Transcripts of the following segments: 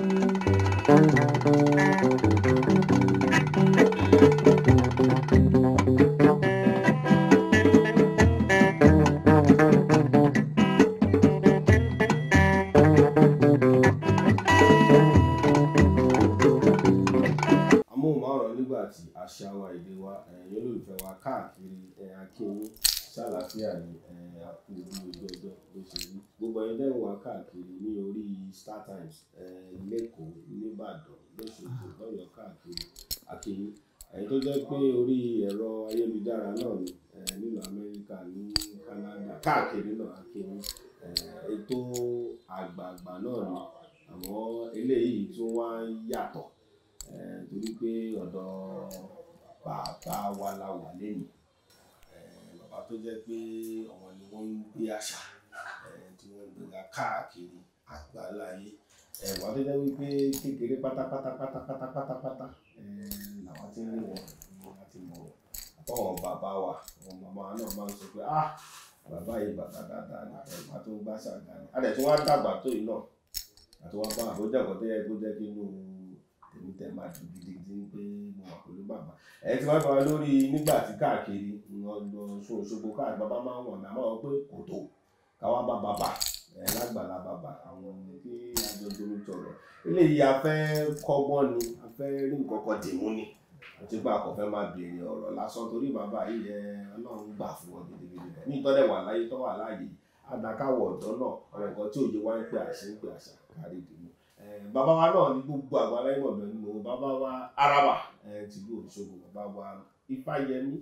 àti àṣà wa èdè wa ẹ̀yin olólùfẹ́ wa káàkiri akéwì ṣàlàfíà ní àkúrú ojú ọjọ́ bó ṣe rí gbogbo ẹ̀yin dẹ́rù wa káàkiri ní orí Star Times lẹ́kọ̀ọ́ nìbàdàn lọ́sọ̀gbọ̀ lọ́yọ̀ káàkiri àkiri èyí tó jẹ́ pé orí ẹ̀rọ ayélujára náà ni nílùú Amẹ́ríkà ní Canada káàkiri náà àkiri ètò àgbààgbà náà ni àmọ́ eléyìí tún wá ń yàtọ̀ torí pé ọ̀dọ̀ bàbá wa la wà lẹ́yìn bàbá tó jẹ́ pé àwọn ni wọ́n ń gbé àṣà tí wọ́n ń gbéra káàkiri àgbáńlá ayé ẹ̀wà tó jẹ́ wípé kékeré pátápátá pátápátá pátápátá làwọn ti ń rí wọn wọn ti mọ̀ wọn àtọ́wọ̀n bàbá wa àwọn màmá náà máa ń sọ pé ah bàbá yìí bàbá dáadáa ni ẹ̀wà tó gbá ṣàgbá ni adẹ̀ tí wọ́n dàgbà tó yìí náà àti wọ́n bá àbójà kan tó yẹ kó jẹ́ kí inú èmi tẹ máa dùn gidigidi ń pé mo wà pẹ̀lú bàbá ẹ ti wáá bàbá lórí nígbà tí káàkiri lọ sún Òṣogbo káàkiri bàbá máa ń wọ̀n náà máa wọ pé kò tó káwá bá bàbá lágbàlá bàbà àwọn tí àjọ dúró tọrọ eléyìí a fẹ́ kọ́gbọ́n ni a fẹ́ rí nǹkan kan dìmú ni àti pé a kò fẹ́ máa béèrè ọ̀rọ̀ lásán torí bàbá yìí ẹ ọlọ́run gbà fún ọ gidigidi kan ní ìtọ́lẹ̀ wà láyé tó wà láàyè àdàkàwọ̀ ọ̀dọ́ náà àwọn nǹkan tí òye wá ń àṣẹ ń pè àṣà kárí ìdìbò bàbá wa náà ní gbogbo àgbà aláìmọ̀ bẹ́ẹ̀ nínú bàbá wa araba tìlú Òṣogbo bàbá wa Ifáyẹmí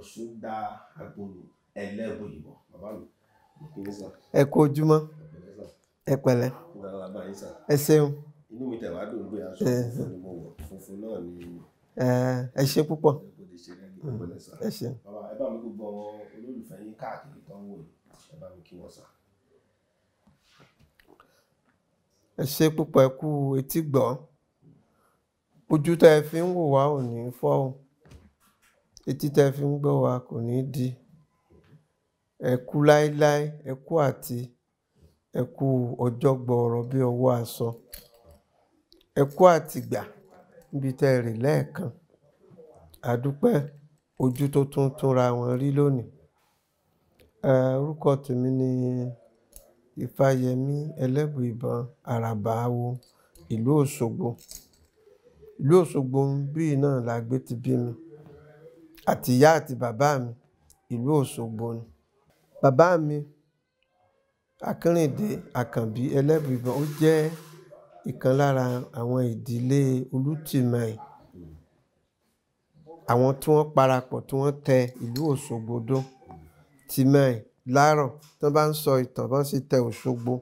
Ọ̀ṣúndà Agbolo ẹlẹ́bùn ìbọn bàbá mi ẹ kú ojúmọ́ ẹ pẹ̀lẹ́ ẹ ṣeun. inú mi tẹ̀wá dùn pé aṣọ funfun ni mo wọ̀ funfun náà ni. ẹ ṣe púpọ̀ ẹ ṣe. bàbá ẹ bá mi gbogbo ṣe púpọ̀ ẹ kú etí gbọ́ ojú tá fi ń wò wá ò ní fọ́ o etí tá fi ń gbọ́ wá kò ní di ẹ kú láéláé ẹ kú àti ẹ kú ọjọ́ gbọọrọ bí ọwọ́ aṣọ ẹ kú àtìgbà níbi tẹ́ ẹ rìn lẹ́ẹ̀kan àdúpẹ́ ojú tó tún túnra wọn rí lónìí orúkọ tèmi ni ìfàyẹmí ẹlẹ́bùìbọn àràbà awo ìlú òṣogbo ìlú òṣogbo bíi náà la gbé ti bí mi àtìyá àti bàbá mi ìlú òṣogbo ni bàbá mi akínrìndé àkànbí ẹlẹ́bùíbọn ó jẹ́ ìkan lára àwọn ìdílé olùtìmọ̀ẹ́ àwọn tí wọ́n parapọ̀ tí wọ́n tẹ ìlú òṣogbodó tìmọ̀ẹ́ lárọ̀ tí wọ́n bá ń sọ ìtàn bọ́n sì tẹ òṣogbo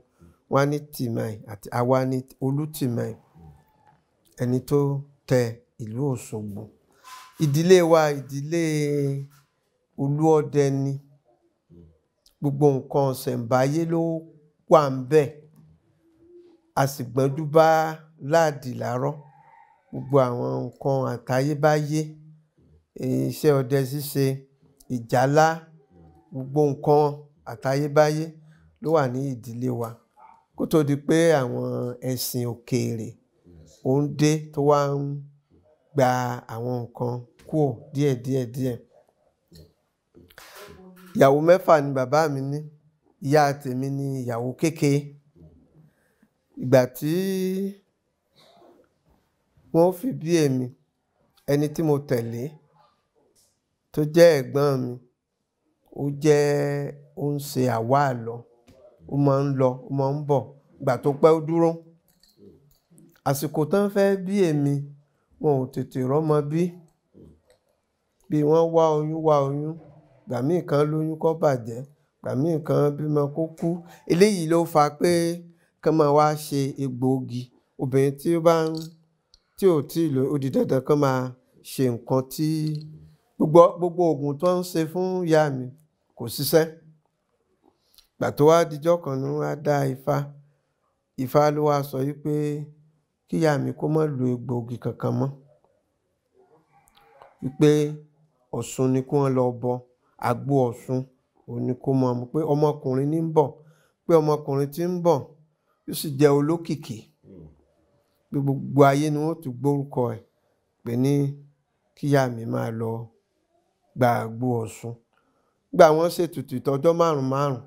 wọ́n ní tìmọ̀ẹ́ àti àwa ní olùtìmọ̀ẹ́ ẹni tó tẹ ìlú òṣogbo ìdílé wa ìdílé olúọdẹ ni gbogbo nǹkan ṣẹ̀ǹbáyé ló wà ń bẹ̀ a sì gbọ́njú bá láàdì lárọ́ gbogbo àwọn nǹkan àtayébáyé iṣẹ́ ọdẹ ṣíṣe ìjálá gbogbo nǹkan àtayébáyé ló wà ní ìdílé wa kó tó di pé àwọn ẹ̀sìn òkèèrè ó ń dé tó wá ń gba àwọn nǹkan kúò díẹ̀díẹ̀díẹ̀ ìyàwó mẹ́fà ni bàbá mi ní ìyá tèmi ni ìyàwó kékeré ìgbà tí wọ́n fi bí èmi ẹni tí mo tẹ̀lé tó jẹ́ ẹ̀gbọ́n mi ó jẹ́ ó ń ṣe àwa àlọ́ ó máa ń lọ ó máa ń bọ̀ ìgbà tó pẹ́ dúró àsìkò tán fẹ́ bí èmi wọn ò tètè rọ́mọ bí bí wọ́n wá oyún wá oyún ìgbà míì kan lóyún kó bàjẹ́ ìgbà míì kan bímọ kó kú eléyìí ló fa pé kán máa wá ṣe egbòogi obìnrin tí ó bá ń tí ò tí ì lóyún ó di dandan kán máa ṣe nǹkan tí gbogbo gbogbo oògùn tó ń ṣe fún ìyá mi kò ṣiṣẹ́ ìgbà tó wá dijọ́ kan ni wọ́n dá ifá ifá ló wá sọ yí pé kíyá mi kó má lo egbòogi kankan mọ́ wípé Ọ̀ṣun ni kí wọ́n lọ bọ àgbo ọ̀ṣun òun ni kó mọ̀ pé ọmọkùnrin ní ń bọ̀ pé ọmọkùnrin tí ń bọ̀ yóò sì jẹ́ olókìkí pé gbogbo ayé ni wọ́n ti gbórúkọ ẹ̀ pé ní kíyà mi máa lọ gba àgbo ọ̀ṣun gbà wọ́n ṣètùtù ìtọ́jọ́ márùn márùn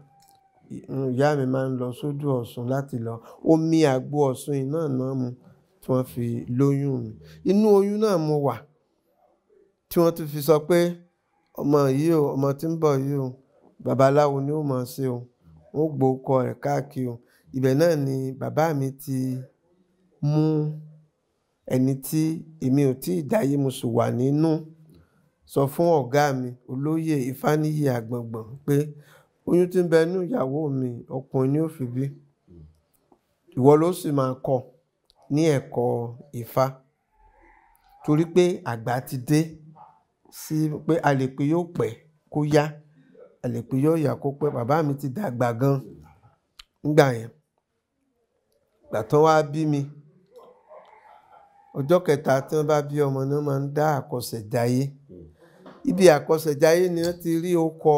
ìyá mi máa ń lọ sódò ọ̀ṣun láti lọ omi àgbo ọ̀ṣun iná náà mu tí wọ́n fi lóyún mi inú oyún náà mo wà tí wọ́n tún fi sọ pé ọmọ yìí o ọmọ tí ń bọ̀ yìí o babaláwo ni ó mọ̀ ṣe o wọ́n gbókọ rẹ̀ káàkiri o ibẹ̀ náà ni bàbá mi ti mú ẹni tí èmi ò tí ì dáyé mo sì wà nínú sọ fún ọ̀gá mi olóyè Ifáníyì Àgbọ̀ngbọ̀n pé oyún tí ń bẹ nínú ìyàwó mi ọkùnrin ni ó fi bí ìwọ ló sì máa kọ́ ní ẹ̀kọ́ Ifá torí pé àgbà ti dé sí pé a lè pé yóò pẹ́ kó yá a lè pé yóò yá kó pẹ́ bàbá mi ti dàgbà gan ńgbà yẹn gbà tán wá bí mi ọjọ́ kẹta tí wọ́n bá bí ọmọ náà máa ń dá àkọsẹ̀jáyé ibi àkọsẹ̀jáyé ni wọ́n ti rí okọ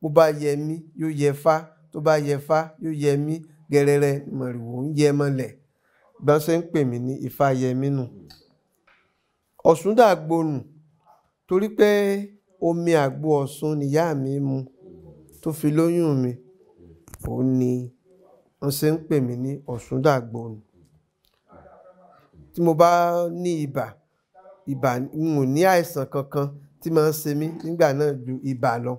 bó bá yẹ mí yóò yẹ fá tó bá yẹ fá yóò yẹ mí gẹrẹrẹ mọ̀rìwò ń yẹ mọ́lẹ̀ gbọ́n ṣe ń pè mí ní Ifáyẹmí nù Ọ̀ṣúndàgbònù torí pé omi àgbo ọ̀ṣun nìyá mi mu tó fi lóyún mi òun ni wọ́n ṣe ń pè mí ní ọ̀ṣun dàgbò nù tí mo bá ní ibà ibà n ò ní àìsàn kankan tí máa ń ṣe mí nígbà náà ju ibà lọ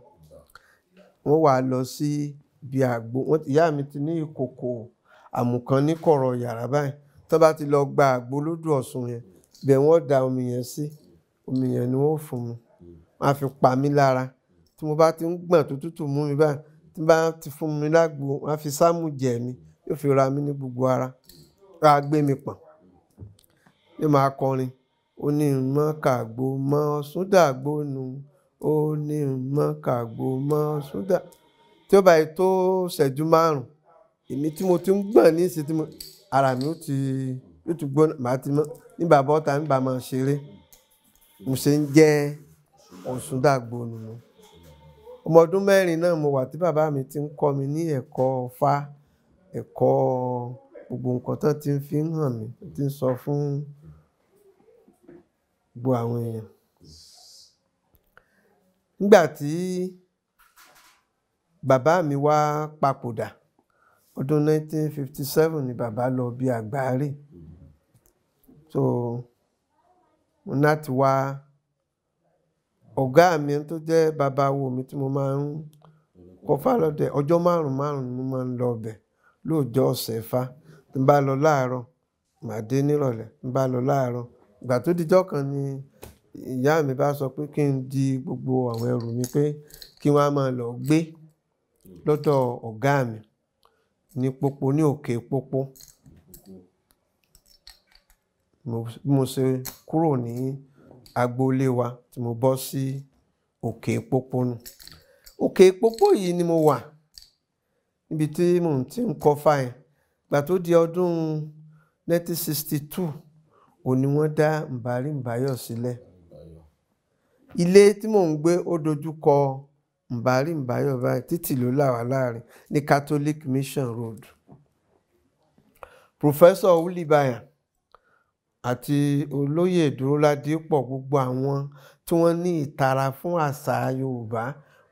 wọ́n wá lọ sí ibi àgbo ìyá mi ti ní ìkòkò àmùkàn ní kọ̀rọ̀ yàrá báyìí tó bá ti lọ gba àgbo lódò ọ̀ṣun yẹn bẹ̀ wọ́n da omi yẹn sí. Si omi yẹn ni wọ́n fún mi wọ́n á fi pa mí lára tí mo bá ti ń gbọ̀n tó tútù mú mi báyìí tí bá ti fún mi lágbo wọ́n á fi sáàmù jẹ mi yóò fi ra mi ní gbogbo ara wọ́n á gbé mi pọ̀n yóò máa kọrin ó ní mọ́ kàgbo mọ́ sódàgbò nù ó ní mọ́ kàgbo mọ́ sódà tí ó bá yìí tó ṣẹ́jú márùn èmi tí mo ti ń gbọ̀n ní ìsìn tí mo ara mi ó ti ó ti gbóná màá ti mọ́ ní bàbá ọ̀tá ní bàbá máa mo ṣe ń jẹ́ Ọ̀ṣundàgbo nùnú ọmọ ọdún mẹ́rin náà mo wà tí bàbá mi ti ń kọ́ mi ní ẹ̀kọ́ Ifá ẹ̀kọ́ gbogbo nǹkan tó ti fi ń hàn mí ti ń sọ fún gbogbo àwọn èèyàn nígbà tí bàbá mi wá papòdà ọdún 1957 ni bàbá lọ bí àgbáre so. láti wá ọ̀gá mi tó jẹ́ babawo mi tí mo máa ń kọfá lọ́dẹ ọjọ́ márùn-ún márùn-ún ni mo máa ń lọ ọbẹ̀ lóòjọ́ ọ̀sẹ̀ fa tí n bá lọ láàárọ̀ màá dé nírọ̀lẹ́ n bá lọ láàárọ̀ ìgbà tó dijọ́ kan ni ìyá mi bá sọ pé kí n di gbogbo àwọn ẹrù mi pé kí wọ́n á máa lọ gbé lọ́dọ̀ ọ̀gá mi ní pópó ní òkè pópó bí mo ṣe kúrò ní agboolé wa tí mo bọ́ sí òkè pópónù òkè pópó yìí ni mo wà níbi tí mò ń ti ń kọ́ fáyẹn gbà tó di ọdún 1962 òní wọ́n dá Mbari Mbayọ̀ sílẹ̀ ilé tí mò ń gbé ó dojú kọ Mbari Mbayọ̀ báyìí títì ló là wá láàrin ní Catholic Mission Road Professor Wuli àti olóyè dúróládépọ̀ gbogbo àwọn tí wọ́n ní ìtara fún àṣà yorùbá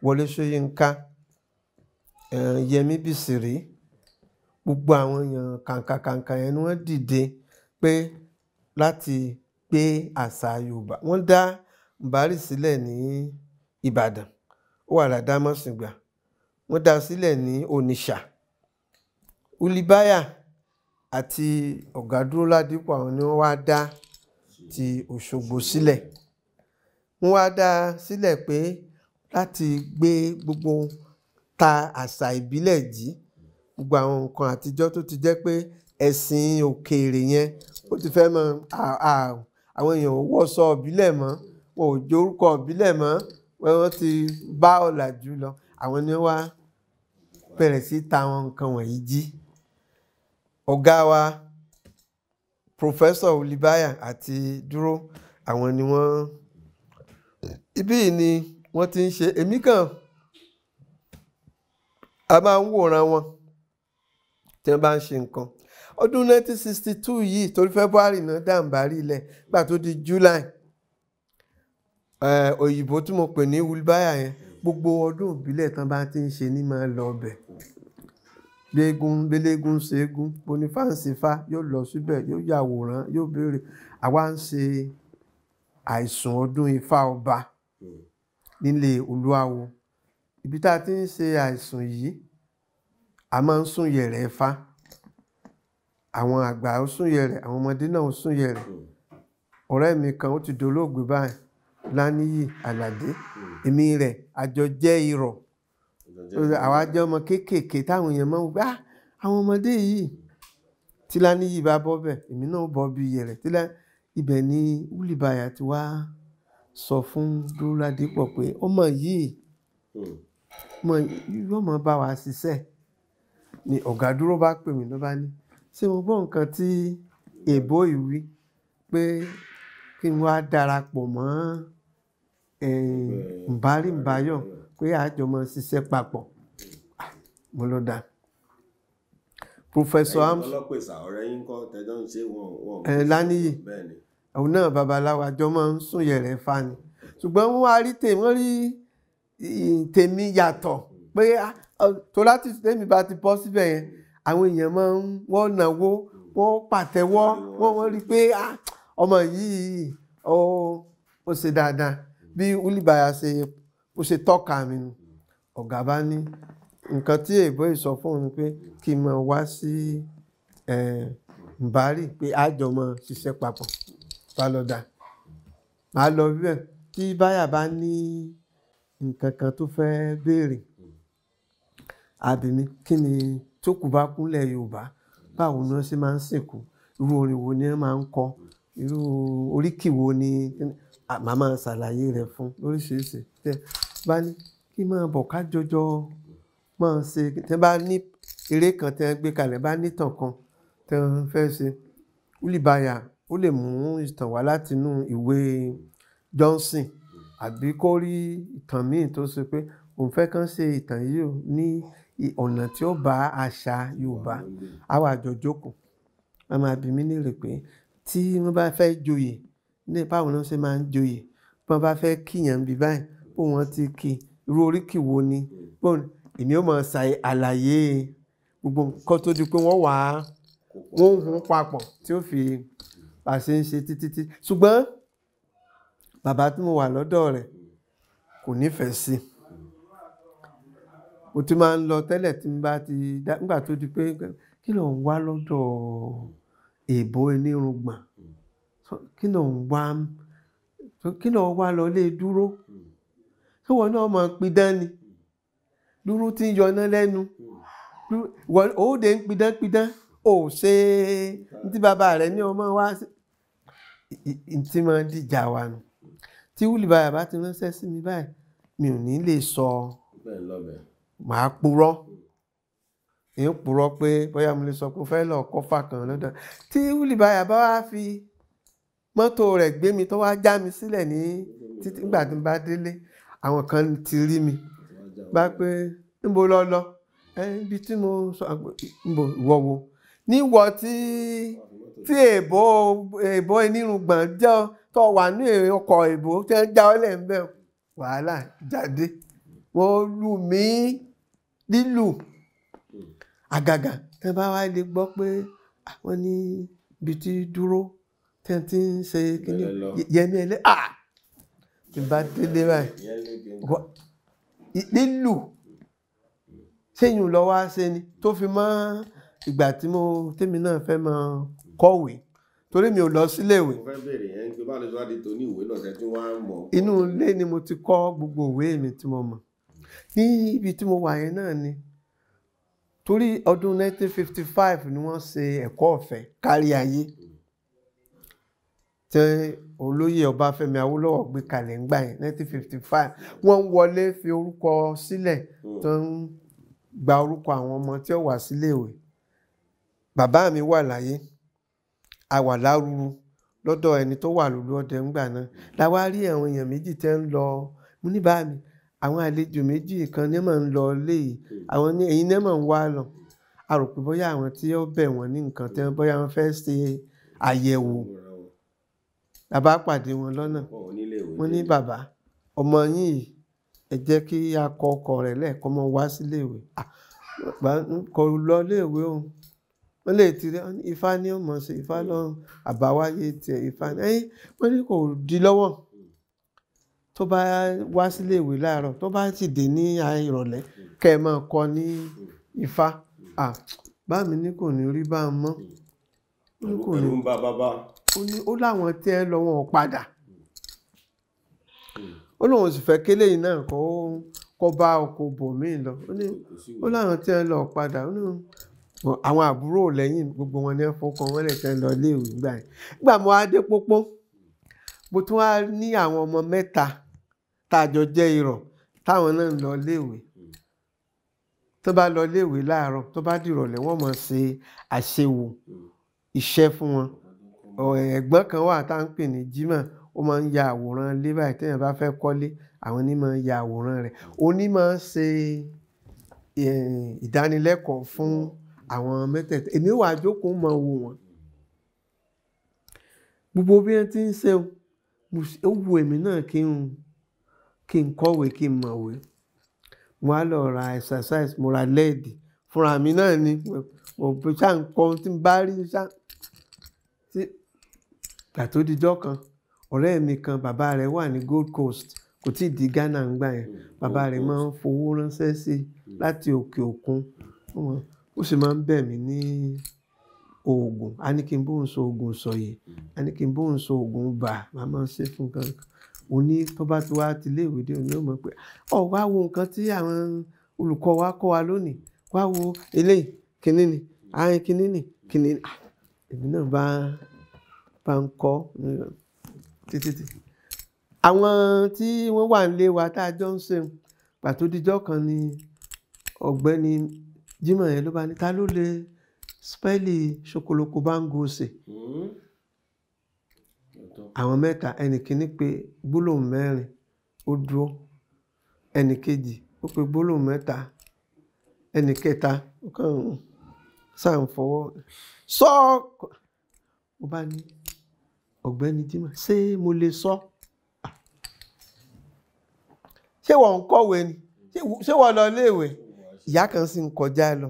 wọlé ṣóyínká eh, yẹmí bísírì gbogbo àwọn èèyàn kàǹkàkàǹkà yẹn ni wọ́n dìde pé láti gbé àṣà yorùbá wọ́n dá mbàárì sílẹ̀ ní ìbàdàn ó wà ládàámọ̀sìngbà wọ́n dá sílẹ̀ ní onitsha ulibaya àti ọ̀gádúró ládìpọ̀ àwọn ni wọ́n wá dá ti Òṣogbo sílẹ̀ wọ́n wá dá sílẹ̀ pé láti gbé gbogbo ta àṣà ìbílẹ̀ jí gbogbo àwọn nǹkan àtijọ́ tó ti jẹ́ pé ẹ̀sìn òkèèrè yẹn ó ti fẹ́ mọ àwọn èèyàn wọ́sọ ìbílẹ̀ mọ́ wọn ò jórúkọ ìbílẹ̀ mọ́ wọ́n ti bá ọ̀làjú lọ àwọn ni wọ́n wá bẹ̀rẹ̀ sí ta àwọn nǹkan wọ̀nyí jí ọ̀gá wa Professor Olibaya àti Dúró àwọn ni wọ́n ibí ni wọ́n ti ń ṣe èmi kàn a máa ń wòran wọn tí wọ́n bá ń ṣe nǹkan ọdún 1962 yìí torí February náà dàǹbárí ilẹ̀ gbà tó di July eh, òyìnbó tí mo pè ní Wilbaya yẹn gbogbo ọdún ìbílẹ̀ tán bá ti ń ṣe ní máa lọ ọbẹ̀ léegun léléegun ṣeégún bonifáǹsìfá yóò lọ síbẹ̀ yóò yàwòrán yóò béèrè àwa ń ṣe àìsùn ọdún ifá ọba nílé olúwawo ibi tá a ti ń ṣe àìsùn yìí a máa ń sún yẹ̀rẹ̀ ifá àwọn àgbà ó sún yẹ̀rẹ̀ àwọn ọmọdé náà ó sún yẹ̀rẹ̀ ọ̀rẹ́ mi kan ó ti dolóògbé báyìí láníyì àlàdé èmi rẹ̀ àjọ jẹ́ irọ̀ àwa jẹ́ ọmọ kéékèèké táwọn èèyàn máa ń gbá ah, àwọn ọmọdé yìí tílání yìí bá bọ́ bẹ̀ èmi náà bọ́ bí yẹ̀rẹ̀ tílání ibẹ̀ ni wúlìbàyà ti wá sọ fún Dúróládépọ̀ pé ọmọ yìí hmm. yóò mọ bá wa ṣiṣẹ́ ni ọ̀gá Dúró bá pè mí ló bá ní ṣé mo gbọ́ nǹkan tí èbó ìwí pé kí n wá darapọ̀ mọ́ ǹbárí eh, ǹbáyọ̀ pé àjọ máa ṣiṣẹ́ papọ̀ ah, mo ló dáa professor am ọlọpẹsà ọ̀rẹ́ yín kọ tẹjọ ń ṣe wọn wọn. ẹ lánìyí òun náà babaláwo àjọ máa ń sùn yẹrẹ fa ni ṣùgbọ́n wọ́n á rí tèmi wọ́n rí tèmi yàtọ̀ pé ah, tó láti tèmi bá ti bọ́ síbẹ̀ yẹn àwọn èèyàn máa ń wọ́n náwó wọ́n pàtẹ́wọ́ wọ́n wọ́n rí pé ah, ọmọ yìí ó ṣe dáadáa bí ulibaya ṣe bó ṣe tọ́ka mi nu ọ̀gá bá ní nǹkan tí èèbó yìí sọ fún òun pé kí n máa wá sí mbari pé àjọ máa ṣiṣẹ́ papọ̀ bá lọ dà máa lọ bí bẹ́ẹ̀ tí báyà bá ní nǹkan kan tó fẹ́ béèrè àbìmí kí ni tó kù bá kúnlẹ̀ Yorùbá báwo ni wọ́n ṣe máa ń sìnkú irú orin wo ni wọ́n máa ń kọ irú oríkì wo ni màá máa ṣàlàyé rẹ̀ fún lóríṣiríṣi tẹ́ bá ní kí máa bọ̀ ká jọjọ máa ṣe tẹ́ bá ní eré kan tẹ́ gbé kalẹ̀ bá nítàn kan tẹ́ fẹ́ ṣe wúlìbáyà ó lè mú ìtàn wá látinú ìwé Johnson àbí kó rí ìtàn míì tó ṣe pé òun fẹ́ kàn ṣe ìtàn yìí ò ní ọ̀nà tí ó bá àṣà Yorùbá àwọn àjọ jókòó wọn máa bi mí léèrè pé tí wọ́n bá fẹ́ joyè ní báwo ni wọ́n ṣe máa ń joyè bí wọ́n bá fẹ́ kíyàn bí báyìí bó wọ́n ti kí irú oríkì wo ni bóun èmi ó mọ̀ ṣàì àlàyé gbogbo nǹkan tó di pé wọ́n wà á wọ́n ń hun papọ̀ tí ó fi pàṣẹ ń ṣe títí ṣùgbọ́n bàbá tí mo wà lọ́dọ̀ rẹ̀ kò nífẹ̀ẹ́ sí mo ti máa ń lọ tẹ́lẹ̀ tí n bá ti dá nígbà tó di pé kí ló ń wá lọ́dọ̀ èèbó onírùngbọ̀n kí ló ń wá kí ló wá lọ lé dúró ṣé wọn náà máa pidán ni dúró tí ń yọná lẹ́nu òde ń pidán pidán ò ṣe é tí bàbá rẹ̀ ní ọmọ wa tí máa ń dìjà wa nù tí wúlì bàbá ti ránṣẹ́ sí mi báyìí mi ò ní lè sọ màá purọ́ èyí purọ́ pé bóyá mo lè sọ pé mo fẹ́ lọ kọ́ fà kan lọ́dọ̀ tí wúlì bàbá wa fi mọ́tò rẹ̀ gbé mi tó wá já mi sílẹ̀ ní títí nígbà tí n bá délé àwọn kan ti rí mi bá pé níbo lọ lọ ibi tí mo sọ níbo ìwọ wo níwọ tí tí èbó èbó onírùngbọ̀n jẹ́ tó wà ní ọkọ̀ èbó tí wọ́n já ọ lẹ́ẹ̀mbẹ́ wàhálà jáde wọ́n lù mí lílù àgàgà tí wọ́n bá wá lè gbọ́ pé àwọn ní ibi tí dúró tí wọ́n ti ń ṣe kíní yẹmi ẹlẹ́ à tí bá délé báyìí lílù sẹ́yìn lọ wá ṣe ni tó fi mọ́ ìgbà tí mo tèmi náà fẹ́ mọ kọ̀wé torí mi ò lọ sílé ìwé. mo fẹ́ bèrè yẹn pé báwo ni wọ́n ti inú ilé ni mo ti kọ́ gbogbo ìwé mi tí mo mọ̀ ní ibi tí mo wà yẹn náà ni torí ọdún 1955 ni wọ́n ṣe ẹ̀kọ́ ọ̀fẹ́ kárí ayé. Mm tí olóyè Ọbáfẹ́mi Awólọ́wọ̀ gbé kalẹ̀ ńgbà yẹn 1955 wọ́n ń wọlé fi orúkọ sílẹ̀ hmm. tó ń gba orúkọ àwọn ọmọ tí ó wà síléèwé bàbá mi wà láyé a wà lárúurú lọ́dọ̀ ẹni tó wà lólu ọdẹ ńgbà náà la wá rí àwọn èèyàn méjì tẹ́ ń lọ mú ní bá mi àwọn àlejò méjì kan ní mọ̀ ń lọ léyìí hmm. àwọn ní ẹ̀yin ní mọ̀ ń wá lọ a rò pé bóyá àwọn tí ó bẹ̀ wọ́n ní nǹkan tẹ́ bóyá wọ́n fẹ́ ṣe àyẹ̀wò hmm bàbá pàdé wọn lọ́nà mo ní bàbá ọmọ yín yìí ẹ jẹ́ kí a kọ ọkọ rẹ̀ lẹ́ẹ̀kọ́ mọ́ wá síléèwé kò lọ léèwé o wọ́n lè ti ifá ní ọmọ sí ifá lọ́rùn àbáwáyé tiẹ̀ ifá ní ẹ̀yìn wọ́n ní kò di lọ́wọ́ tó bá wá sílé ìwé láàárọ̀ tó bá sì dé ní ìrọ̀lẹ́ kẹ́ ẹ máa kọ ní ifá bá ní kò ní rí bá mọ́. Hmm. ẹ̀rù ń bá bàbá ó ní ó láwọn tẹ́ lọ́wọ́ padà ó lóun sì fẹ́ kélé yìí náà kó kó bá ọkọ̀ bòmíì lọ ó ní ó láwọn tẹ́ lọ padà ó ní àwọn àbúrò lẹ́yìn gbogbo wọn ní fọkàn wọn lè tẹ́ lọ léèwé gbà yẹn gbà mo adé pópó mo tún wá ní àwọn ọmọ mẹ́ta tá a jọ jẹ́ irọ̀ táwọn náà ń lọ léèwé tó bá lọ léèwé láàárọ̀ tó bá dìrọ̀lẹ́ wọ́n mọ̀ ṣe àṣewò iṣẹ́ fún wọn ẹ̀gbọ́n kan wà tá à ń pè ní Jimoh ó máa ń ya àwòrán ilé báyìí téèyàn bá fẹ́ kọ́lé àwọn ni máa ń ya àwòrán rẹ̀ oní máa ń ṣe ìdánilẹ́kọ̀ọ́ fún àwọn mẹ́tẹ̀ẹ̀ta èmi wà á jókòó máa wò wọ́n gbogbo bí wọ́n ti ń ṣe ó wu èmi náà kí n kí n kọ̀wé kí n mọ̀wé mo á lọ ra exercise mo ra lẹ́ẹ̀dì fúnra mi náà ni mo ṣáà tí n bá rí ṣáà gbà tó dijọ́ kan ọ̀rẹ́ mi kan bàbá rẹ̀ wà ní Gold Coast kò tí ì di Ghana ń gbà yẹn hmm, bàbá rẹ̀ máa ń fowó ránṣẹ́ sí hmm. láti òkè òkun ó sì máa ń bẹ̀ mí ní oògùn a ní kí n bóun so oògùn sọyè a ní kí n bóun so oògùn bà máa máa ṣe fún kankan òní tó bá ti wá ti léèwé dé òní ó mọ̀ pé ọ wá wo nǹkan tí àwọn olùkọ́ wa kọ́ wa lónìí wá wo eléyìí kínní ni àárín kínní ni kínní ni ah, èmi náà bá bá ń kọ́ títí àwọn tí wọ́n wà nílé wa tá a jọ ń ṣe pàtó díjọ́ kan ni ọ̀gbẹ́ni Jimoh yẹn ló bá ní ta ló lè spẹ́lì ṣokoloko báńgòsè àwọn mẹ́ta ẹnì kìíní pé gbólóhùn mẹ́rin ó dúró ẹnì kejì ó pe gbólóhùn mẹ́ta ẹnì kẹta ó kàn sáà ń fọwọ́ sọ́ọ̀kọ̀ ó bá ní ọ̀gbẹ́ni jimá ṣé mo lè sọ ṣé wọ́n ń kọ̀wé ni ṣé wọ́n lọ iléèwé ìyá kan sì ń kọjá lọ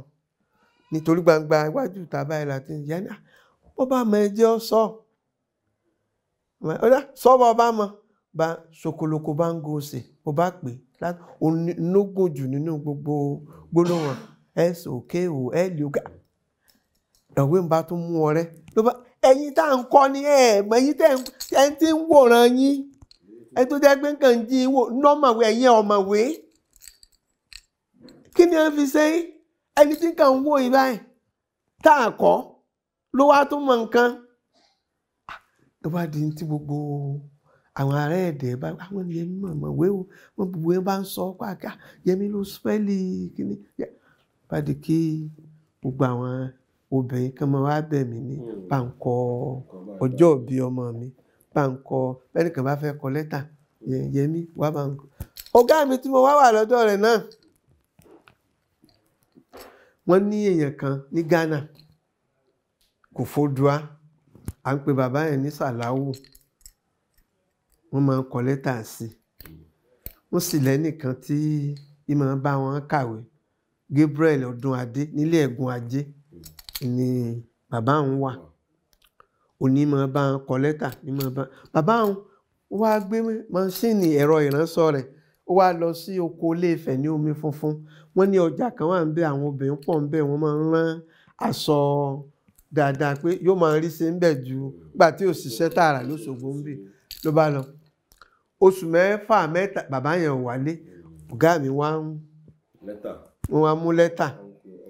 nítorí gbangba iwájú tàbá ẹ̀ láti ìyá ni ah, bó bá mọ ẹjẹ́ sọ sọ bó bá mọ bá ṣokoloko bá ń gòsè bó bá pè onógùn jù nínú gbogbo gbólóhàn ẹ̀ sòkè ò ẹ̀ lè ọ̀gá ọ̀wé ń mú ọrẹ́ ló bá ẹ̀yin tá à ń kọ́ ni ẹ̀ mọ̀ ẹ̀yin tẹ̀ ẹ̀ ti ń wòran yín ẹ̀ tó jẹ́ pé nǹkan jí wò nọ́mọ̀wé ẹ̀yin ọ̀mọ̀wé kí ni wọ́n fi ṣe ẹni tí nǹkan ń wò yìí báyìí tá à kọ́ ló wá tún mọ nǹkan ìwádìí ti gbogbo àwọn ará ẹ̀dẹ̀ bá àwọn yẹmi mọ̀mọ́ wéwu wọn gbogbo yẹn bá ń sọ pàkà ah, yẹmi ló spẹ́lì kíní bá di kí gbogbo àwọn obìnrin kan máa wá bẹ̀ mí ní pàǹkọ hmm. ọjọ́ òbí ọmọ mi pàǹkọ bẹ́ẹ̀ nìkan bá fẹ́ kọ lẹ́tà yẹmí wá pàǹkọ. ọ̀gá mi tí mo wá wà lọ́dọ̀ rẹ̀ náà wọ́n ní èèyàn kan ní Ghana kò fodua à ń pe bàbá yẹn ní Sàláwù wọ́n máa ń kọ lẹ́tà sí wọ́n sì lẹ́nìkan tí ìmọ̀ bá wọn kàwé Gabriel Ọdúnadé nílé ẹ̀gùn ajé. E ni bàbá òun wà òní máa bá wọn kọ lẹ́tà ní máa bá bàbá òun ó wá gbé mọ́ṣíìnì ẹ̀rọ ìránṣọ rẹ̀ ó wá lọ sí oko iléèfẹ̀ ní omi funfun wọ́n ní ọjà kan wà ń bẹ àwọn obìnrin pọ̀ ń bẹ wọ́n máa ń rán aṣọ dáadáa pé yóò máa rí ṣe ń bẹ̀ ju gbà tí òṣìṣẹ́ tààrà lóṣogbo ń bì ló bá lọ oṣù mẹ́fà mẹ́ta bàbá yẹn wálé ọ̀gá mi wá ń mú lẹ́tà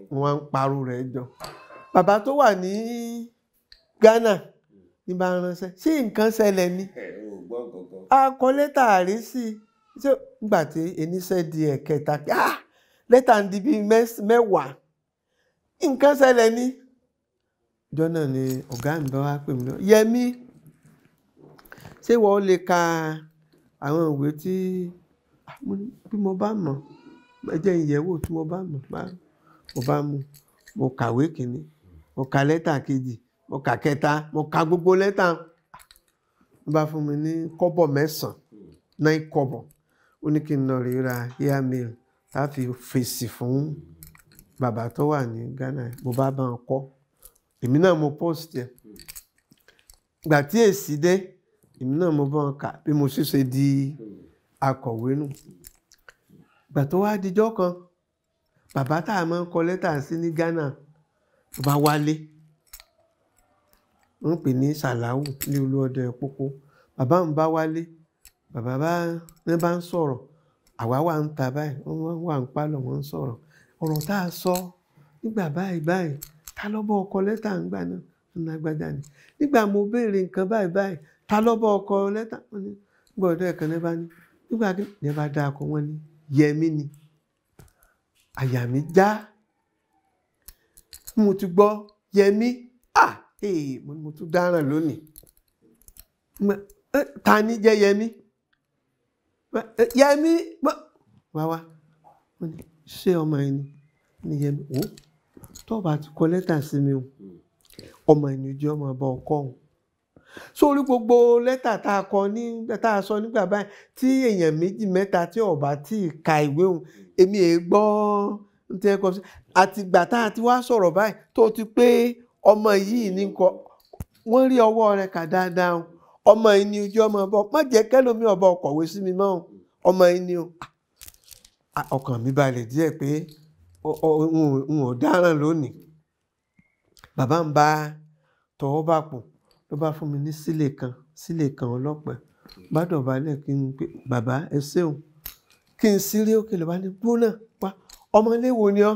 wọ́n wá ń parọ́ rẹ̀ jọ bàbá tó wà ní Ghana ní bá ránṣẹ́ ṣé nǹkan ṣẹlẹ̀ ni a kọ lẹ́tà àrí sí i ṣé nígbà tí eníṣẹ́ di ẹ̀kẹta pé ah lẹ́tà ń di bíi mẹ́wàá nǹkan ṣẹlẹ̀ ni ìjọ náà ni ọ̀gá mi bá wá pè mí lọ Yẹmí ṣé wọ́n lè ka àwọn ìwé tí ah, bí mo bá mọ̀ ẹ jẹ́ ìyẹ̀wò tí mo bá mọ̀ mo bá mú mo kàwé kìíní mo ka lẹ́tà kejì mo ka kẹta mo ka gbogbo lẹ́tà ń bá fún mi ní kọ́bọ̀ mẹ́sàn-án náà kọ́bọ̀ ó ní kí n lọ rí ra airmail láti fèsì fún bàbá tó wà ní Ghana mo bá bá wọn kọ́ èmi náà mo post yẹ gbà tí èsì dé èmi náà mo bá wọn kà bí mo ṣe di akọ̀wé nù gbà tó wá dijọ́ kan bàbá tá a máa ń kọ lẹ́tà sí ní Ghana tó bá wálé wọ́n pè ní sàláwù ní olúọdẹ pópó bàbá ń bá wálé bàbá bá ní bá ń sọ̀rọ̀ àwa wà ń ta báyìí wọ́n wà ń pálọ̀ wọ́n ń sọ̀rọ̀ ọ̀rọ̀ tá a sọ nígbà báyìí báyìí ta lọ́bọ̀ ọkọ lẹ́tà ń gbà náà ń lágbádá ni nígbà mo béèrè nǹkan báyìí báyìí ta lọ́bọ̀ ọkọ lẹ́tà wọn ni gbọ́dọ̀ ní bá ní nígbà ní bá dáa kọ wọn ni yẹmí ni àyà já. Ja tí mo ti gbọ́ yẹmí à eh, mo tún dáràn lónìí ta ni jẹ́ yẹmí yẹmí wá wá ṣé ọmọ yẹn ni yẹmí o tó bá ti kọ lẹ́tà sí mi o ọmọ ẹni ojú ọmọ ọba ọkọ òun sórí gbogbo lẹ́tà tá a kọ ní tá a sọ nígbà báyìí tí èèyàn méjì mẹ́ta tí ọba tí ì ka ìwé òun èmi èé gbọ́ àtìgbà tá a ti wá sọ̀rọ̀ báyìí tó ti pé ọmọ yìí ní kọ wọ́n rí ọwọ́ rẹ̀ kà dáadáa ọmọ yìí ni ojú ọmọ ọba má jẹ́ kẹ́lómi ọba ọkọ̀wé sí mi mọ́ ọmọ yìí ni o ọkàn mi balẹ̀ díẹ̀ pé n ò dáràn lónìí bàbá ń bá tọwọ́ bà pọ̀ ló bá fún mi ní sílè kan sílè kan ọlọ́pàá bá dọ̀bálẹ̀ kí n pé bàbá ẹ ṣeun kí n sílé òkè lọ́ba ní gbóná ọmọlé wo ni ọ́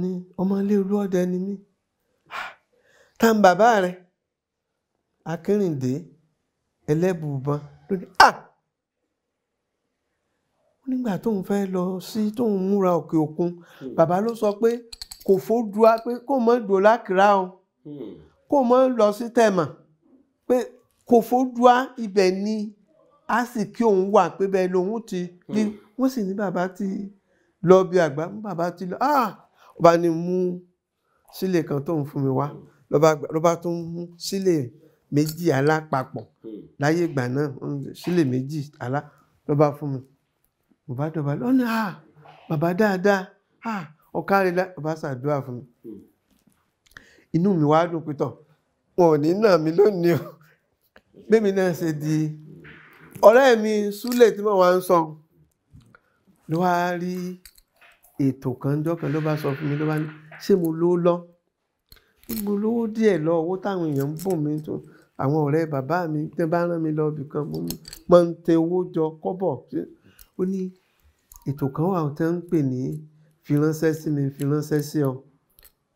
ní ọmọlé olúọdẹ ni mí ah, ta ni bàbá rẹ akínrìndé ẹlẹ́bùbọn ló ní à ah! nígbà tóun fẹ́ lọ sí tóun múra òkè òkun hmm. bàbá ló sọ pé kò fódùá pé kó mọ dò lákìrá o hmm. kó mọ lọ sí tẹ̀mà pé kò fódùá ibẹ̀ ni a sì kí òun wà pé bẹ́ẹ̀ lòun ti rí hmm wọ́n sì ní bàbá ti lọ bí àgbà bàbá ti lọ ah ọba ni mú sílè kan tó ń fún mi wá lọ́ba tó ń mú sílè méjì alápapọ̀ láyé ìgbà náà sílè méjì alá lọ́ba fún mi bàbá dọ̀bà lọ́nà ah bàbá dáadáa ah ọ̀ká rẹ̀ bàbá ṣàdúrà fún mi inú mi wá dùn pé tọ̀ wọn ò ní náà mi lónìí o bẹ́ẹ̀ mi náà ṣe di ọ̀rẹ́ mi súlẹ̀ tí mo wá ń sọ ló wá rí ètò kan jọ́ kan ló bá sọ fún mi ló bá ní ṣé mo lówó lọ mo lówó díẹ̀ lọ owó táwọn èèyàn ń bùn mí tó àwọn ọ̀rẹ́ bàbá mi tẹ́ bá rán mi lọ ibì kan mo máa ń tẹ owó jọ kọ́bọ̀ ó ní ètò kan wà tẹ́ ń pè ní fìránṣẹ́ sí mi fìránṣẹ́ sí ọ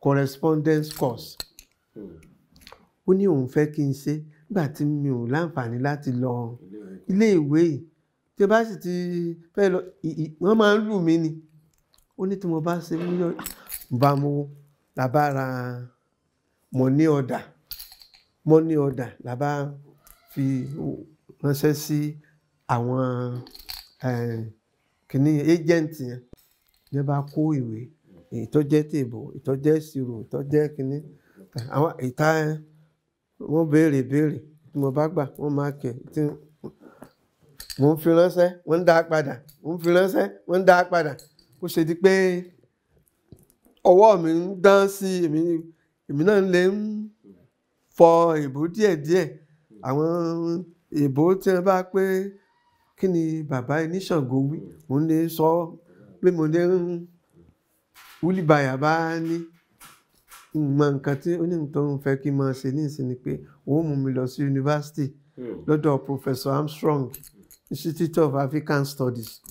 correspondence course ó ní òun fẹ́ kí n ṣe nígbà tí mi ò láǹfààní láti lọ ilé ìwé yìí tí bá sì ti fẹ́ lọ wọ́n máa ń lù mí ni ó ní tí mo bá ṣe mílíọ̀nù bá mo làbá ra mọ̀ní ọ̀dà mọ̀ní ọ̀dà làbá fi ránṣẹ́ sí àwọn kìíní ẹjẹǹtì yẹn ní bá kó ìwé ìtọ́jẹ́ tèbò ìtọ́jẹ́ ìṣirò ìtọ́jẹ́ kìíní àwọn ìta wọ́n béèrè béèrè tí mo bá gbà wọ́n máa kẹ̀ tí wọ́n ń fi ránṣẹ́ wọ́n ń dá padà wọ́n ń fi ránṣẹ́ wọ́n ń dá padà bó ṣe di pé ọwọ́ mi ń dán sí èmi èmi náà lè ń fọ èbó díẹ̀díẹ̀ àwọn èbó tí wọ́n bá pé kí ni bàbá oníṣàngó wí mo lè sọ pé mo lè ń wúlíbàyà bá ní mọ nǹkan tí onítọ̀hún fẹ́ kí n máa ṣe ní ìsinmi pé òun mú mi lọ sí yunifásitì hmm. lọ́dọ̀ Professor Armstrong. Mm. Institute of African Studies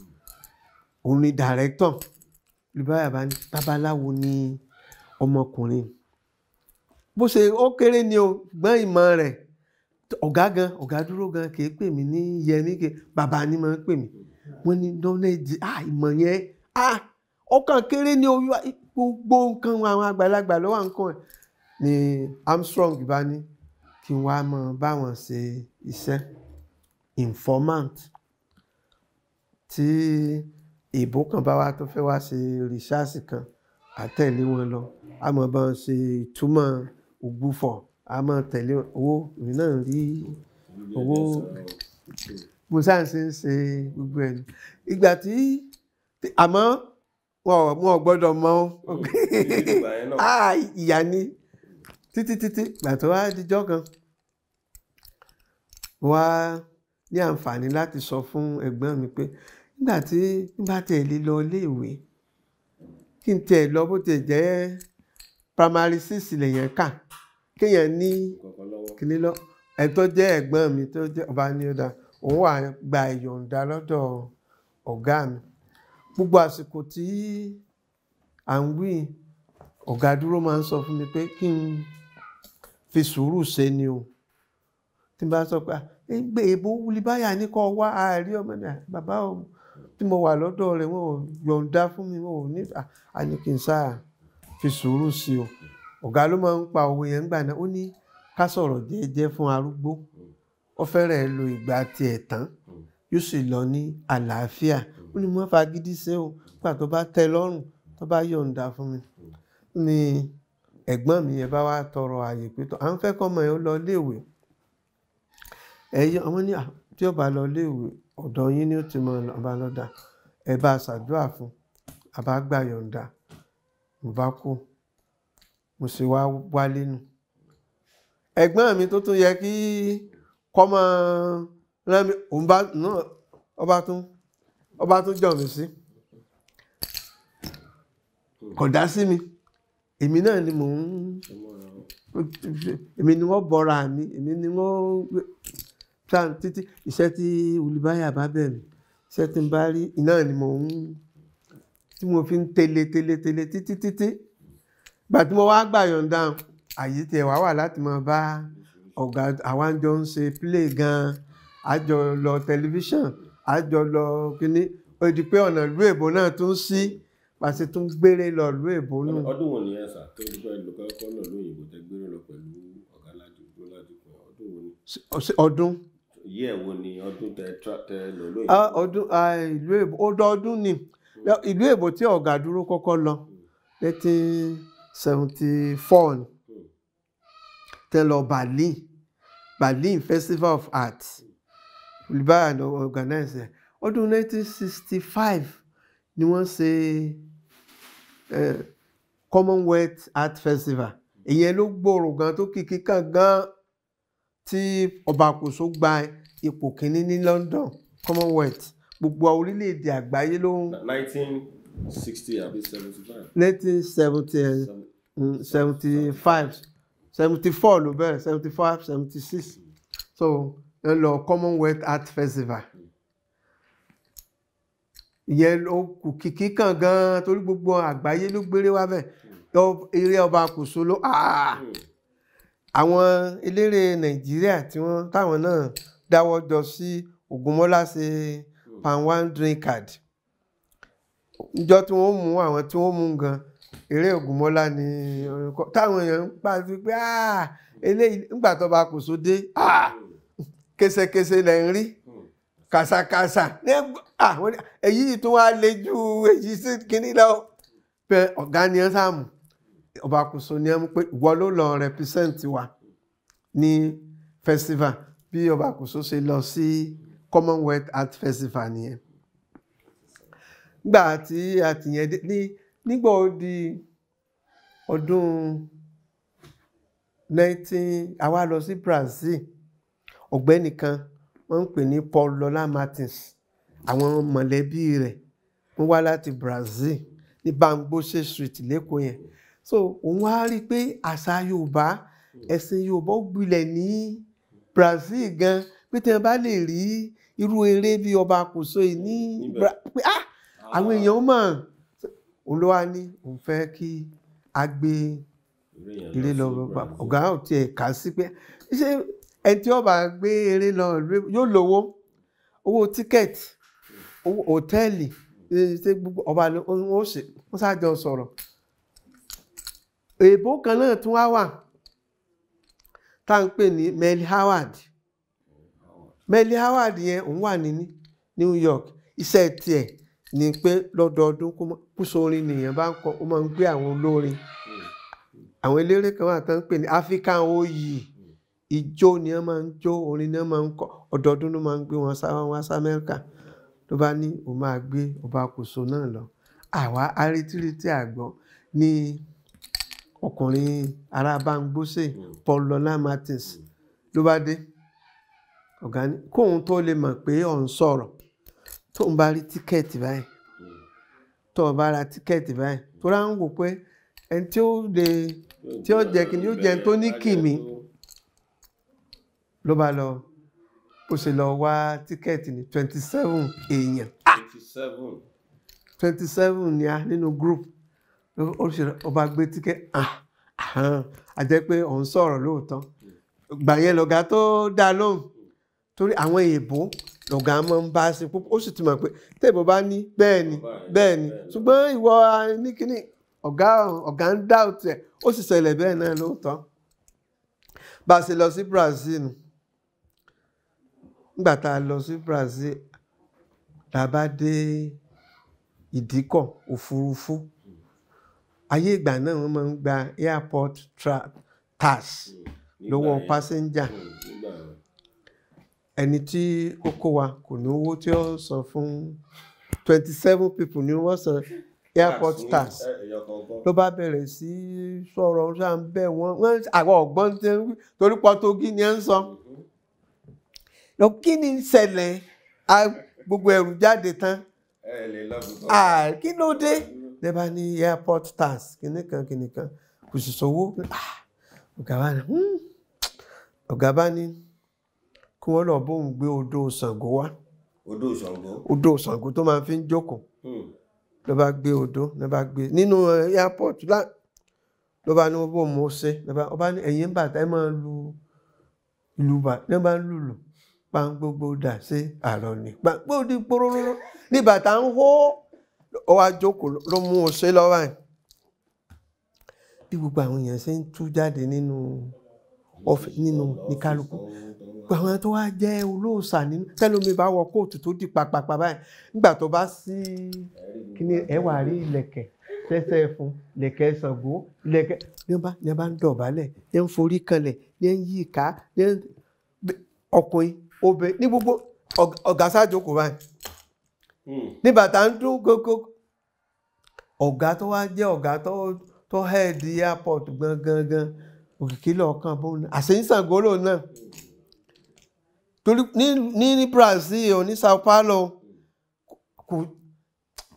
òun ni director olùbáyà bá ní babaláwo ni ọmọkùnrin bó ṣe ó kéré ni o gbọ́n ìmọ̀ rẹ̀ ọ̀gá gan ọ̀gá dúró gan kì í pè mí ní yẹmí kì bàbá ni máa ń pè mí wọ́n ní knowledge ah ìmọ̀ yẹn ah ọkàn kéré ni o gbogbo nǹkan àwọn àgbàlagbà lọ́wọ́ nǹkan ẹ̀ ni Armstrong bá ní kí n wá mọ báwọn ṣe iṣẹ́ informant tí ìbò kan bá wá tó fẹ́ wá ṣe rìsáàsì kan àtẹ̀lé wọn lọ a mọ̀ bá wọn ṣe túmọ̀ ògbúfọ̀ a mọ̀ tẹ̀lé owó èmi náà rí owó mo sáà ṣe ń ṣe gbogbo ẹ̀ ìgbà tí àmọ́ wọn ò gbọ́dọ̀ mọ ìyá ni títí títí gbà tó wá dijọ́ kan wá. Wow ní àǹfààní láti sọ fún ẹ̀gbọ́n mi pé nígbà tí nígbà tẹ̀ lé lọ iléèwé kí n tẹ̀ lọ bó tẹ̀ jẹ́ primary six lèèyàn kà kéèyàn ní kíní lọ ẹ̀ tó jẹ́ ẹ̀gbọ́n mi tó jẹ́ ọba ní ọ̀dà òun wà gba ìyọ̀ǹda lọ́dọ̀ ọ̀gá mi gbogbo àsìkò tí à ń wí ọ̀gá dúró máa ń sọ fún mi pé kí n fi sùúrù ṣe ni o tí n bá sọ pé gbé èbó wulibáyà ní kọ́ wá àárí ọmọ náà bàbá o tí mo wà lọ́dọ̀ rẹ̀ wọn ò yọ̀ǹda fún mi wọn ò ní àníkìnsá fi sùúrù sí o ọ̀gá ló máa ń pa òwe yẹn ńgbà náà ó ní ká sọ̀rọ̀ jẹ́jẹ́ fún arúgbó ó fẹ́rẹ̀ lo ìgbà tiẹ̀ tán yóò sì lọ ní àlàáfíà ó ní mo fagídí ṣe o nígbà tó bá tẹ́ lọ́rùn tó bá yọ̀ǹda fún mi ni ẹ̀gbọ́n mi yẹn bá wá tọrọ àyè pé tó à ń fẹ́ kọ́ ọmọ yẹn lọ iléèwé ẹ̀yìn ọmọ ní tí ó bá lọ léèwé ọ̀dọ̀ yín ni ó ti mọ ọba lọ́dà ẹ bá a ṣàdúrà fún àbá yọ̀ǹda mo bá kú mo sì wá wálé nù. ẹ̀gbọ́n mi tó tún yẹ kí kọ́mọ rán mi òun bá náà ọba tún ọba tún jọ̀ mí sí kò dá sí mi èmi náà ni mò ń èmi ni wọ́n bọ́ra mi èmi ni wọ́n títí iṣẹ́ tí olùbáyà bá bẹ̀rẹ̀ iṣẹ́ tí n bá rí iná ni mò ń tí mo fi ń tele tele tele títí títí gbà tí mo wá gbà yọ̀ǹda àyè tiẹ̀ wá wà láti máa bá ọ̀gá àwa jọ ń ṣe play gan-an àjọ lọ tẹlifíṣàn àjọ lọ kínní ó di pé ọ̀nà ìlú èbó náà tún sí pàṣẹ tún gbére lọ ìlú èbó nù. ọdún wo ni ẹ sà tó dúpẹ́ lọ́kọ́ náà lóyìnbó tẹ gbére lọ pẹ̀lú ọ̀gá ládùúgbò ládùúgbò ọdún wo ni. ọdún yíyẹ wo ni ọdún tẹ tẹ lò lóyìnbó. Ah, ọdún ah, ìlú èbó ọdọọdún ni hmm. ìlú èbó tí ọ̀gá dúró kọ́kọ́ lọ hmm. eighteen seventy four ni hmm. tẹ lọ Berlin Berlin Festival of Art olùbáyà ni organize ẹ ọdún nineteen sixty five ni wọ́n ṣe Commonwealth Art Festival ìyẹn ló gbòòrò gan tó kìkì kan gan tí ọba àkóso gba ipò kínní ní London Commonwealth gbogbo orílẹ̀-èdè àgbáyé ló ń. nineteen sixty àbí seventy five. nineteen seventy eh, five seventy five seventy six so ẹ lọ Commonwealth Art Festival ìyẹn ó kù kìkì kan gan-an torí gbogbo àgbáyé ló gbére wá bẹ́ẹ̀ hmm. eré ọba kòso ló. Ah! Hmm àwọn eléré nàìjíríà tí wọ́n táwọn náà dáwọ́ jọ sí ògúnmọ́lá ṣe pan one drink card ìjọ tí wọ́n mú àwọn tí wọ́n mú gan eré ògúnmọ́lá ni táwọn èèyàn ń pa sí pé ah, eléyìí ńgbà tó bá kò sóde ah, késekése lẹ̀ ń rí kàsàkàsà ah, èyí tó wá le ju èyí sí kínní lọ pé ọ̀gá ni ẹ sáà mú ọba àkóso ni ẹ mú pé ìwọ ló lọ represent wa ní festival bí ọba àkóso ṣe lọ sí Commonwealth Art Festival nìyẹn gbà tí àtìyẹn ní nígbà ó di ọdún 19 àwa lọ sí Brazil ọ̀gbẹ́ni kan wọ́n ń pè ní Paul Lola Martins àwọn mọ̀lẹ́bí rẹ̀ wọ́n wá láti Brazil ní Bangboche Street lẹ́kọ̀ọ́ yẹn so òun wá rí i pé àṣà Yorùbá hmm. ẹ̀sìn Yorùbá ó gbilẹ̀ ní Brazil gan pé tí wọn bá lè rí irú eré bí ọba àkóso yìí ní pé ah àwọn ah. èèyàn mọ̀ òun ló wá ní òun fẹ́ kí a gbé eré lọ ọ̀gá ò tiẹ̀ kà sí pé ṣé ẹni tí ọba gbé eré lọ yóò lówó owó tíkẹ́ẹ̀tì owó hòtẹ́ẹ̀lì hmm. ṣé gbogbo ọba ló ń ṣe wọ́n ṣáàjọ sọ̀rọ̀ èèbó kan náà tún wá wà tá à ń pè ní Merle Howard Merle Howard yẹn òun wà ní New York iṣẹ́ tiẹ̀ ni pé lọ́dọọdún kúso orin nìyẹn bá ń kọ ó máa ń gbé àwọn olórin àwọn eléré kan wà tó ń pè ní African oyè ijó ni wọ́n máa ń jó orin ni wọ́n máa ń kọ ọdọọdún ló máa ń gbé wọn sáwọn wá sí Amẹ́ríkà ló bá ní òun máa gbé ọba kòso náà lọ àwa arétírétí àgbọn ní. Ni ọkùnrin ará bangbóṣe mm. Paul Lọlá Martins mm. ló bá dé ọ̀gá ni kóun tó lè mọ̀ pé ọ̀ ń sọ̀rọ̀ tóun bá rí tíkẹ́ẹ̀tì báyìí mm. tó o bá ra tíkẹ́ẹ̀tì báyìí tó rà ń wò pé ẹni tí ó de tí ó jẹ kí ni ó jẹ tó ní kìmí ló bá lọ ó ṣe lọ wá tíkẹ́ẹ̀tì ní twenty seven èèyàn ah! twenty seven ni a nínú group oríṣiríṣi ọba gbé tíkẹ́ àjẹ́ ah, pé òun sọ̀rọ̀ lóòótọ́ gbàyẹn lọ̀gá tó dá lóhùn torí àwọn èèbó lọ̀gá máa ń bá sí púpọ̀ ó sì ti mọ̀ pé tẹ́ẹ̀bù bá ní bẹ́ẹ̀ ni bẹ́ẹ̀ ni ṣùgbọ́n ìwọ ní kíní ọ̀gá ọ̀gá ń dá òtún ẹ̀ ó sì ṣẹlẹ̀ bẹ́ẹ̀ náà lóòótọ́ bá a ṣe lọ sí Brazil nígbà tá a lọ sí Brazil tá a bá dé ìdíkọ̀ òfurufú ayé ìgbà náà wọ́n máa ń gba airport tax hmm, lọ́wọ́ pásẹ́ńjà hmm, ẹni tí ó kó wa kò ní owó tí ó sọ fún twenty seven people ni wọ́n sọ airport tax eh, ló bá bẹ̀rẹ̀ sí sọ̀rọ̀ ṣáà ń bẹ̀ wọ́n àwọn ọ̀gbọ́n ti ń torí pọ́tógí ni ẹ ń sọ mm-hmm. lọ kí ni ń ṣẹlẹ̀ gbogbo ẹrù jáde tán kí ló dé. Mm ní bá ní airport tax kìnnìkan kìnnìkan kò sì sọ owó ah, ọ̀gá bá ní hmm. ọ̀gá bá ní kí wọ́n lọ bóun gbé odó Ṣàngó wá odó Ṣàngó odó Ṣàngó tó máa fi ń jókòó hmm. ló bá gbé odó ló bá gbé nínú airport ló bá ní bó mo ṣe ló bá ní ẹ̀yìn bàtà ẹ̀ máa lu ìlú bàtà ẹ̀ máa lùlù pàǹgbogbo dà sí àlọ́ ni pàǹgbogbo di pororo ní bàtà ń hó ó wá jókòó ló mú o ṣe lọ́wọ́ ẹ̀ bí gbogbo àwọn èèyàn ṣe ń tú jáde nínú ọ̀fẹ́ nínú ní kálukú gbogbo àwọn tó wá jẹ́ olóòṣà nínú tẹ́lómi bá wọ kóòtù tó di pàpàpà báyìí nígbà tó bá sí kíní ẹwà rí ilẹ̀kẹ̀ tẹ́tẹ́ fún ilẹ̀kẹ̀ Ṣàngó ilẹ̀kẹ̀ ní bá ní bá ń dọ̀bálẹ̀ ní ń forí kanlẹ̀ ní ń yí ìka ní ọkùnrin obìnrin ní gbogbo ọ̀gá sáà jókòó báyìí. Hmm. ní bàtà ń dún gógó ọ̀gá tó wá jẹ́ ọ̀gá tó hẹ́ẹ̀dì airport gangan òkìkí lọ́ọ̀kan bóun náà àṣeyínsàngó lòun náà torí ní ní Brazil ní Sao Paulo kò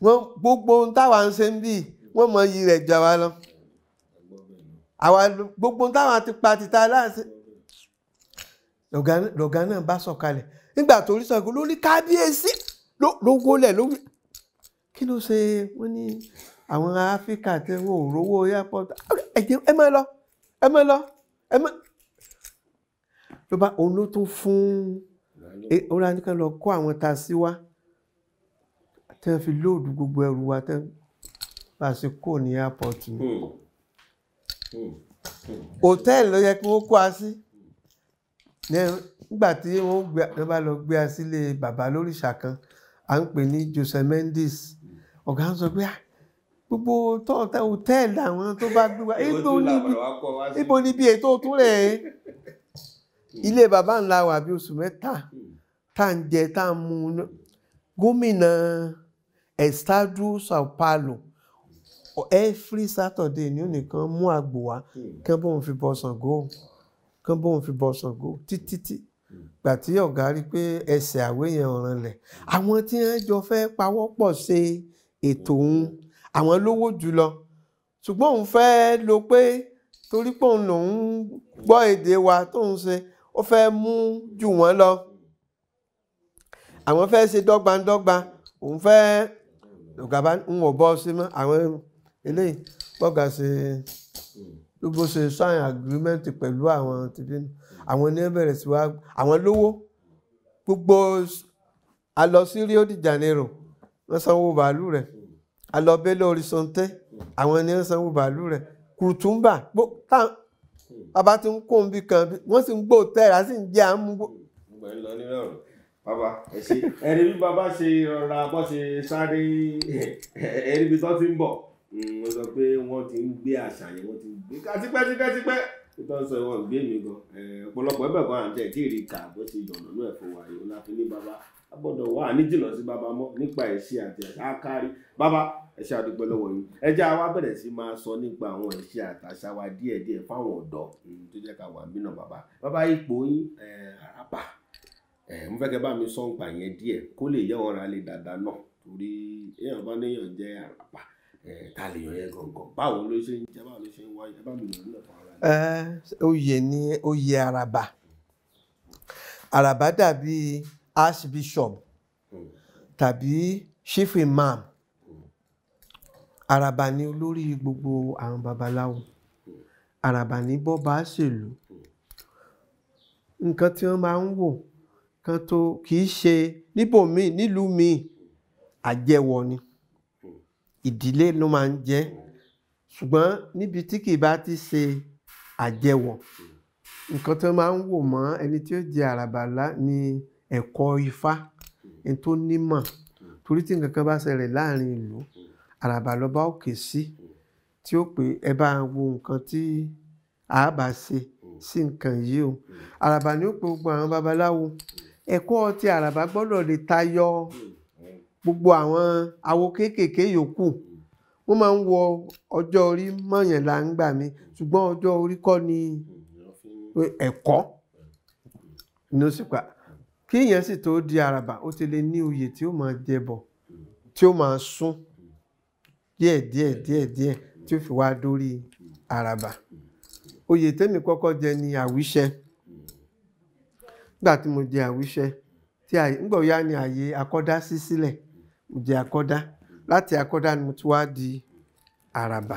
wọ́n gbogbo ohun táwa ń ṣe ń bì wọ́n mọ iyì rẹ̀ jà wá lọ àwa gbogbo ohun táwa ti pa tìta láti lọ̀gá náà bá sọ̀kalẹ̀ nígbà tó rí Ṣàngó lórí kábíyèsí ló ń kólẹ̀ ló ń kí ló ṣe wọ́n ní àwọn áfíríkà tẹ wọn ò rówó airport ẹ̀jẹ̀ ẹ máa lọ ẹ máa lọ ẹ máa ló bá òun ló tún fún òun láti kàn lọ kó àwọn ta sí wa tẹ́ fi lóòdù gbogbo ẹrù wa tẹ́ bá ṣe kó ní airport ni hòtẹ́ẹ̀lì hmm. hmm. hmm. ló yẹ kí wọ́n kó a sí nígbà tí wọ́n bá lọ gbé a sílé bàbá lóríṣà kan à ń pè ní Jose Mendes ọ̀gá ń sọ pé ah, gbogbo tọ́ọ̀tà hòtẹ́ẹ̀lì àwọn tó bá gbé wa ibo níbi ètò tún rẹ̀ ilé bàbá ńlá wà bí oṣù mẹ́ta tá à ń jẹ tá à ń mu gómìnà Estado Sao Paulo every Saturday ní ònìkan mú àgbò wá kán bóun fi bọ̀ Ṣàngó kán bóun fi bọ̀ Ṣàngó títí títí gbà tí ọ̀gá rí pé ẹsẹ̀ àwé yẹn ọ̀ràn lẹ̀ àwọn tí wọ́n jọ fẹ́ pawọ́pọ̀ ṣe ètò òun àwọn lówó jùlọ ṣùgbọ́n òun fẹ́ lo pé torí pé òun lòun gbọ́ èdè wa tóun ṣe ó fẹ́ mú jù wọ́n lọ àwọn fẹ́ ṣe dọ́gbandọ́gba òun fẹ́ ọ̀gá bá ń wọ̀ bọ́ sí mọ́ àwọn eléyìí gbọ́gà ṣe ló bó ṣe sign agreement pẹ̀lú àwọn tìbínú àwọn ni wọ́n bẹ̀rẹ̀ sí wa àwọn lówó gbogbo a lọ sí Rio de Janeiro wọ́n sanwó bàálù rẹ̀ a lọ Horizonte àwọn ni wọ́n sanwó bàálù rẹ̀ Kùrùtùmbà bàbá ti ń kó nbí kan wọ́n sì ń gbó tẹ́ẹ̀ á sì ń jẹ́ àmúgbó. bàbá ẹ ṣe ẹni bí bàbá ṣe rọra bọ́ ṣe sáré ẹni bí tó ti ń bọ̀ wọ́n sọ pé wọ́n ti ń gbé àṣà wọ́n ti ń gbé tipẹ́tipẹ́tipẹ́ nítorí gbé mi gan ọ̀pọ̀lọpọ̀ ẹ̀bẹ̀ kan àti ẹ̀kí rí kà bó ti yọ̀nà náà fún wa yìí láti ní bàbá a gbọ́dọ̀ wà ní sí bàbá mọ́ nípa ẹ̀ṣẹ̀ àti àkárí bàbá ẹ̀ṣẹ̀ àdúgbò lọ́wọ́ yìí ẹ àwa bẹ̀rẹ̀ sí máa sọ nípa àwọn ẹ̀ṣẹ̀ àtàṣà wa díẹ̀ díẹ̀ fáwọn ọ̀dọ́ tó jẹ́ ká wà nínú bàbá bàbá ipò yín àràbà mo fẹ́ kẹ́ bá mi sọ nǹkan yẹn díẹ̀ kó lè yẹ wọn ra lè náà torí èèyàn bá níyàn jẹ́ àràbà ta lè yàn yẹn gangan báwo ló ṣe ń jẹ́ báwo ló ṣe ń wáyé ẹ bá mi lò nílẹ̀ fún ara oyè ní oyè àràbà àràbà dàbí archbishop tàbí chief imam àràbà ni olórí gbogbo àwọn babaláwo àràbà ni bọ́ba ṣèlú nǹkan tí wọ́n máa ń wò kan tó kì í ṣe níbòmíì nílùú míì àjẹwọ ni ìdílé ló máa ń jẹ ṣùgbọ́n níbi tí kì í bá ti ṣe. Mm àjẹwọ̀ nǹkan tó máa ń wò mọ́ ẹni tí ó jẹ àràbàlà ni ẹ̀kọ́ ifá ẹni tó nímọ̀ torí tí nǹkan kan bá ṣẹlẹ̀ láàrin ìlú àràbàlọ́ba òkè sí tí ó pè ẹ bá wo nǹkan tí a bá ṣe sí nǹkan yìí o àràbà ni ó pè gbogbo àwọn babaláwo ẹ̀kọ́ ti àràbà gbọ́dọ̀ lè tayọ gbogbo àwọn awo kéékèèké yòókù. Mm. wọ́n máa ń wọ ọjọ́ orí mọ̀yàn là ń gbà mí ṣùgbọ́n ọjọ́ orí kọ́ ni ẹ̀kọ́ ni sì pa kí èèyàn sì tó di àràbà ó ti lè ní oyè tí ó máa jẹ bọ̀ tí ó máa sún díẹ̀ díẹ̀ díẹ̀ díẹ̀ tí ó fi wá dórí àràbà oyè tẹ́mi kọ́kọ́ jẹ ni àwíṣẹ nígbà tí mo jẹ àwíṣẹ tí àyè ńgbọ̀ ya ni àyè akọ́dá sí sílẹ̀ mo jẹ akọ́dá. láti akọ́dá ni mo ti wá di àràbà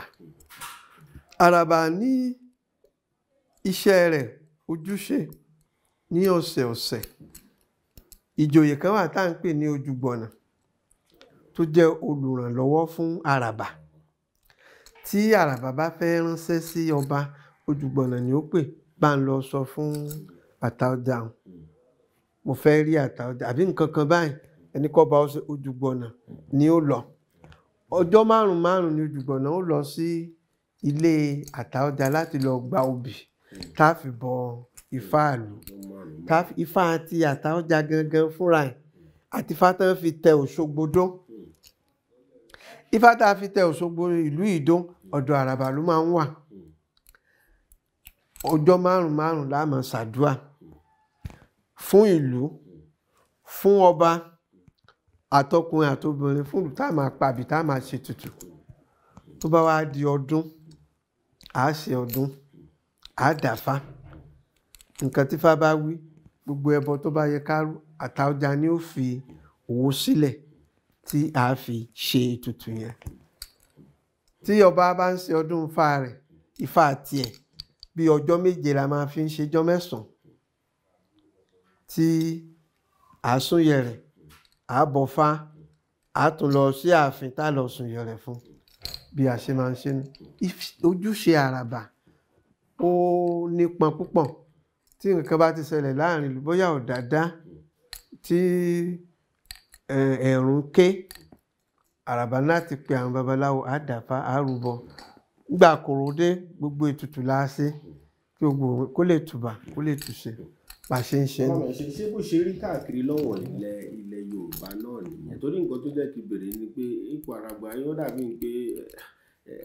àràbà ní iṣẹ́ rẹ̀ ojúṣe ní ọ̀sẹ̀ ọ̀sẹ̀ ìjòyè kan wà tá à ń pè ní ojúgbọ̀nà tó jẹ́ olùrànlọ́wọ́ fún àràbà tí àràbà bá fẹ́ ránṣẹ́ sí ọba ojúgbọ̀nà ni ó pè bá ń lọ sọ fún àtàọjà mo fẹ́ rí àtàọjà àbí nǹkan kan báyìí ẹni kọ́ bá ojúgbọ̀nà ni ó lọ ọjọ́ márùn márùn ni ojúgbọ̀nà ó lọ sí ilé àtaọ́jà láti lọ gba obì tá a fi bọ ifá àlù ifá àti àtaọ́jà gangan fúnra ẹ̀ àti ifá tán fi tẹ Òṣogbo dó ifá tá a fi tẹ Òṣogbo ìlú ìdó ọ̀dọ̀ àràbà ló máa ń wà ọjọ́ márùn márùn la máa ṣàdúà fún ìlú fún ọba àtọkùnrin àtobìnrin fún ìlú tá a máa pàbí tá a máa ṣe tutù tó bá wá di ọdún à á ṣe ọdún à á dàfa nǹkan tí fá bá wí gbogbo ẹbọ tó bá yẹ kárú àtà ọjà ni ó fi owó sílẹ̀ tí a fi ṣe ètùtù yẹn tí ọba bá ń ṣe ọdún ifá rẹ̀ ifá tiẹ̀ bí ọjọ́ méje la máa fi ń ṣe jọ́ mẹ́sàn-án tí àásùnyẹ rẹ̀ àbọ̀fá àtúnlọ sí ààfin tá lọ sùn yọrẹ fún bí a ṣe máa ń ṣe ní ojúṣe àràbà ó nípọn púpọ̀ tí nǹkan bá ti ṣẹlẹ̀ láàrin ìlú bóyá ọ̀dàdá tí ẹ̀rùn ké àràbà láti pe àwọn babaláwo àdàfà àrùbọ nígbà kòròdé gbogbo ètùtù la ṣe kí gbogbo kó lè tùbà kó lè tùṣe bá ṣe ń ṣe. ọmọ ẹ̀ṣẹ̀ ṣé bó ṣe rí káàkiri lọ́wọ́ ilẹ̀ ilẹ̀ Yorùbá náà nìyẹn torí nǹkan tó jẹ́ kí bèrè ni pé ipò àràgbà yóò dàbí pé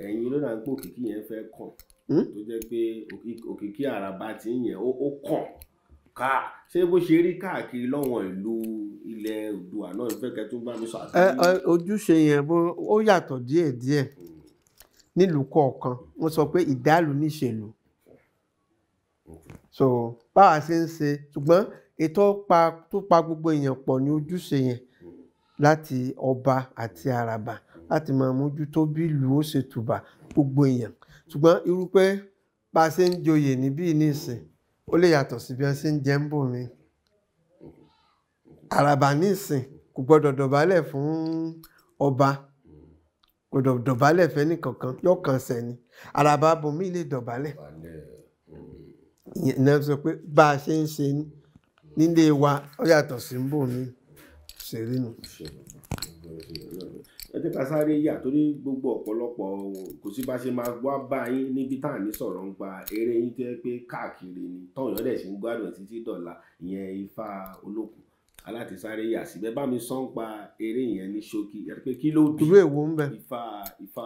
ẹ̀yin ló dàbí pé òkìkí yẹn fẹ́ kàn hmm? tó jẹ́ pé òkìkí àràbà ti ń yẹn ó kàn ká ṣé bó ṣe rí káàkiri lọ́wọ́ ìlú ilẹ̀ Oòduà náà ìfẹ́ kẹ́ tó bá mi sọ àti. ojúṣe yẹn ó yàtọ̀ díẹ̀díẹ̀ nílùú kọ̀ọ̀kan wọ́n sọ pé ìdálù níṣèlú so bá a ṣe ń ṣe ṣùgbọ́n ètò pa tó pa gbogbo èèyàn pọ̀ ní ojúṣe yẹn láti ọba àti àràbà láti máa mójútó bí ìlú ó ṣe tùbà gbogbo èèyàn ṣùgbọ́n irú pé bá a ṣe ń joyè níbí nísìn ó lè yàtọ̀ sí bí wọ́n ṣe ń jẹ́ ń bò mí àràbà nísìn kò gbọ́dọ̀ dọ̀bálẹ̀ fún ọba kò dọ̀bálẹ̀ fẹ́ nìkankan yọ̀ọ̀kan sẹ́ni àràbà bòmí lè dọ̀bálẹ̀ náà sọ pé bá a ṣe ń ṣe nílé wa ó yàtọ̀ sí bò mí ṣeré nù. ẹ jẹ́ ká sáré yà torí gbogbo ọ̀pọ̀lọpọ̀ kò sí bá ṣe máa wá bá yín níbi tá à ní sọ̀rọ̀ ń pa eré yín tẹ́ pé káàkiri ni tọ́yọ̀ dẹ̀ ṣe ń gbádùn títí dọ̀la ìyẹn ifá olókùn aláti sáré yà síbẹ̀ bá mi sọ́n pa eré yẹn ní ṣókí ẹ pé kí ló bí ìlú èwo ń bẹ ifá ifá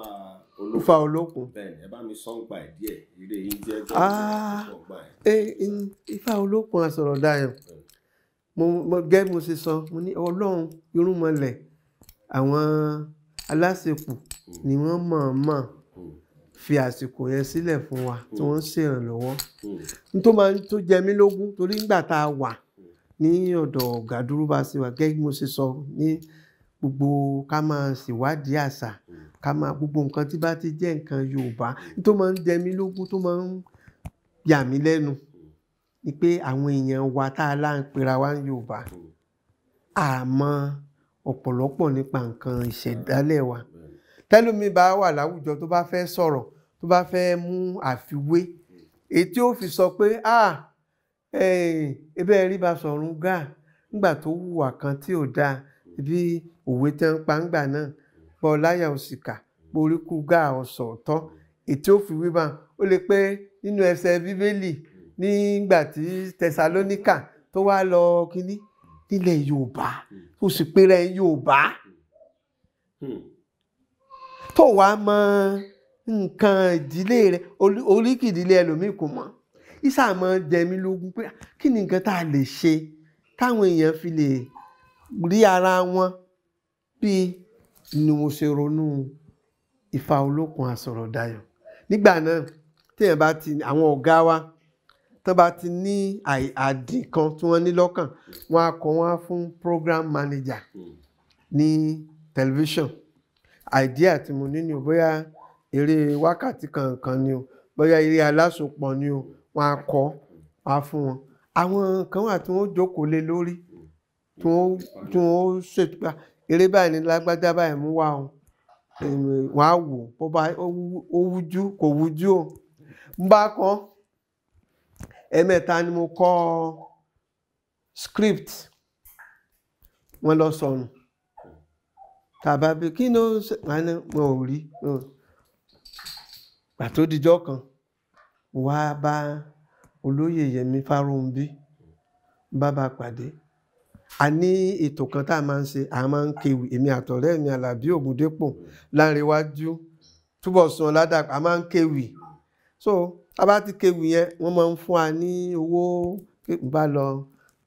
olókun ifá olókun bẹ́ẹ̀ ẹ bá mi sọ́n pa ẹ̀ díẹ̀ eré yìí jẹ́ tó ń bá ẹ̀. ifá olókun àsọ̀rọ̀ dayọ̀ mo gẹ́ mo ṣe sọ mo ní ọlọ́run irúnmọlẹ̀ àwọn aláṣepọ̀ hmm. ni wọ́n mọ̀ọ́mọ̀ hmm. fi àsìkò yẹn sílẹ̀ fún wa tí hmm. wọ́n ń ṣèrànlọ́wọ́ n tó máa ń tó jẹ mí lógún torí ńgbà tá a wà ní ọ̀dọ̀ ọ̀gá dúró bá ṣe wà gẹ́gẹ́ bí mo ṣe sọ ní gbogbo ká máa ṣèwádìí àṣà ká máa gbogbo nǹkan tí bá ti jẹ́ nǹkan Yorùbá tó máa ń jẹ mí lógún tó máa ń yà mí lẹ́nu ni pé àwọn èèyàn wa tá a lá ń pera wa ní Yorùbá àmọ́ ọ̀pọ̀lọpọ̀ nípa nǹkan ìṣẹ̀dálẹ̀ wa tẹ́lómi wà láwùjọ tó bá fẹ́ sọ̀rọ̀ tó bá fẹ́ mú àfiwé èyí tí ó fi sọ pé ah ebe rí Basọ̀run Gáà ńgbà tó hùwà kan tí ò dáa bí òwe tẹ́ ń pa ńgbà náà bọ́ láyà òsìkà poríkú Gáà ọ̀sọ̀ọ̀tọ́ ètí ó fi wí bá ó lè pé nínú ẹsẹ̀ bíbélì nígbà tí Tẹsalóníkà tó wá lọ kínní nílẹ̀ Yorùbá tó sì péré Yorùbá tó wàá mọ nǹkan ìdílé rẹ oríkì ìdílé ẹlòmíì kò mọ̀. Isa jẹ mí lógún pé ah, kí ni nǹkan tá a lè ṣe táwọn èèyàn fi lè rí ara wọn bí ni mo ṣe ronú Ifá Olókun Àsọ̀rọ̀dayọ̀ nígbà náà téèyàn bá ti àwọn ọ̀gá wa tó bá ti ní àdín kan tí wọ́n ní lọ́kàn wọ́n á kọ wọ́n fún program manager ní tẹlifíṣàn idea tí mo ní ni o bóyá eré wákàtí kankan ni o bóyá eré alásopọ̀ ni o wọn á kọ́ a fún wọn àwọn kan wà tí wọ́n jókòó lé lórí tí wọ́n tí wọ́n ṣètò pé eré báyìí ni lágbájá báyìí mú wá o wọ́n á wò bó bá ó wújú kò wújú o ń bá kan ẹ̀ẹ̀mẹ́ta ni mo kọ́ script wọ́n lọ sọnù tàbá bí kí ló ń ṣe wọn ò rí gbà tó dijọ́ kan mo wá bá olóyè Yẹmí Fáróǹbí bábà pàdé a ní ètò kan tá a máa ń ṣe a máa ń kéwì èmi àtọ̀rẹ́ mi Àlàbí Ògúndépò Láńrewájú Túbọ̀sún Ọládàpọ̀ a máa ń kéwì so a bá ti kéwì yẹn wọ́n máa ń fún wa ní owó bá lọ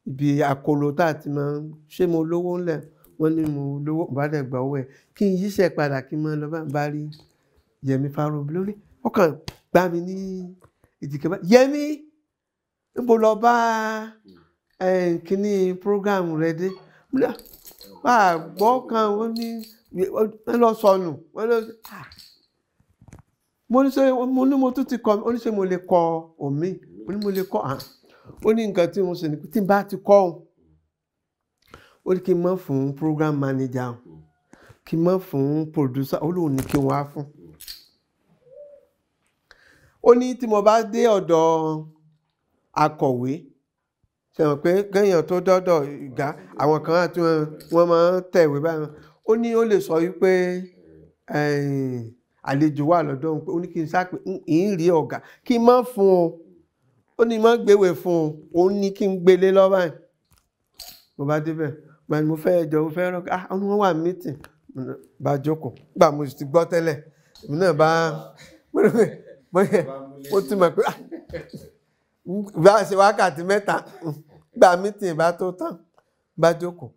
ibi àkóló tá a ti máa ń ṣé mo lówó ńlẹ̀ wọ́n ní mo lówó bá dẹ̀ gbà owó ẹ̀ kí n yíṣẹ́ padà kí n máa lọ bá rí Yẹmí Fáróǹbí lórí ọkàn gbá mi ní ìdìkẹ́ bá yẹmí níbo lọ bá kínní program rẹ dé bá a gbọ́ kan wọ́n ní wọ́n lọ sọnù wọ́n lọ mo ní sọ mo ní mo tún ti kọ ó ní sọ mo lè kọ omi mo ní mo lè kọ hàn ó ní nǹkan tí mo sọ ní tí n bá ti kọ òun ó ní kí n mọ̀ fún program manager kí n mọ̀ fún producer ó lóun ní kí n wá fún ó ní tí mo bá dé ọ̀dọ̀ akọ̀wé ṣẹ̀wọ̀n pé kéèyàn tó dọ́dọ̀ ìgá àwọn kan àti wọ́n máa ń tẹ̀wé báyìí ó ní ó lè sọ wípé àlejò wà lọ́dọ̀ òun pé ó ní kí n sápè ń rí ọ̀gá kí n má fún un ó ní má gbéwè fún un òun ní kí n gbélé lọ́wọ́ ẹ̀ mo bá débẹ̀ gbani mo fẹ́ ẹjọ́ mo fẹ́ rọ́ọ̀kì ah wọ́n wà mítìn bá jókòó gbà mo sì ti gbọ́ tẹ́lẹ̀ èmi náà bá ó ti mọ̀ pé ah, bá a ṣe wákàtí mẹ́ta gba mítìn bá tó tán bá jókòó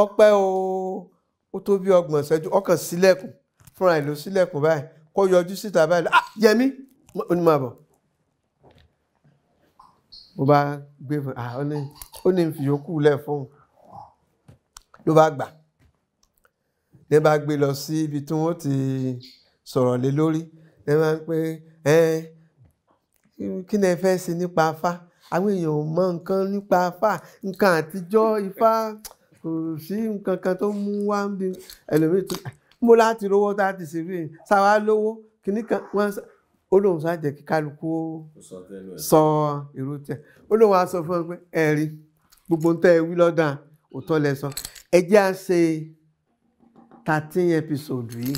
ọpẹ́ o ó tó bí ọgbọ̀n ṣẹ́jú ọkàn sílẹ̀kùn fúnra ìlú sílẹ̀kùn báyìí kó yọjú síta báyìí ah yẹmi ó ní máa bọ̀ mo bá gbé fún ah ó ní ó ní fi yòókù lẹ̀ fún un ló bá gbà ní bá gbé lọ sí ibi tí wọ́n ti sọ̀rọ̀ lé lórí ní bá ń pẹ́ kí ni ẹ fẹ́ ṣe nípa Ifá àwọn èèyàn ò mọ nǹkan nípa Ifá nǹkan àtijọ́ Ifá kò sí nǹkan kan tó mú wá ń bí ẹlòmíì tó mo láti rówó tá a ti ṣe fi ṣáwá lówó kìíní kan wọ́n ó lóun sá jẹ́ kí kálukú sọ èrò tiẹ̀ ó lóun á fún ọ ẹ̀rí gbogbo ń tẹ́ ẹ wí lọ́dà òótọ́ lẹ sọ ẹ jẹ́ à ṣe thirteen episode yìí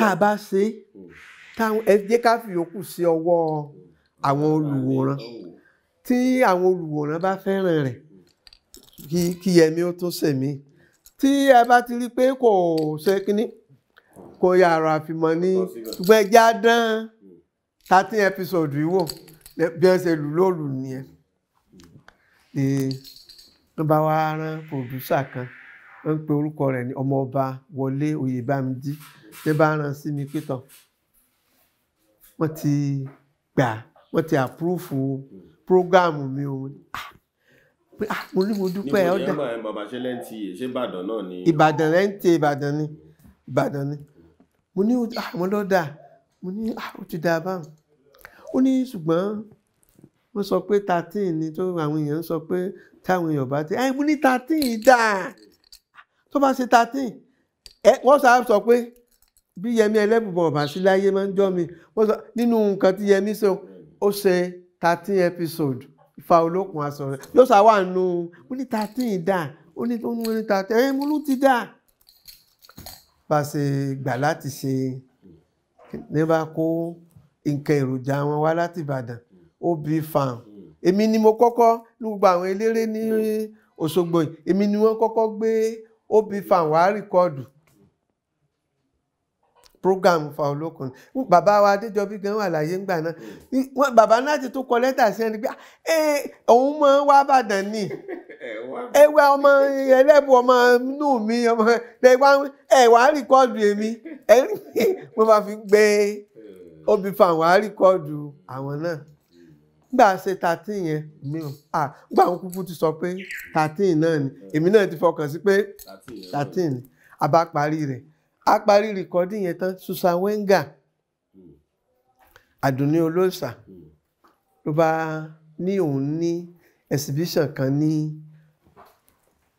tá a bá ṣe hmm ẹ jẹ́ ká fi yòókù sí ọwọ́ àwọn olùwòran tí àwọn olùwòran bá fẹ́ràn rẹ̀ kí kí ẹ̀mí ó tún sẹ̀mí tí ẹ bá ti rí pé kò ṣe kínní kò yàrá àfimọ́ ní gbẹ́jà dán thirteen episode yìí wò bí wọ́n ṣe lù lóòlù nìyẹn ni wọ́n bá wá rán pòdùsà kan wọ́n ń pe orúkọ rẹ̀ ní ọmọọba Wọlé Oyèbámidí ṣé bá rán sí mi pétàn wọ́n ti gbà wọ́n ti àpúrúfù prógáàmù mi o ah, pé ah mo ní mo dúpẹ́ ẹ̀ ọ́dà. níbo ni ẹ bàbá ṣe lẹ́ǹtì ṣé Ìbàdàn náà ni. Ìbàdàn lẹ́ǹtì Ìbàdàn ni Ìbàdàn ni mo ní ah mo lọ́ dà mo ní ah ó ti dà báwọn ó ní ṣùgbọ́n wọ́n sọ pé thirteen ni tó àwọn èèyàn sọ pé táwọn èèyàn bá ti ẹ mo ní thirteen dáa ah, tó bá ṣe thirteen ẹ wọ́n sọ pé bí yẹmi ẹlẹ́bùbọ̀n ọ̀bà sí láyé máa ń jọ́ mi wọ́n sọ nínú nǹkan tí yẹmi sọ ó ṣe thirteen episode fa olókun aṣọ rẹ ló sá wà nù ó ní thirteen dà ó ní tó ń wọ́n ní thirteen ẹ̀yìn múlù ti dà bá a ṣe gbà láti ṣe ní bá kó nǹkan èròjà wọn wá láti Ìbàdàn ó bí farm èmi ni mo kọ́kọ́ ní gbogbo àwọn eléré ní Òṣogbo èmi ni wọ́n kọ́kọ́ gbé ó bí farm wá rìkọ́ọ̀dù program fa olókun bàbá wa adéjọbí gan wà láyé ńgbà náà bàbá náà ti tún kọ lẹ́tà sí ẹni pé ah, òun mọ wá bàdàn ni ẹwà ọmọ ẹlẹ́bù ọmọ inú mi ọmọ ẹwà rìkọ́ọ̀dù èmi mo máa fi gbé obì fa àwọn àríkọ́ọ̀dù àwọn náà gbà ṣe thirteen yẹn mi ò gbà àwọn kúkú ti sọ pé thirteen náà ni èmi náà ti fọkàn sí pé thirteen ni parí rẹ̀ a parí rìkọ́dì yẹn tán Susan Wenger hmm. Àdùnní Olóòṣà hmm. ló bá ní òun ní exhibition kan ní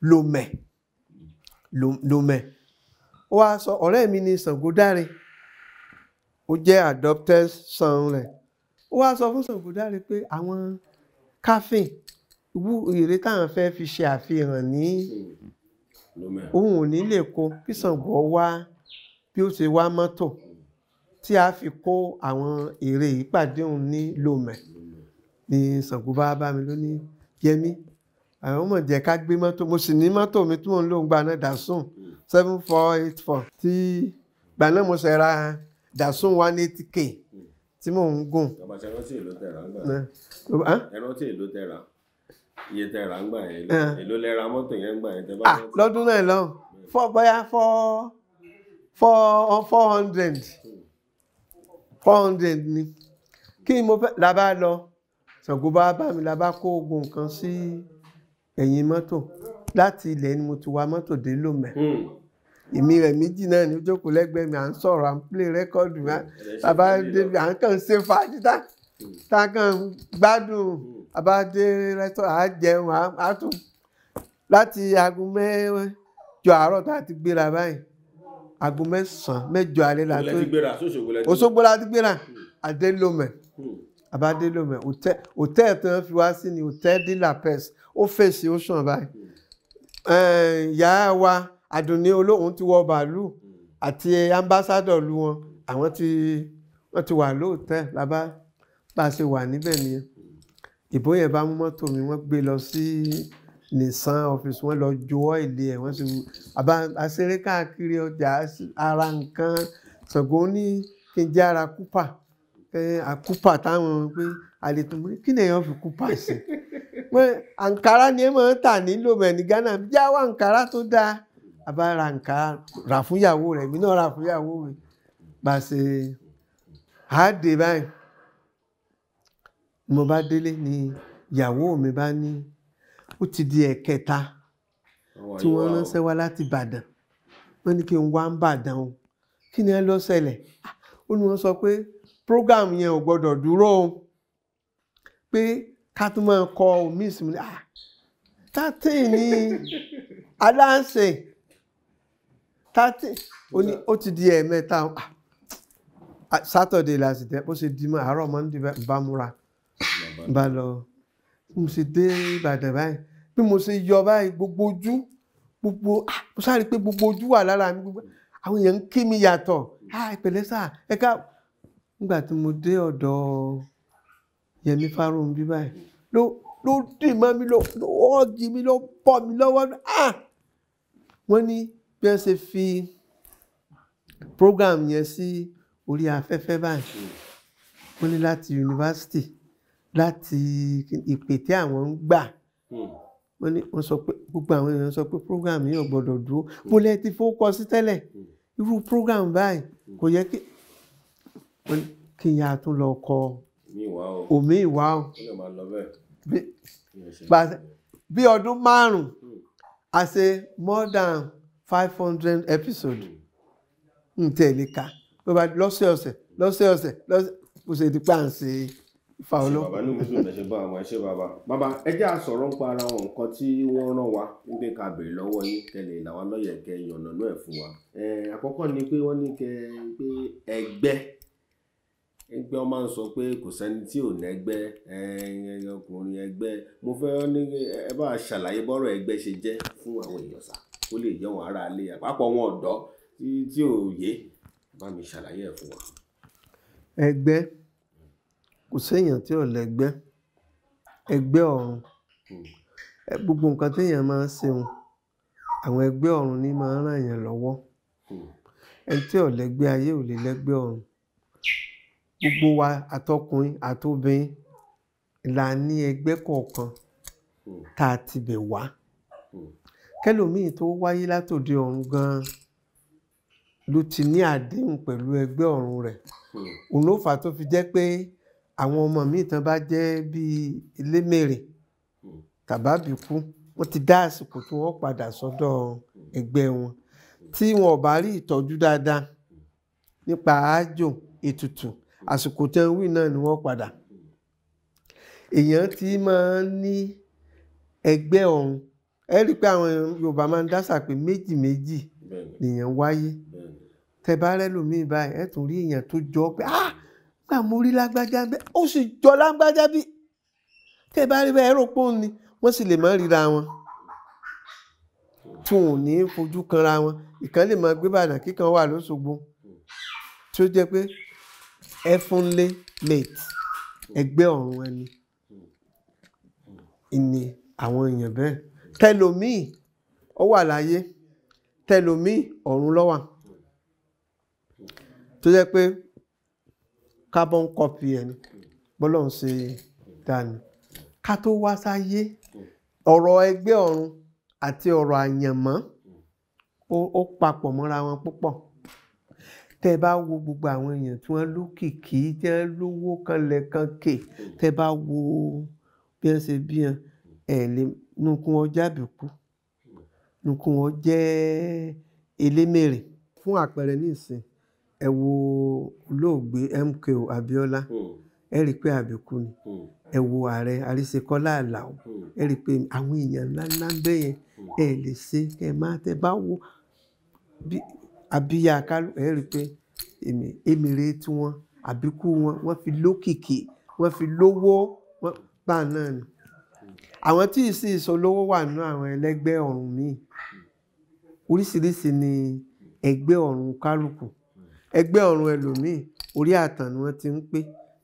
Lomé hmm. Lomé ó wá sọ ọ̀rẹ́ mi ní Ṣàngódáre ó jẹ́ adopted son rẹ̀ ó wá sọ fún Ṣàngódáre pé àwọn káfíń wú ère táwọn fẹ́ fi ṣe àfihàn ní òun ò lè kó kí Ṣàngó wá. Mm bí ó ṣe wá mọ́tò tí a fi kó àwọn èrè ìpàdé òun ní lomẹ̀ ní Ṣàngó bá bá mi lóní Yẹmí àwọn ọmọ jẹ́ ká gbé mọ́tò mo sì ní mọ́tò mi tí mò ń lò ń gba náà Datsun seven four eight four tí gbà náà mo ṣe ra Datsun one eight k tí mò ń gùn. ọba ṣe rántí èlò tẹ̀ra ń gbà ẹ rántí èlò tẹ̀ra iye tẹ̀ra ń gbà yẹn èlò lẹ́ra mọ́tò yẹn ń gbà yẹn tẹ́ bá. Ah, lọ́dún náà lọ fọ́ bóyá fọ́ four oh, four hundred four hundred ni kí ni mo fẹ́ la bá lọ Ṣàngó bá bá mi la bá kó oògùn nǹkan sí ẹ̀yìn mọ́tò láti ilẹ̀ ni mo ti wa mọ́tò dé lómẹ̀ hmm. èmi rẹ̀ méjì náà ní jókòó lẹ́gbẹ̀ẹ́ mi à ń sọ̀rọ̀ à ń plé rẹ́kọ́ọ̀dù bàbá débi à ń kàn ṣe fàájì tá kàn gbádùn bàbá hmm. dé rẹ́tọ́ à jẹun à tún láti aago mẹ́jọ àárọ̀ tá a ti gbéra báyìí aago mẹ́sàn-án mẹ́jọ alẹ́ la tó Òṣogbo la ti gbéra adélomẹ hmm. abadélomẹ hòtẹ́ẹ̀ tó ń fi wá sí ni hòtẹ́ẹ̀ de la pes ó fèsì ó sàn báyìí hmm. ìyá wa àdùnní olóhùn ti wọ bàálù hmm. àti ambassadọ lu wọn àwọn ti wọn ti wà lóòtẹ́ẹ̀ làbá bá a ṣe wà níbẹ̀ nìyẹn ìbò yẹn bá mú mọ́tò mi wọ́n gbé lọ sí. Si, nìsan ọ́fíìsì wọn lọ jọwọ́ ilé ẹ̀ wọ́n sì wù àbá àṣeré káàkiri ọjà ara nǹkan Ṣàngó ní kí n jẹ́ ara kúpà àkúpà táwọn pé àlètùmí kí ni èèyàn fi kúpà sí pé àǹkárá ni ẹ máa ń tà nílò mẹ́ni Ghana já wá àǹkárá tó dáa àbá ra àǹkárá rà fúnyàwó rẹ̀ èmi náà rà fúnyàwó mi bá a ṣe àádé báyìí mo bá délé ni ìyàwó mi bá ní ó ti di ẹ̀kẹta oh, tí wọ́n ránṣẹ́ wá láti Ìbàdàn wọ́n ní kí n wá ń bàdàn o kí ni ẹ lọ ṣẹlẹ̀ ah, ó ní wọ́n sọ pé program yẹn ò gbọ́dọ̀ dúró o pé ká tún máa kọ omi ìsinmi ah thirteen ni aláǹsè thirteen ó ti di ẹ̀ẹ̀mẹ́ta ah, ah, Saturday la sì tẹ́ bó ṣe di mọ́ àárọ̀ Monday bá múra bá lọ mo ṣe dé Ìbàdàn báyìí bí mo ṣe yọ báyìí gbogbo ojú gbogbo mo sáré pé gbogbo ojú wà lára mi gbogbo àwọn èèyàn ń kí mi yàtọ̀ ìpẹ̀lẹ́ sà ẹ ká nígbà tí mo dé ọ̀dọ̀ Yẹmí Fáróǹbí báyìí ló ló dì mọ́ mi ló ọ́ọ̀gì mi ló bọ́ mi lọ́wọ́ wọ́n ní bí wọ́n ṣe fi program yẹn sí orí afẹ́fẹ́ báyìí wọ́n ní láti yunifásitì láti ìpè tí àwọn ń gbà hmm. wọ́n ní wọ́n sọ pé gbogbo àwọn èèyàn sọ pé program yìí ò gbọ́dọ̀ dúró bólẹ̀ hmm. ti fowókọ sí tẹ́lẹ̀ hmm. irú program báyìí kò yẹ kí kí n yà tún lọ kọ omi ìwà o bí ọdún márùn-ún a ṣe more than five hundred episode n tẹ̀lé ka lọ́sẹ̀ọ̀sẹ̀ lọ́sẹ̀ọ̀sẹ̀ lọ́sẹ̀ kò ṣe di pàǹsẹ̀ fa olóko. bàbá ní muslim ẹ ṣe bá àwọn ẹṣẹ bàbá bàbá ẹ jẹ́ àsọ̀rọ̀ ń pa ara wọn nǹkan tí wọ́n rán wa nígbè ká béèrè lọ́wọ́ yín kẹlẹ̀ làwọn lọ́yẹ̀ kẹ yànnànú ẹ̀ fún wa. àkọ́kọ́ ni pé wọ́n ní kẹ pé ẹgbẹ́ ẹgbẹ́ wọn máa ń sọ pé kò sẹ́ni tí ò nẹ́gbẹ́ ọkùnrin ẹgbẹ́ mo fẹ́ ní ẹ bá ṣàlàyé bọ́rọ̀ ẹgbẹ́ ṣe jẹ́ fún àwọn èèyàn sá kó lè yẹ wọn ara lé àpapọ̀ wọn ọ̀dọ́ tí ò yé bá mi ṣàlàyé ẹ̀ fún wa. ẹgbẹ́ kò séèyàn tí ò lẹ́gbẹ́ ẹgbẹ́ ọ̀run gbogbo nǹkan téèyàn máa ń ṣeun àwọn ẹgbẹ́ ọ̀run ní máa ń ràn yàn lọ́wọ́ ẹni tí ò lẹ́gbẹ́ ayé ò lè lẹ́gbẹ́ ọ̀run gbogbo wa àtọkùnrin àtobìnrin la ní ẹgbẹ́ kọ̀ọ̀kan tá a ti bẹ̀ wá kẹlòmíì tó wáyé látòde ọ̀run gan-an ló ti ní àdéhùn pẹ̀lú ẹgbẹ́ ọ̀run rẹ̀ òun ló fà tó fi jẹ́ pé àwọn ọmọ mi tán bá jẹ́ bíi elémèrè tàbábìkú wọ́n ti dá àsìkò tí wọ́n padà sọ́dọ̀ ẹgbẹ́ wọn tí wọn ò bá rí ìtọ́jú dáadáa nípa àájò ètùtù àsìkò tẹ́ ń wí náà ni wọ́n padà èèyàn ti máa ń ní ẹgbẹ́ ọ̀run ẹ rí i pé àwọn Yorùbá máa ń dásà pé méjì méjì nìyẹn wáyé tẹ bá rẹ lómi báyìí ẹ tún rí èèyàn tó jọ pé ah gbà mo rí lágbájá bẹ́ẹ̀ ó sì jọ lágbájá bí tẹ́ bá rí bẹ́ẹ̀ rò ni wọ́n sì lè má ríra wọn tí ò ní fojú kanra wọn ìkan lè máa gbé bàdàn kíkan wà lóṣogbo tí ó jẹ́ pé ẹfúnlé mate ẹgbẹ́ ọ̀run ẹni ìní àwọn èèyàn bẹ́ẹ̀ tẹlòmíì ó wà láyé tẹlòmíì ọ̀run ló tó jẹ́ pé carbon copy ẹni bọ́lọ̀ ń ṣe dànù ká tó wá sáyé ọ̀rọ̀ ẹgbẹ́ ọ̀run àti ọ̀rọ̀ àyànmọ́ ó papọ̀ mọ́ra wọn púpọ̀ tẹ bá wo gbogbo àwọn èèyàn tí wọ́n lókìkí tí wọ́n lówó kanlẹ̀ kankè tẹ bá wo bí wọ́n ṣe bí wọn ẹ̀ lè nukun ọjà bìkú nukun ọjẹ́ elémèrè fún àpẹẹrẹ nísìnyí ẹ wo olóògbé MKO Abiola hmm. ẹ rí i pé àbíkú ni hmm. ẹ wo ààrẹ àríṣekọ́lá àlàó hmm. ẹ rí i pé àwọn èèyàn ńláńlá bẹ́ẹ̀ yẹn ẹ lè ṣe kẹ ẹ máa tẹ bá wo abiya kálù ẹ rí i pé èmi èmìrè tiwọn àbíkú wọn wọ́n fi lókìkí wọ́n fi lówó wọ́n gbà náà ni àwọn tí ì sì ìsọlówó wà nínú àwọn ẹlẹgbẹ́ ọ̀run míì oríṣiríṣi ni ẹgbẹ́ ọ̀run kálukú ẹgbẹ́ ọ̀run ẹlòmíì orí àtàn ni wọ́n ti ń pé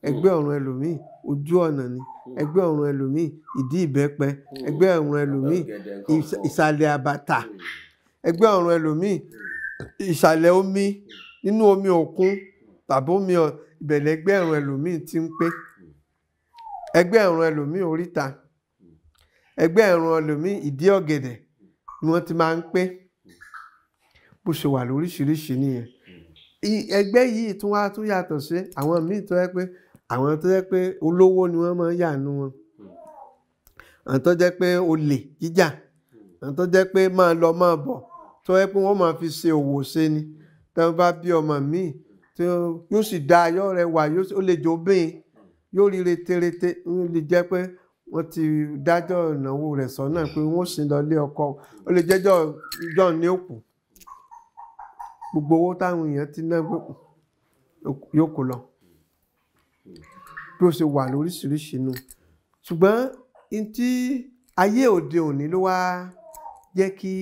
ẹgbẹ́ ọ̀run ẹlòmíì ojú ọ̀nà ni ẹgbẹ́ ọ̀run ẹlòmíì ìdí ìbẹ́pẹ ẹgbẹ́ ọ̀run ẹlòmíì ìsàlẹ̀ àbàtà ẹgbẹ́ ọ̀run ẹlòmíì ìsàlẹ̀ omi nínú omi òkun tàbí omi ìbẹ̀lẹ̀ ẹgbẹ́ ọ̀run ẹlòmíì ti ń pé ẹgbẹ́ ọ̀run ẹlòmíì oríta ẹgbẹ́ ọ̀run ẹlòmíì ìdí ọ̀gẹ̀dẹ̀ ni wọ́n ti máa ń pé bó ṣe wà lóríṣiríṣi nìyẹn ẹgbẹ́ yìí tún wá tún yàtọ̀ sí àwọn míì tó yẹ pé àwọn tó yẹ pé olówó ni wọ́n máa ń yànú wọn àwọn tó jẹ́ pé olè jíjà àwọn tó jẹ́ pé máa lọ máa bọ̀ tó yẹ pé wọ́n máa fi ṣe òwò ṣe ni tí wọ́n bá bí ọmọ míì tí yóò sì da ayọ́ rẹ wà ó lè jó bẹ́ẹ̀ yóò rí reterete ó lè jẹ́ pé wọ́n ti dájọ́ ìnáwó rẹ̀ sọ́nà pé wọ́n sì lọ lé ọkọ ó lè jẹ́jọ́ john ní òkú gbogbo owó táwọn èèyàn ti ná yóò kó lọ bí ó ṣe wà lóríṣiríṣi nù ṣùgbọ́n n tí ayé òde òní ló wá jẹ́ kí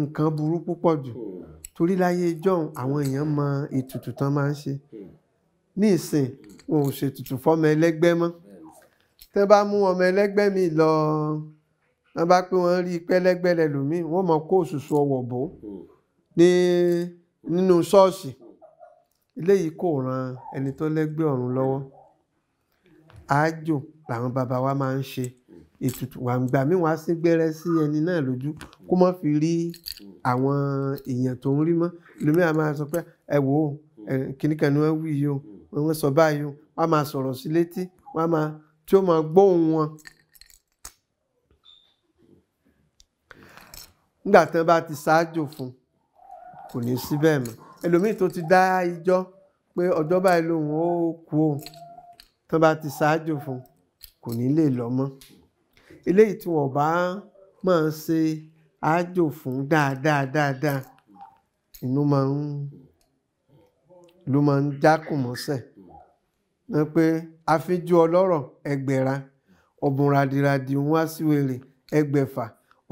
nǹkan burú púpọ̀ jù torí láyé jọ́hún àwọn èèyàn mọ ètùtù tán máa ń ṣe ní ìsìn wọn ò ṣètùtù fọmọ ẹlẹ́gbẹ́ mọ́ tẹ́ bá mú ọmọ ẹlẹ́gbẹ́ mi lọ wọ́n bá pé wọ́n rí pẹ́lẹ́gbẹ́ lẹ́lòmíì wọ́n mọ kó òṣùṣù ọwọ̀ bò ó ní nínú ṣọ́ọ̀ṣì eléyìí kò ran ẹni tó lẹ́gbẹ́ ọ̀run lọ́wọ́ àájò làwọn bàbá wa máa ń ṣe ètùtù wà ń gbà mí wọ́n á sí gbẹ́rẹ́ sí ẹni náà lójú kó má fi rí àwọn èèyàn tó ń rí mọ́ lómi àá máa sọ pé ẹ wò ó kìnnìkan ni wọ́n wí yìí o wọ́n sọ báyìí o wọ́n á máa sọ̀rọ̀ sí létí wọ́n á máa tí ó máa gbóhùn wọn. nígbà tí wọ́n bá ti ṣáájò fún un kò ní síbẹ̀ mọ́ ẹlòmíì tó ti dá ijọ́ pé ọjọ́ báyìí lòun ó kú o tó bá ti ṣáájú fún kò ní lè lọ mọ́ eléyìí tí wọ́n bá máa ń ṣe àjò fún dáadáa dáadáa inú máa ń ló máa ń jákùn mọ́sẹ̀ ní pé àfijú ọlọ́rọ̀ ẹgbẹ̀ra ọ̀bùn ràdìràdì òun á sí wèrè ẹgbẹ̀fà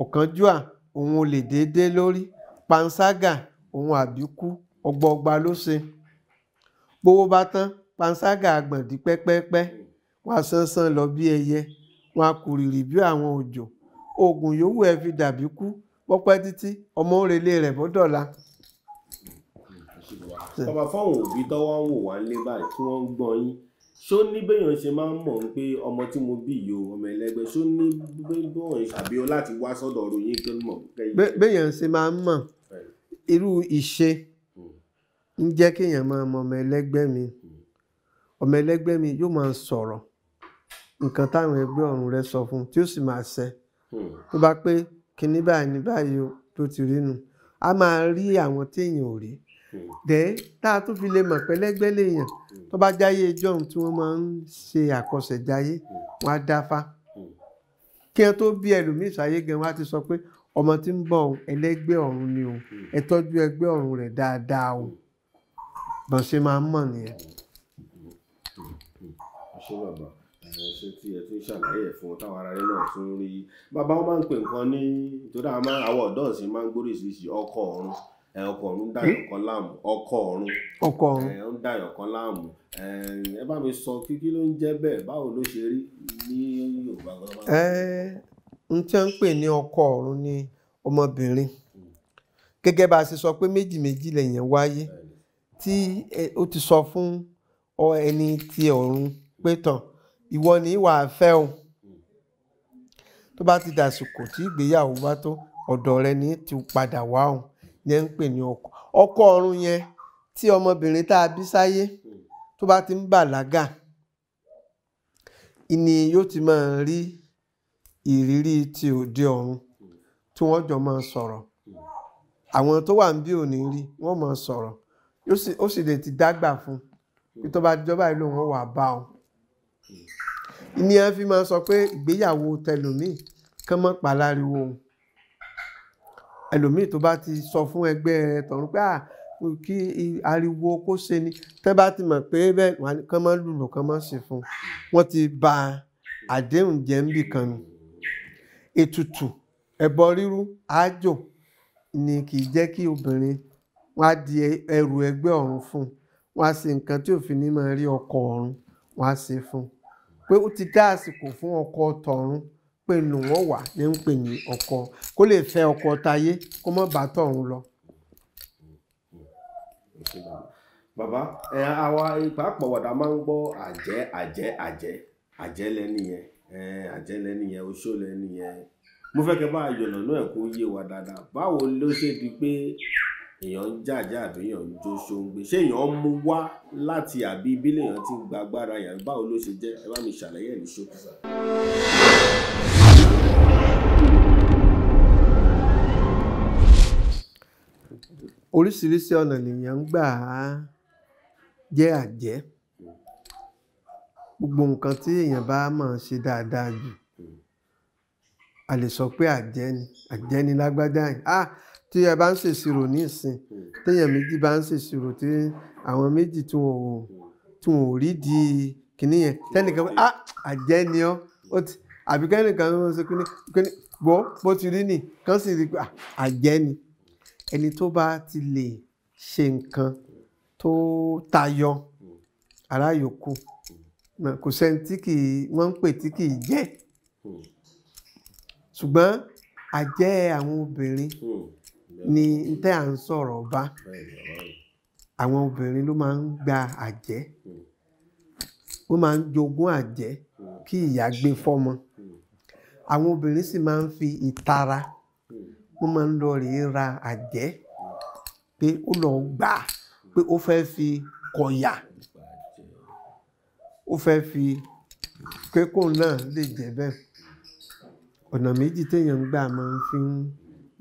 ọ̀kánjúà òun ò lè déédéé lórí panṣágà òun àbíkú ọgbọọgba ló ṣe bówó bá tán panṣágà àgbọ̀ndí pẹ́pẹ́pẹ́ wọn á sánsan lọ bí ẹyẹ wọn á kùrìrì bí àwọn òjò oògùn yòówù ẹ fi dàbí kú pọ́pẹ́ títí ọmọ òrèlé rẹ̀ bọ́dọ̀la. bàbá fáwọn òbí tọ́wọ́ ń wò wá lé báyìí tí wọ́n ń gbọ́n yín ṣó ní béèyàn ṣe máa ń mọ̀ pé ọmọ tí mo bí yìí o ọmọ ẹlẹ́gbẹ́ ṣó ní béèyàn ṣàbíọ́ láti wá sọ́dọ̀ ọ̀rọ̀ yín kí n mọ̀. béèyàn ṣe máa ń mọ̀ irú ìṣe hmm. ń jẹ́ kéèyàn máa mọ ọmọ ẹlẹ́gbẹ́ mi hmm. ọmọ ẹlẹ́gbẹ́ mi yóò máa sọ̀rọ̀ nǹkan táwọn ẹgbẹ́ ọ̀run rẹ sọ fún tí ó sì máa ṣẹ hmm. tó bá pé kinní báyìí ní báyìí o tó ti rí nu a máa rí àwọn téèyàn ò rí dẹ́ tá a tún fi lè mọ̀ pẹ́lẹ́gbẹ́ lèèyàn tó bá jáyé jọ̀hún tí wọ́n máa ń ṣe àkọsẹ̀jáyé wọn á dáfá kí wọn tó bí ẹlòmíì sáyé gan wọn á ti sọ pé ọmọ tí ń bọ̀ ẹlẹ́gbẹ́ ọ̀run ni o hmm. ẹ tọ́jú ẹgbẹ́ ọ̀run rẹ̀ dáadáa o bọ́n ṣe máa ń mọ̀ nìyẹn. Hmm. ṣé bàbá ṣe tí ẹ tún ṣàlàyé ẹ fún táwọn ará náà tún rí bàbá wọn máa ń pè nǹkan ní torí àwọn máa ń ọkọ ọ̀run ń kan láàmú ọkọ ọkọ kan láàmú ẹ n tí wọ́n ń pè ní ọkọ ọ̀run ni ọmọbìnrin gẹ́gẹ́ bá a ṣe sọ pé méjì méjì lẹ́yìn wáyé tí ó ti sọ fún ẹni tí ọ̀run pé tán ìwọ ni ìwà fẹ́ o tó bá ti dàsìkò tí ìgbéyàwó bá tó ọ̀dọ̀ rẹ ní ti padà wá òun yẹn ń pè ní ọkọ ọkọ ọ̀run yẹn tí ọmọbìnrin tá a bí sáyé tó bá ti ń bàlágà ìní yóò ti máa rí ìrírí ti òde ọ̀run tí wọ́n jọ máa sọ̀rọ̀ àwọn tó wà ń bí òní rí wọ́n máa sọ̀rọ̀ ó sì lè ti dágbà fún bí tó bá jọba ìlú wọn wà bá ọ. ni a fi máa sọ pé ìgbéyàwó tẹlòmíì kán mọ́ pàláriwo òun ẹlòmíì tó bá ti sọ fún ẹgbẹ́ rẹ tọ̀run pé kí ariwo kó ṣe ni tẹ́ bá ti mọ̀ pé bẹ́ẹ̀ kán mọ́ lùlù kán mọ́ sí fún wọn ti ba àdéhùn jẹ́ ń bì kan nù ètùtù ẹbọ rírú àájò ni kì í jẹ́ kí obìnrin wọn á di ẹrù ẹgbẹ́ ọ̀run fún un wọn á ṣe nǹkan tí òfin ní máa rí ọkọ ọ̀run wọn á ṣe fún un pé ó ti dá àsìkò fún ọkọ tọ̀run pé nù wọ́n wà ní ń pè ní ọkọ kó lè fẹ́ ọkọ tayé kó má bá tọ̀run lọ. bàbá àwa ìpàpọ̀ wàdà máa ń gbọ́ àjẹ́ àjẹ́ àjẹ́ àjẹ́ lẹ́nìyẹn àjẹlẹ nìyẹn oṣòlẹ nìyẹn mo fẹ́ kẹ́ bá yọ̀nà náà kó yé wa dáadáa báwo ló ṣe di pé èèyàn ń jàjà àbí èèyàn ń jó ṣóńgbé ṣé èèyàn mú wá láti àbí ti gba agbára yàn báwo ló ṣe jẹ́ ẹ bá mi ṣàlàyé ẹ̀ ní oríṣiríṣi ọ̀nà ń gbogbo nǹkan tí èèyàn bá máa ṣe dáadáa jù a lè sọ pé àjẹni àjẹni lágbájá yìí ah tí ẹ bá ń ṣèṣirò ní ìsìn téèyàn méjì bá ń ṣèṣirò tí àwọn méjì tí wọn ò tí wọn ò rí di kìnní yẹn tẹnìkan pé ah àjẹni ọ àbí kẹ́nìkan ló ń ṣe kí ni gbọ́ bó ti rí nì kán sì rí pé ah, àjẹni ẹni tó bá ti lè ṣe nǹkan tó tayọ aráyòkú kò sẹ́ni tí kì í wọ́n ń pè tí kì í jẹ́ hmm. ṣùgbọ́n àjẹ́ àwọn obìnrin hmm. ni tẹ́ à ń sọ̀rọ̀ bá àwọn obìnrin ló máa ń gba àjẹ́ wọ́n hmm. máa ń jogún àjẹ́ kí ìyá gbé fọ́mọ àwọn obìnrin sì máa ń fi ìtara wọ́n máa ń lọ rèé ra àjẹ́ pé ó lọ gbà pé ó fẹ́ fi kọ̀yà ó fẹ́ fi kékò náà lè jẹ́ bẹ́ẹ̀ ọ̀nà méjì téèyàn ń gbà máa fi ń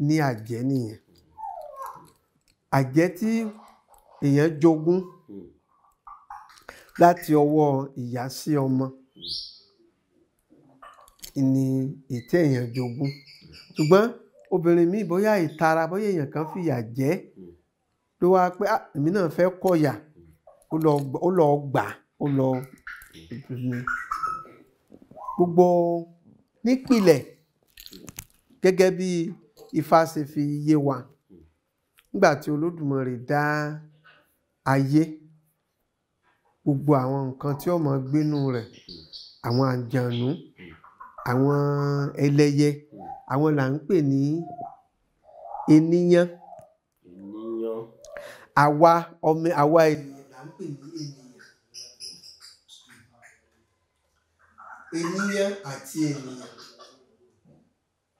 ní àjẹ́ nìyẹn àjẹ́ tí èèyàn jogún láti ọwọ́ ìyá sí ọmọ ni ètè èèyàn jogún ṣùgbọ́n obìnrin míì bóyá ìtara bóyá èèyàn kan fìyà jẹ ló wáá pé ah, èmi náà fẹ́ kọ̀yà ó lọ gbà ó lọ gbogbo nípìnlẹ̀ gẹ́gẹ́ bí Ifá ṣe fi yé wa nígbà tí Olódùmarè dá ayé gbogbo àwọn nǹkan tí ó máa gbénú rẹ̀ àwọn àjànú àwọn ẹlẹ́yẹ àwọn là ń pè ní ènìyàn àwa ọmọ àwa ènìyàn là ń pè ní ènìyàn. eníyàn àti ènìyàn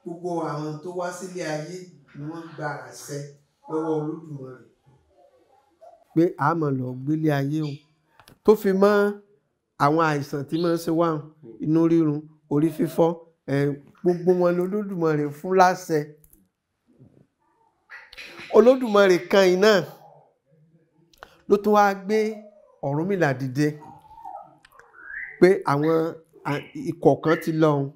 gbogbo àwọn tó wá sílé ayé ni wọ́n gba àṣẹ lọ́wọ́ olódùmarè. pé a mọ̀ lọ gbélé ayé o tó fi mọ́ àwọn àìsàn tí máa ń ṣe wá inú rírun orí fífọ́ gbogbo wọn ni olódùmarè fún láṣẹ olódùmarè kan iná ló tún wáá gbé Ọ̀rúnmìlà dìde pé àwọn ikọ̀ kan ti lọ́hùn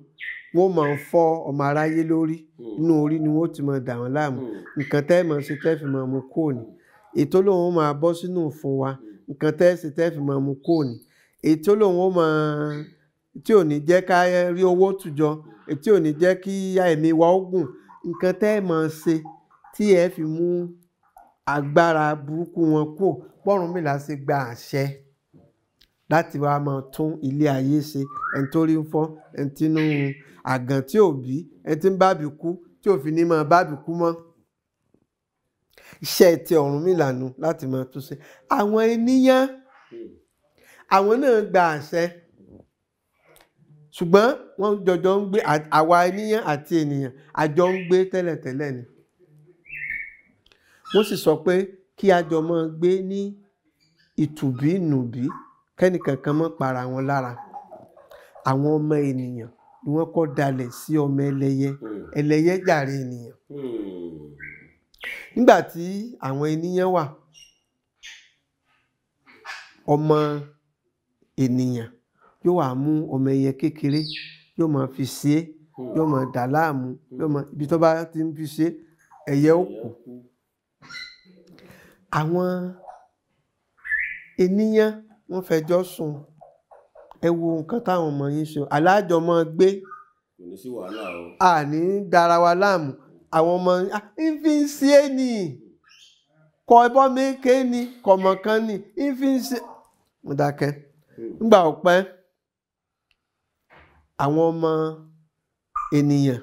wọ́n máa ń fọ́ ọmọ aráyé lórí hmm. inú orí ni wọ́n ti máa dà wọ́n láàmú hmm. nǹkan tẹ́ ẹ̀ máa ṣe tẹ́ fi máa mú kúrò ní ètò lòun ó máa bọ́ sínú fún wa hmm. nǹkan tẹ́ ẹ̀ ṣe tẹ́ fi máa mú kúrò ní ètò lòun ó máa tí ò ní jẹ́ ká rí owó tùjọ tí ò ní jẹ́ kí ẹ̀mí wa ó gùn nǹkan tẹ́ ẹ̀ máa ṣe tí ẹ fi mú agbára burúkú wọn kúrò bọ́rùn mi là ṣe gba àṣẹ láti wá máa tún ilé ayé ṣe ẹni tó rí ń fọ́ ẹni tí inú àgàn tí ò bí ẹni tí ń bábì kú tí ò fi ní máa bábì kú mọ́ iṣẹ́ ti Ọ̀rúnmìlà nù láti máa tún ṣe àwọn ènìyàn àwọn náà gba àṣẹ ṣùgbọ́n wọ́n jọjọ ń gbé àwa ènìyàn àti ènìyàn àjọ ń gbé tẹ́lẹ̀tẹ́lẹ̀ ni wọ́n sì sọ pé kí a jọ máa gbé ní ìtùbí nùbí kẹ́nìkankan mọ́ para wọn lára àwọn ọmọ ènìyàn ni wọ́n kọ́ dalẹ̀ sí ọmọ ẹlẹ́yẹ hmm. ẹlẹ́yẹ jàre ènìyàn hmm. nígbà tí àwọn ènìyàn wà ọmọ ènìyàn yóò wá mú ọmọ ẹyẹ kékeré yóò máa fi ṣe é hmm. yóò máa dà láàmú yóò máa ibi tó bá ti ń fi ṣe ẹyẹ ó kù àwọn ènìyàn wọ́n fẹjọ́ sùn ẹ wo nǹkan táwọn ọmọ yín ṣe aláàjọ mọ gbé àní dára wa láàmú àwọn ọmọ yín fi ń ṣe é nì kọ ẹbọ méke ni kọmọkan ni yín fi ń ṣe mo dákẹ́ ńgbà ọpẹ àwọn ọmọ ènìyàn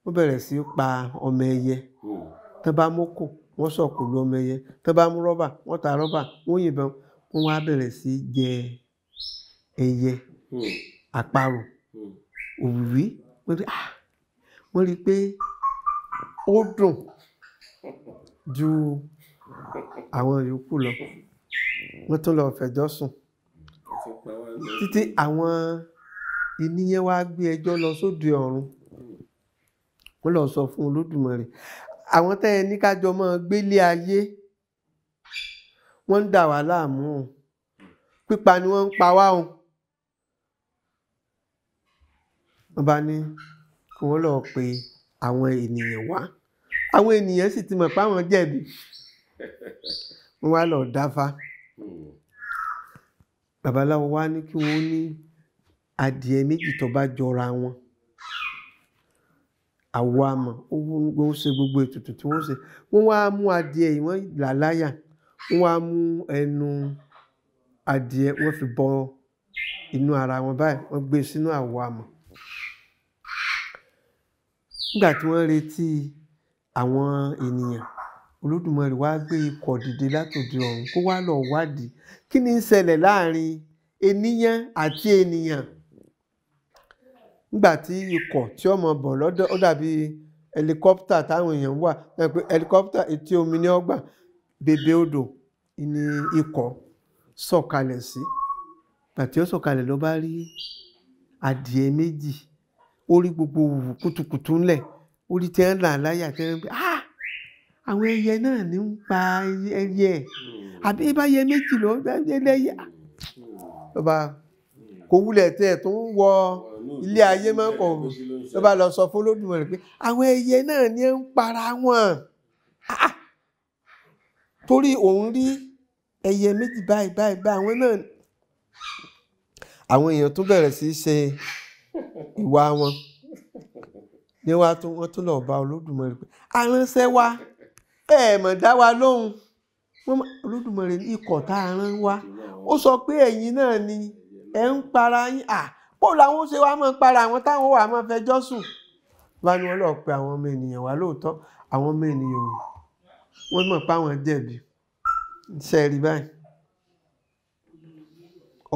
wọ́n bẹ̀rẹ̀ sí í pa ọmọ ẹyẹ hmm. tán bá mú kò wọ́n sọ̀kò lu ọmọ ẹyẹ tán bá mú rọ́bà wọ́n ta rọ́bà wọ́n yìnbọn wọ́n wá bẹ̀rẹ̀ sí jẹ ẹyẹ hmm. àparò hmm. òwìwí wọ́n ah! rí ah wọ́n rí i pé ó dùn ju àwọn yòókù lọ wọ́n tún lọ fẹ̀jọ́ sùn títí àwọn ìníyẹn wá gbé ẹjọ́ lọ sóde ọ̀run wọ́n hmm. lọ sọ fún Olódùmarè àwọn tẹ́ ní kájọ máa gbélé ayé wọ́n ń dà wá láàmú o pípa ni wọ́n ń pa wá o wọ́n bá ní kí wọ́n lọ́ọ́ pe àwọn ènìyàn wá àwọn ènìyàn sì ti mọ̀ pé àwọn jẹ̀bi wọ́n wá lọ́ọ́ dáfá babaláwo wá ní kí wọ́n ní adìẹ méjì tó bá jọra wọn àwọ̀ àmọ̀ ó ṣe gbogbo ètùtù tí wọ́n ṣe wọ́n wá mú adìẹ yìí wọ́n là láyà wọ́n wá mú ẹnu adìẹ wọ́n fi bọ inú ara wọn báyìí wọ́n gbé sínú àwo amọ̀ nígbà tí wọ́n retí àwọn ènìyàn olódùmarè wá gbé ikọ̀ dìde látòdì ọ̀run kó wá lọ wádìí kí ni ń ṣẹlẹ̀ láàrin ènìyàn àti ènìyàn nígbà tí ikọ̀ tí ó bọ̀ lọ́dọ̀ ó dàbí ẹlikọ́pítà táwọn èèyàn wà ẹlikọ́pítà etí omi ní ọgbà bèbè odò ni ikọ̀ sọ̀kalẹ̀ sí gbàtí ó sọ̀kalẹ̀ ló bá rí adìẹ méjì ó rí gbogbo òwú kùtùkùtù ńlẹ̀ ó rí tẹ́ ń là láyà tẹ́ ń gbé ah àwọn ẹyẹ náà ní ń pa ẹyẹ àbí bá yẹ méjì ló ń gbé lẹ́yà ló bá kò wulẹ̀ tẹ́ ẹ̀ tó ń wọ ilé ayé máa ń kọ̀ ló bá lọ sọ fún Olódùmarè pé àwọn ẹyẹ náà ní ń para wọn ah, ah. torí òun rí ẹyẹ méjì báyìí báyìí báyìí àwọn náà àwọn èèyàn tún bẹ̀rẹ̀ sí í ṣe ìwà wọn ni wàá tún wọ́n tún lọ́ọ́ bá Olódùmarè pé aránṣẹ́ wa ẹ mọ̀ dá wa lóhùn Olódùmarè ikọ̀ tá a rán wa ó sọ pé ẹ̀yin náà ni ẹ̀ ń para yín à bó làwọn ṣe wá máa ń para àwọn táwọn wà máa fẹjọ́ sùn bá ní wọ́n lọ́ọ́ pe àwọn ọmọ ènìyàn wá lóòótọ́ àwọn ọmọ ènìyàn wọ́n mọ̀ pé àwọn jẹ̀bi ṣe rí báyìí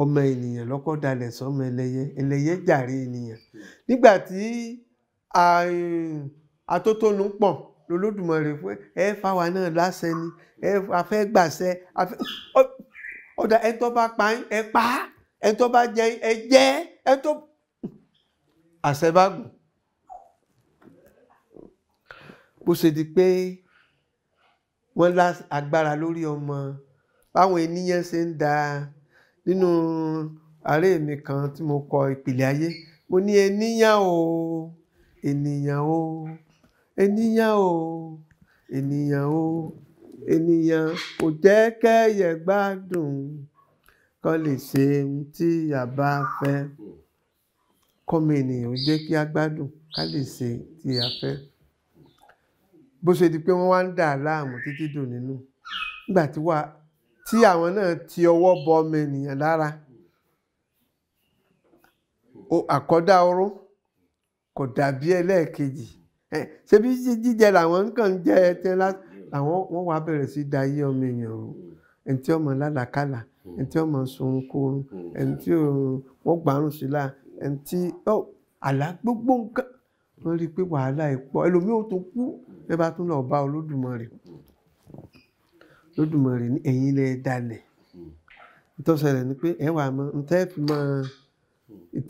ọmọ ènìyàn lọ́kọ́ dalẹ̀ sọmọ ẹlẹ́yẹ ẹlẹ́yẹ jàre ènìyàn nígbà tí atótónu pọ̀ lolódùmarè fún ẹ fáwa náà láṣẹ ni ẹ afẹ́ gbàṣẹ ọ̀dà ẹ tó bá pa ẹ pa ẹ tó bá jẹ ẹ jẹ ẹ tó àṣẹ bá gùn bó ṣe di pé wọ́n lá agbára lórí ọmọ báwọn ènìyàn ṣe ń da nínú ààrẹ mi kan tí mo kọ ìpìlẹ̀ ayé mo ní ènìyàn o ènìyàn o ènìyàn o ènìyàn o ènìyàn kò jẹ́ kẹ́yẹ gbádùn kọ́ lè ṣe ohun tí a bá fẹ́ kọ́mọ ènìyàn ò jẹ́ kí a gbádùn ká lè ṣe tí a fẹ́ bó ṣe di pé wọ́n wá ń dà láàmú títí dùn nínú nígbà tí wà tí àwọn náà ti ọwọ́ bọ ọmọ ènìyàn lára àkọ́dá oró kò dàbí ẹlẹ́ẹ̀kejì ṣé bí jíjẹ làwọn nǹkan ń jẹ ẹtẹ làwọn wọn wá bẹ̀rẹ̀ sí da ayé ọmọ èèyàn o ẹni tí ọmọ lálàkàlà ẹni tí ọmọ sunkorun ẹni tí wọn gbàrún sí la ẹni tí àlá gbogbo nǹkan wọn rí i pé wàhálà ẹ pọ̀ ẹlòmíì ó tún kú bẹ́ẹ̀ bá tún lọ bá olódùmarè olódùmarè ní ẹ̀yin lẹ dalẹ̀ ìtọ́sẹ̀lẹ̀ ni pé ẹ wà mọ́ ntẹ́ fi mọ́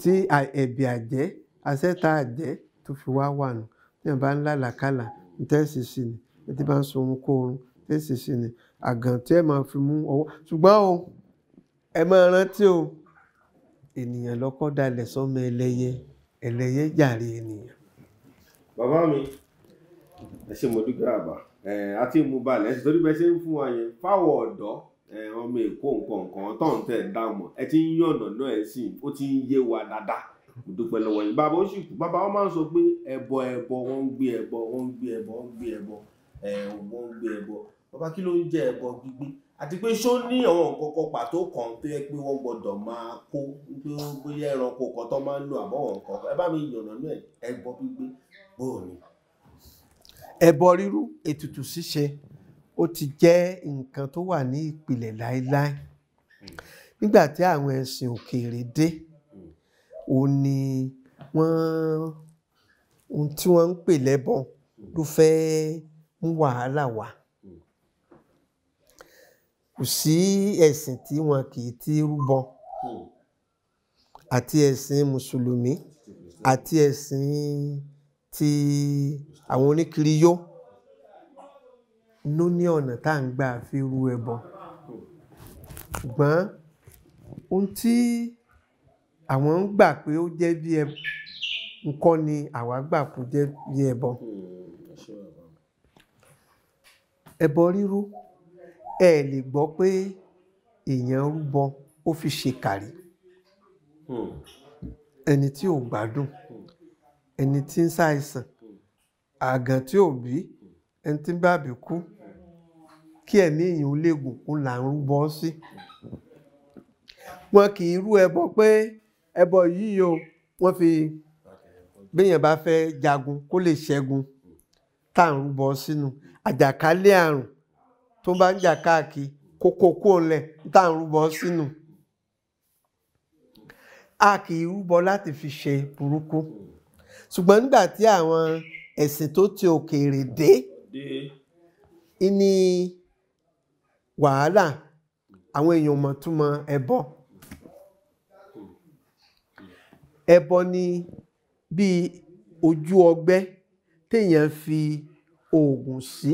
tí ẹ̀bì àjẹ́ asẹ́ta àjẹ́ tó fi wá wà nù ní ọba ńlá làkàlà ntẹ́ sì sí ni ẹtí bá ń sorun kó orun ntẹ́ sì sí ni àgàn tí ẹ máa fi mú ọwọ́ ṣùgbọ́n o ẹ máa rántí o ènìyàn lọ́kọ́ dalẹ̀ sọ́mọ ẹlẹ́yẹ ẹlẹ́yẹ jàre ènìyàn. bàbá mi ẹ ṣe mo dúpẹ́ àbá àti ìmúbalẹ̀ ẹ sì torí bẹ́ẹ̀ ṣe ń fún wa yẹn fáwọn ọ̀dọ́ ọmọ èkó nǹkan tó ń tẹ̀ dáhùn ẹ ti ń yànnà náà ẹ sì ó ti ń yé wa dáadáa kò dúpẹ́ lọ́wọ́ yìí bàbá ó sì kú bàbá wọn máa ń sọ pé ẹbọ ẹbọ wọn ń gbé ẹbọ wọn ń gbé ẹbọ wọn ń gbé ẹbọ wọn ń gbé ẹbọ bàbá kí ló ń jẹ ẹbọ gbígbé àti pé ṣó ní àwọn nǹkan kan pàtó kan tó yẹ pé wọ́n gbọ́dọ̀ máa kó pé bóyá ẹranko kan tó máa ń lò àbọ̀wọ̀ nǹkan ẹ bá mi yànnà náà ẹbọ gbígbé bóò ni ẹbọ rírú ètùtù ṣíṣe ó ti jẹ́ nǹkan tó wà ní ìpìlẹ̀ láéláé nígbà tí àwọn ẹ̀sìn òkèèrè dé ó ní wọ́n ohun tí wọ́n ń pè lẹ́bọ ló fẹ́ẹ́ mú wàhálà wá kò sí ẹ̀sìn tí wọn kì í ti rúbọ àti ẹ̀sìn mùsùlùmí àti ẹ̀sìn ti. Mm àwọn oníkiri yó ló ní ọ̀nà tá à ń gbà fi rú ẹbọ ṣùgbọ́n ohun tí àwọn ń gbà pé ó jẹ́ bí ẹbọ nǹkan ni àwa gbà kó jẹ́ bí ẹbọ ẹbọ rírú ẹ lè gbọ́ pé èèyàn rúbọ ó fi ṣe kàrí ẹni tí ò gbádùn ẹni tí ń ṣàìsàn àgàn tí ò bí ẹni tí ń bá bí kú kí ẹ̀mí èèyàn ó léègùn òun là ń rúbọ sí wọn kì í rú ẹbọ pé ẹbọ yìí o wọn fi béèyàn bá fẹ́ jagun kó lè ṣẹ́gun tá à ń rúbọ sínú àjàkálẹ̀ àrùn tó bá ń jà káàkiri kókó kó lẹ̀ tá à ń rúbọ sínú a kì í rúbọ láti fi ṣe burúkú ṣùgbọ́n nígbà tí àwọn ẹ̀sìn tó ti òkèèrè dé ní wàhálà àwọn èèyàn mọ̀ túmọ̀ ẹbọ ẹbọ ni bí ojú ọgbẹ́ téèyàn fi oògùn sí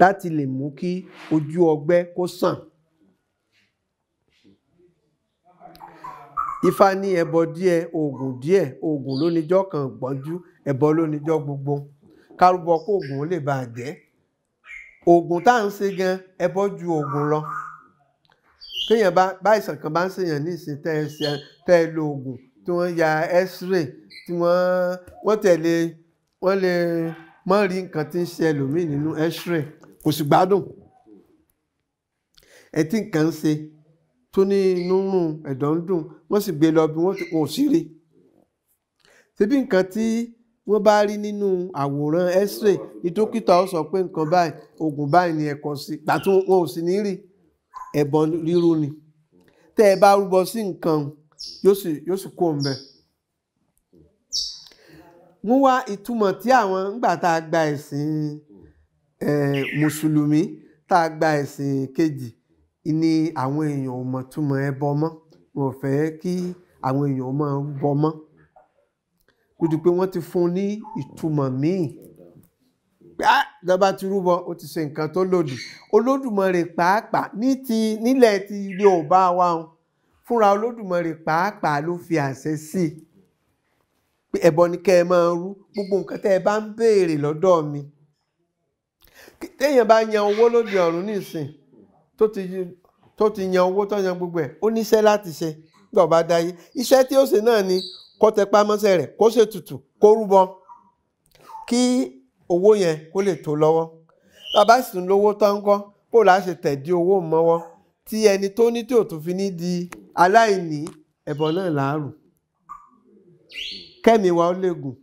láti lè mú kí ojú ọgbẹ́ kó sàn. ifá ní ẹbọ díẹ̀ oògùn díẹ̀ oògùn lóníjọ́ kan gbọ́njú ẹbọ lóníjọ́ gbogbo kárúbọ kó oògùn ó lè bàa jẹ́ oògùn tá à ń ṣe gan ẹbọ ju oògùn lọ kéèyàn bá báìsàn kan bá ń ṣèyàn ní ìsìn tẹ́ ẹ ṣe tẹ́ ẹ lo oògùn tí wọ́n ya x-ray tí wọ́n wọ́n tẹ̀lé wọ́n lè mọ́ rí nǹkan tí ń ṣe ẹlòmíì nínú x-ray kò sì gbádùn ẹ tí nǹkan ń ṣe tó ní inú ń rùn ẹ̀dọ̀ ń dùn wọ́n sì gbé lọ bí wọ́n ò sí rí ṣebí nǹkan tí wọ́n bá rí nínú àwòrán x-ray ní dókítà ó sọ pé nǹkan báyìí oògùn báyìí ni ẹ̀kọ́ sí gbà tí wọn ò sì ní rí ẹbọ rírú ni tẹ́ ẹ bá rúbọ sí nǹkan yóò sì yóò sì kú òun bẹ́ẹ̀. wọ́n wá ìtumọ̀ tí àwọn ńgbà tá a gba ẹ̀sìn mùsùlùmí tá a gba ẹ̀sìn kejì ni àwọn èèyàn ò mọ̀ túmọ̀ ẹbọ mọ́ wọn ò fẹ́ kí àwọn èèyàn máa bọ mọ́ lójú pé wọ́n ti fún ní ìtumọ̀ míì dọ́ba ah, ti rúbọ ó ti ṣe nǹkan tó lòdì olódùmarè pàápàá ní ti nílẹ̀ ti Yorùbá wa hàn fúnra olódùmarè pàápàá ló fi àṣẹ sí i pé ẹbọ ni kẹ́ ẹ máa rú gbogbo nǹkan tẹ́ ẹ bá ń béèrè lọ́dọ̀ mi téèyàn bá yan owó lóde ọ̀run nísìn tó ti yan owó tó yan gbogbo ẹ̀ ó níṣẹ́ láti ṣe nígbà ọba dáyé iṣẹ́ tí ó ṣe náà ni kó tẹpá mọ́ṣẹ́ rẹ̀ kó ṣe tutù kó rúbọ kí owó yẹn kó lè tó lọ́wọ́ bàbá sì tún lówó tán ń kọ́ kó là ṣe tẹ̀dí owó mọ́wọ́ tí ẹni tó ní tí ò tún fi ní di aláìní ẹ̀bọ̀n náà láàrù kẹ́mi wa ó lè gùn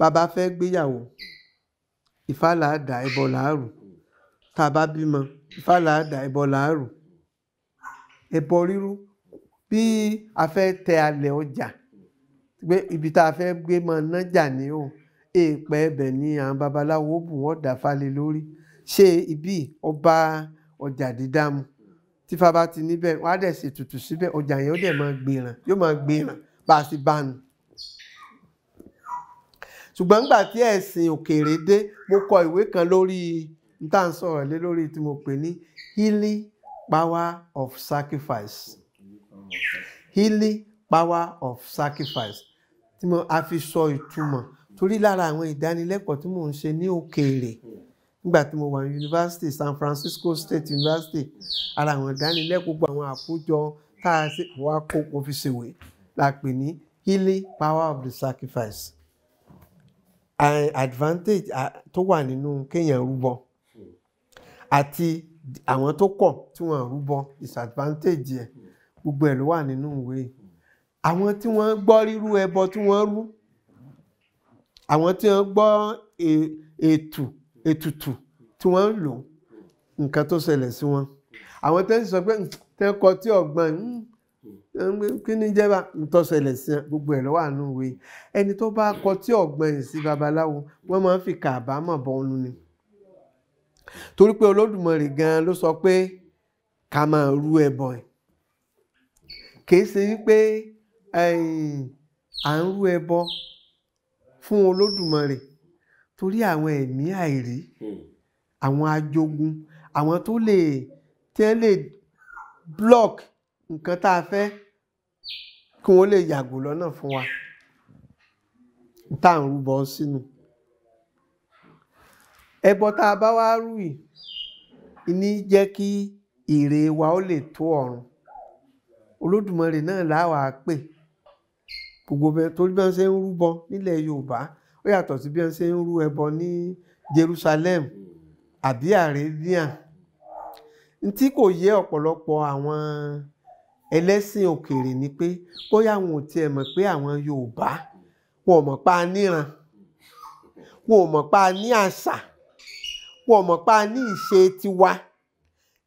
bàbá fẹ́ gbéyàwó ìfàlà àdá ẹ̀bọ̀n láàrù tá a bá bímọ ifá là á dà ẹbọ là á rù ẹbọ rírú bí a fẹ́ tẹ alẹ̀ ọjà pé ibi tá a fẹ́ gbé mọ nájà ni o èèpẹ̀ ẹbẹ̀ ni àwọn babaláwo bù wọ́n dà falẹ̀ lórí ṣé ibi ọba ọjà dídá mu tífà bá ti níbẹ̀ wọ́n á dẹ̀ ṣètùtù síbẹ̀ ọjà yẹn ó dẹ̀ máa gbìràn yóò máa gbìràn bá a sì bá ṣùgbọ́n nígbà tí ẹ̀sìn òkèèrè dé mo kọ ìwé kan lórí n tá à ń sọ̀rọ̀ lé lórí tí mo pè ní healing power of sacrifice healing power of sacrifice tí mo a fi sọ ìtumọ̀ torí lára àwọn ìdánilẹ́kọ̀ọ́ tí mò ń ṣe ní òkèèrè nígbà tí mo wà ní yunifásitì San Francisco State University ara àwọn ìdánilẹ́kọ̀ọ́ gbogbo àwọn àkójọ tá a ṣe wá kó mo fi ṣèwé la pè ní healing power of the sacrifice advantage tó wà nínú kéèyàn rúbọ àti àwọn tó kọ̀ tí wọ́n rúbọ disadvantage ẹ̀ gbogbo ẹ̀ ló wà nínú ìwé àwọn tí wọ́n gbọ́ rírú ẹbọ tí wọ́n rú àwọn tí wọ́n gbọ́ e, ètù ètùtù tí wọ́n ń lò nǹkan tó ṣẹlẹ̀ sí wọn àwọn tẹ́ ń sọ pé hmm, tẹ́ kọ tí ọ̀gbọ́n hmm, hmm, kí ni jẹ́ bá tó ṣẹlẹ̀ sí gbogbo ẹ̀ lọ́wọ́ àánú ìwé ẹni tó bá kọ tí ọ̀gbọ́n yìí sí babaláwo wọ́n máa ń fi kàbámọ̀ bọ́ ọ́nú ni torí pé olódùmarè gan ló sọ pé ká máa rú ẹbọ ẹ̀ kìí ṣe wípé à ń rú ẹbọ fún olódùmarè torí àwọn ẹ̀mí àìrí hmm. àwọn ajogun àwọn tó lè tí wọ́n lè block nǹkan tá a fẹ́ kí wọ́n lè yàgò lọ́nà fún wa tá à ń rúbọ sínú. Si ẹbọ tá a bá wá rú yìí ní jẹ́ kí èrè wa ó lè tó ọ̀run olódùmarè náà láwàá pè gbogbo bẹ torí bí wọ́n ṣe ń rúbọ nílẹ̀ yorùbá ó yàtọ̀ sí bí wọ́n ṣe ń rú ẹbọ ní jerusalem àbí arabia ntí kò yé ọ̀pọ̀lọpọ̀ àwọn ẹlẹ́sìn òkèèrè ni pé bóyá àwọn ò tiẹ̀ mọ̀ pé àwọn yorùbá wọn ò mọ̀ pa níran wọn ò mọ̀ pa ní àṣà wọn mọ̀ pa ní ìṣe tiwa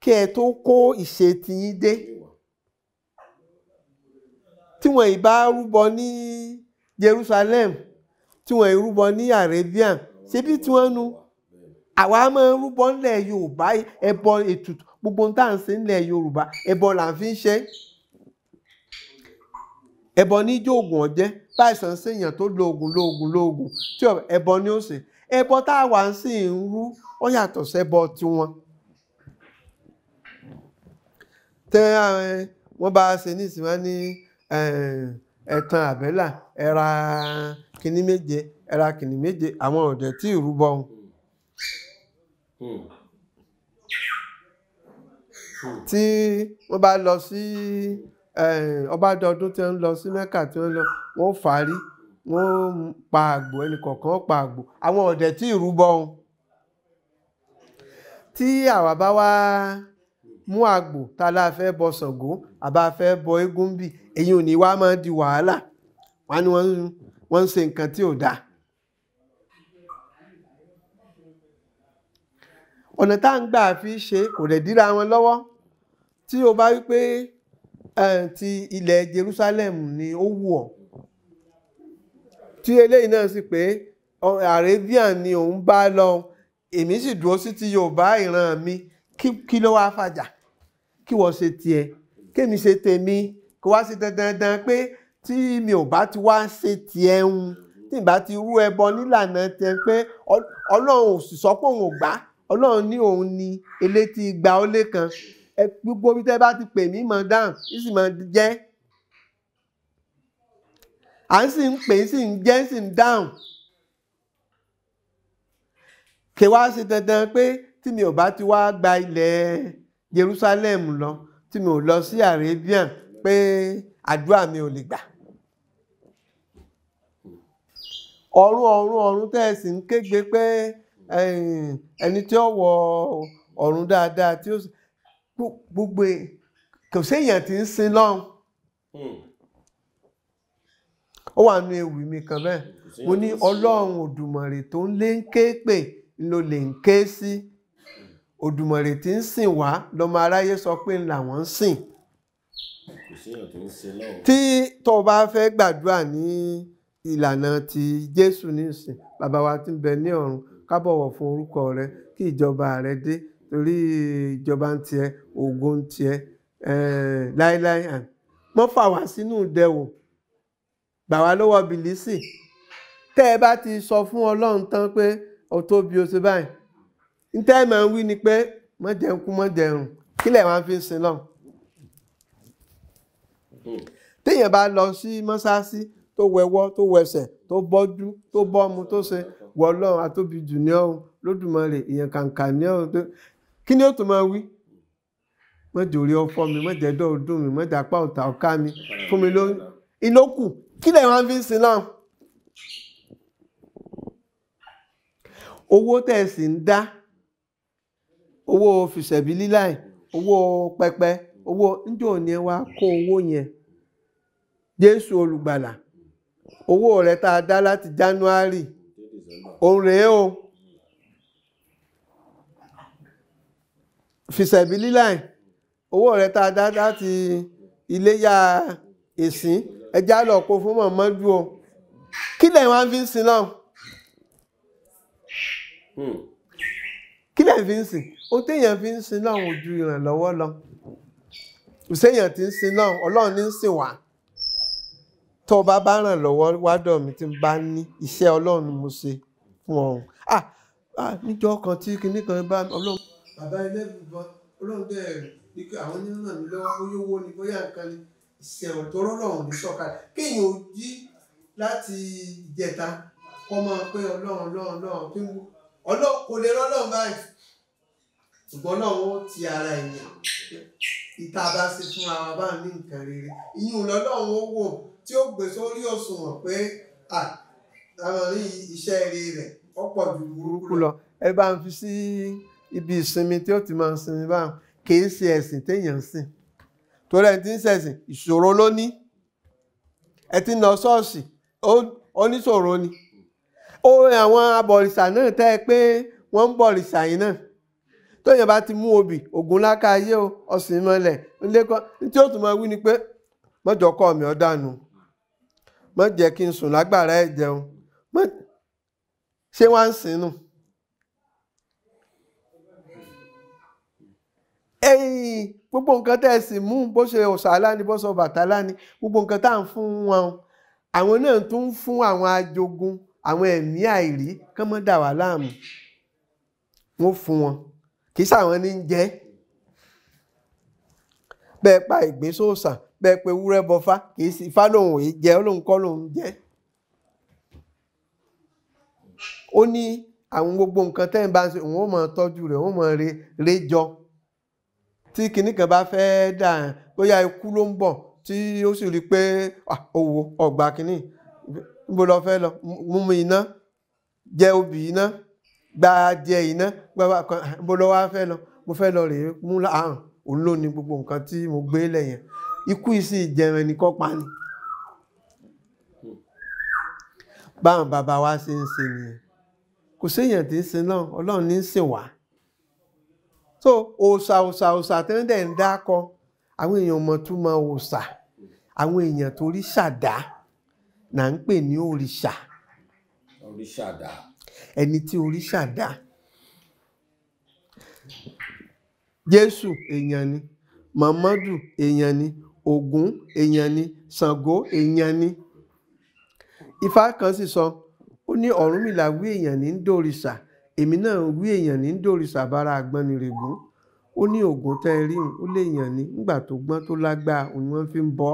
kí ẹ tó kó ìṣe tiyín dé tí wọn ìbá rúbọ ní Jerusalem tí wọn ìrúbọ ní Arabia ṣebí tí wọn nu àwa máa ń rúbọ ńlẹ̀ Yorùbá ẹbọ ètùtù gbogbo ń tà ń ṣe ńlẹ̀ Yorùbá ẹbọ là ń fi ń ṣe ẹbọ ní jó oògùn ọjẹ báyìí sàn ń ṣèyàn tó lo oògùn lo oògùn lo oògùn tí ẹbọ ní ó sè é ẹbọ tá a wà ń sìn ń rú ó yàtọ̀ sẹ́bọ tiwọn. tẹ eh, wọ́n bá ṣe nísìnyí wọ́n ní eh, ẹ̀tàn àbẹ́là ẹ̀ra kìnní méje ẹ̀ra kìnní méje àwọn ọ̀dẹ̀ tí ì rúbọ ohun. tí wọ́n bá lọ sí eh, ọbádọdún tí wọ́n lọ sí mẹ́kà tí wọ́n lọ wọ́n fàárí wọ́n pa àgbò ẹnì kọ̀ọ̀kan pa àgbò àwọn ọ̀dẹ̀ tí ìrúbọ ohun tí àwa bá wá mú àgbò tá a láà fẹ́ bọ Ṣàngó àbá fẹ́ bọ eégún bì èyí ò ní wá máa di wàhálà wọn ni wọ́n ń ṣe nǹkan tí ò dáa. ọ̀nà tá à ń gbà fi ṣe kò rẹ̀ díra wọn lọ́wọ́ tí o bá wí pé ti ilẹ̀ Jerusalem ni ó wù ọ́ tí eléyìí náà sì pé arabian ni òun bá lọ èmi sì dúró sí ti yorùbá ìran mi kí ló wáá fàjà kí wọ́n ṣe tiẹ̀ kémi ṣe tèmi kó wá sí dandandan pé tí mi ò bá ti wá ṣe tiẹ̀ ń tí n bá ti rú ẹbọ nílànà tiẹ̀ pé ọlọ́run ò sì sọ pé òun ò gbà ọlọ́run ní òun ni elétí igba ó lé kan gbogbo bí tẹ́ bá ti pè mí mọ̀ dáhùn ní jẹ́ à ń sì ń pè sí ń jẹ́ sì ń dáhùn kí wá ṣe dandan pé tí mi ò bá ti wá gba ilẹ̀ Jerusalem lọ tí mi ò lọ sí Arabia pé àdúrà mi ò lè gbà ọ̀run ọ̀run ọ̀run tẹ́ ẹ sì ń kégbé pé eh, ẹni tí ó wọ ọ̀run dáadáa tí ó gbogbo e, kò séèyàn tí ń sin lọ́hùn. Hmm ó wà nínú ewì mi kan bẹ́ẹ̀ mo ní ọlọ́run òdùmọ̀rè tó ń lé ń ké pè ló lè ń ké sí òdùmọ̀rè tí ń sìn wá lọ́mọ aráyé sọ pé ń làwọn ń sìn tí tó o bá fẹ́ gbàdúrà ní ìlànà ti Jésù nísìn bàbá wa ti ń bẹ ní ọ̀run ká bọ̀wọ̀ fún orúkọ rẹ kí ìjọba rẹ dé torí ìjọba ń tiẹ̀ ògo ń tiẹ̀ eh, láéláé mọ́ fà wá sínú ìdẹ̀wò gbà wá lọ́wọ́ bìlísì tẹ́ ẹ bá ti sọ fún ọlọ́run tán pé ó tó bí o ṣe báyìí ní tẹ́ ẹ máa ń wí ni pé mọ́ jẹun kú mọ́ jẹun kílẹ̀ wá fi ń sin lọ́hùn. téèyàn bá lọ sí mọ́ṣáláṣí tó wẹwọ́ tó wẹsẹ̀ tó bọ́jú tó bọ́mu tó ṣe wọ lọ́run àtóbi jù ní ọ̀hún lódùmarè èèyàn kàǹkà ní ọ̀hún tó kí ni ó tún máa wí mọ́jọ́rí ọ̀fọ́ mi mọ́jẹ́dọ́ ọdún mi mọ́jàpá ọ̀tà ọ̀ká mi fún mi lóyún ìlókù kí lẹ̀ wọ́n fi ń sin náà owó tẹ̀ sí ń dá owó fìṣẹ̀bí líláì owó pẹpẹ owó níjọ́ òní ẹ wá kó owó yẹn Jésù olùgbàlà owó rẹ tá a dá láti January òun rèé o fìṣẹ̀bí líláì owó rẹ tá a dá láti iléyà ìsìn ẹja lọ kó fún mọ̀mọ́dú o kí lẹ̀ wá fi ń sin náà hmm. kí lẹ̀ fi ń sin ó téèyàn fi ń sin náà ò ju ìrànlọ́wọ́ lọ ìséèyàn ti ń sin náà ọlọ́run ní ń sìn wá tó o bá bá ràn lọ́wọ́ wádọ̀ mi tí n bá ní iṣẹ́ ọlọ́run mo ṣe fún ọ̀hún ah ah níjọ́ kan tí kinní kan bá ọlọ́run. bàbá ilé ìbọn ọlọ́run bẹ́ẹ̀ ni àwọn onírànlọ́wọ́ bóyá owó ni bóyá nǹkan ni sẹ̀wọ̀n tọrọ lọ́hùn ní sọ̀kalẹ̀ kéèyàn ò jí láti ìjẹta kọ́ máa pé ọlọ́run ọlọ́run ọlọ́run pé ọlọ́run kò lè rọ́lọ́run báyìí ṣùgbọ́n náà wọ́n ti ara èèyàn ìta bá ṣe fún ara bá ní nǹkan rere ìyún lọ́lọ́run ó wò tí ó gbé sórí òṣùwọ̀n pé à lámọ̀rí iṣẹ́ rere rẹ̀ ọ̀pọ̀ ju burúkú lọ ẹ bá ń fi sí ibi ìsinmi tí ó ti máa ń sinmi báwọn kì í ṣe ẹ̀sìn téèyàn sìn torí ẹni tí ń ṣẹ̀sìn ìṣòro ló ní ẹ ti ń lọ ṣọ́ọ̀ṣì oníṣòro ni orin àwọn abọ̀rìṣà náà tẹ́ ẹ pé wọ́n ń bọ̀rìṣà yìí náà tóyìn bá ti mú obì ògùn láká ayé o ọ̀sìn mọ́lẹ̀ ńlẹ́kọ́ tí ó tún máa wí ni pé mọ́jọ kọ́ mi ọ̀dànù mọ́jẹ́ kí n sùn lágbára ẹ̀ jẹun ṣé wọ́n á ń sinú. ẹ̀yìn gbogbo nǹkan tẹ́ ẹ sì mú bó ṣe Ọ̀ṣàlá ni bó ṣe Ọbàtálá ni gbogbo nǹkan tá à ń fún wọn àwọn náà tún ń fún àwọn ajogun àwọn ẹ̀mí àìrí kán mọ́ dà wá láàmú wọ́n fún wọn kì í ṣàwọn ní jẹ́ bẹ́ẹ̀ pa ìgbín sóòsà bẹ́ẹ̀ pe ewúrẹ́ bọfá kì í sì ifá lòun ò jẹ́ lòun kọ́ lòun jẹ́ ó ní àwọn gbogbo nǹkan tẹ́ ń bá ń ṣe òun ó mọ tọ́jú rẹ̀ òun ó mọ re jọ tí kinní kan bá fẹ́ dà bóyá ikú ló ń bọ̀ tí ó sì rí i pé owó ọ̀gbà kinní níbo lọ fẹ́ lọ mú mi iná jẹ obì iná gba jẹ iná gbàgbà kan níbo lọ wá fẹ́ lọ mo fẹ́ lọ rèé mú àrùn òun ló ní gbogbo nǹkan tí mo gbé lẹ́yìn ikú ìsìn ìjẹun ẹnìkan pa ni báwọn bàbá wa ṣe ń ṣe nìyẹn kò séèyàn tí ń sin náà ọlọ́run ní ń sìn so òòṣà òòṣà òòṣà tí wọ́n dẹ̀ ń dákọ àwọn èèyàn mọ̀ tún mọ òòṣà àwọn èèyàn tó rí ṣàdá là ń pè ní òrìṣà ẹni tí orí ṣàdá Jésù èèyàn ni Mọ̀mọ́dù èèyàn ni Ògún èèyàn ni Ṣàngó èèyàn ni Ifá kan sì sọ ó ní Ọ̀rúnmìlà wí èèyàn ní dòrìṣà èmi náà wí èèyàn ní dòrìṣà bára àgbọnnìrègún ó ní oògùn tẹ́ ẹ rí ó léèyàn ní nígbà tó gbọ́n tó lágbára òun ni fi ń bọ́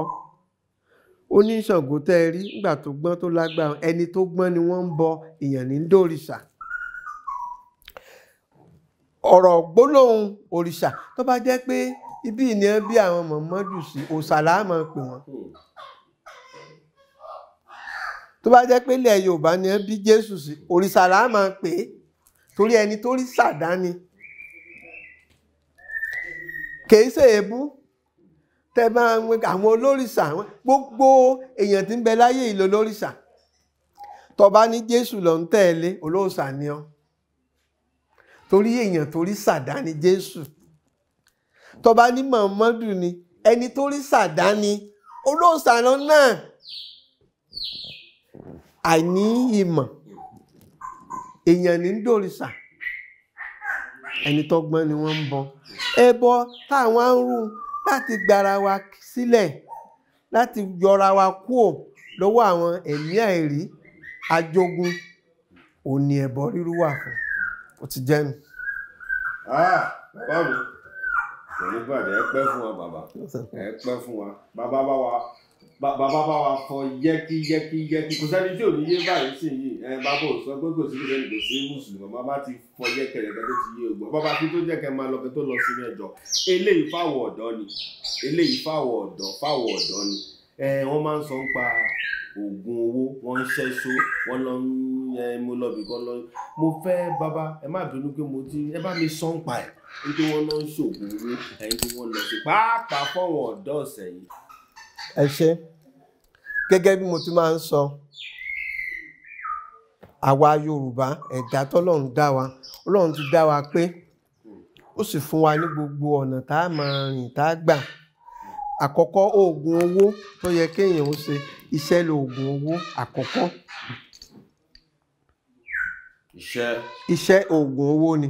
ó ní Ṣàngó tẹ́ ẹ rí nígbà tó gbọ́n tó lágbára ẹni tó gbọ́n ni wọ́n ń bọ èèyàn ní dòrìṣà ọ̀rọ̀ gbólóhùn òrìṣà tó bá jẹ́ pé ibi ìní ẹ bí àwọn mọ̀mọ́dù sí òṣàlá máa ń pè wọ́n tó bá jẹ́ pé ilẹ̀ Yorùbá ni ẹ bí Jésù sí òrìṣà làá máa ń pè é torí ẹni tó rí sàdáni kìí ṣe èébú tẹ máa ń wẹ àwọn olórìṣà gbogbo èèyàn tí ń bẹ láyé ìlò olórìṣà tó bá ní Jésù ló ń tẹ̀lé olóòṣà ni ọ́ torí èèyàn tó rí sàdáni Jésù tó ní Muhammadu ni ẹni tó rí sàdáni olóòṣà náà àìní ìmọ̀ èèyàn ní dòrìṣà ẹni tọ́gbọ́n ni wọ́n ń bọ ẹbọ táwọn ń rú láti gbára wa sílẹ̀ láti yọra wa kúò lọ́wọ́ àwọn ẹ̀mí àìrí ajogun òní ẹbọ rírú wà fún ó ti jẹ́ nu. Ah, bàbá mi kò ní bàjẹ́ ẹ pẹ́ fún wa bàbá ẹ pẹ́ fún wa bàbá bá wa bàbá bá wa fọ yẹ́kíyẹ́kíyẹ́kí kò sẹ́ni tí ò ní yé báyìí sí yìí ẹ bàbá ò sọ pé kò sí kò sí mùsùlùmí bàbá ti fọ yẹ́kẹ̀rẹ̀ kẹ́ tó ti yé ògbọ́n bàbá tí tó jẹ́ kẹ́ máa lọ kẹ́ tó lọ sínú ẹ̀jọ̀ eléyìí fáwọ̀ ọ̀dọ́ ni eléyìí fáwọ̀ ọ̀dọ́ fáwọ̀ ọ̀dọ́ ni ẹ wọ́n máa ń sọ ń pa oògùn owó wọ́n ń ṣẹ́ṣó wọ́n lọ ń ẹ mo lọ bìkan lọ mo fẹ́ bàbá ẹ má bínú pé mo ti ẹ bá mi sọ ń pa ẹ̀ nítorí wọ́n lọ ń ṣoògùn owó ẹ̀yìn tí wọ́n lọ sí pàápàá fọ́wọ́n ọ̀dọ́ ọ̀sẹ̀ yìí ẹ ṣe gẹ́gẹ́ bí mo ti máa ń sọ àwa Yorùbá ẹ̀dá tọ́lọ́run dá wa Ọlọ́run ti dá wa pé ó sì fún wa ní gbogbo ọ̀nà tá a máa rìn tá a gbà àkọ́kọ́ oògùn owó tó yẹ kéèyàn ó ṣe iṣẹ́ lóògùn owó àkọ́kọ́ iṣẹ́ oògùn owó ni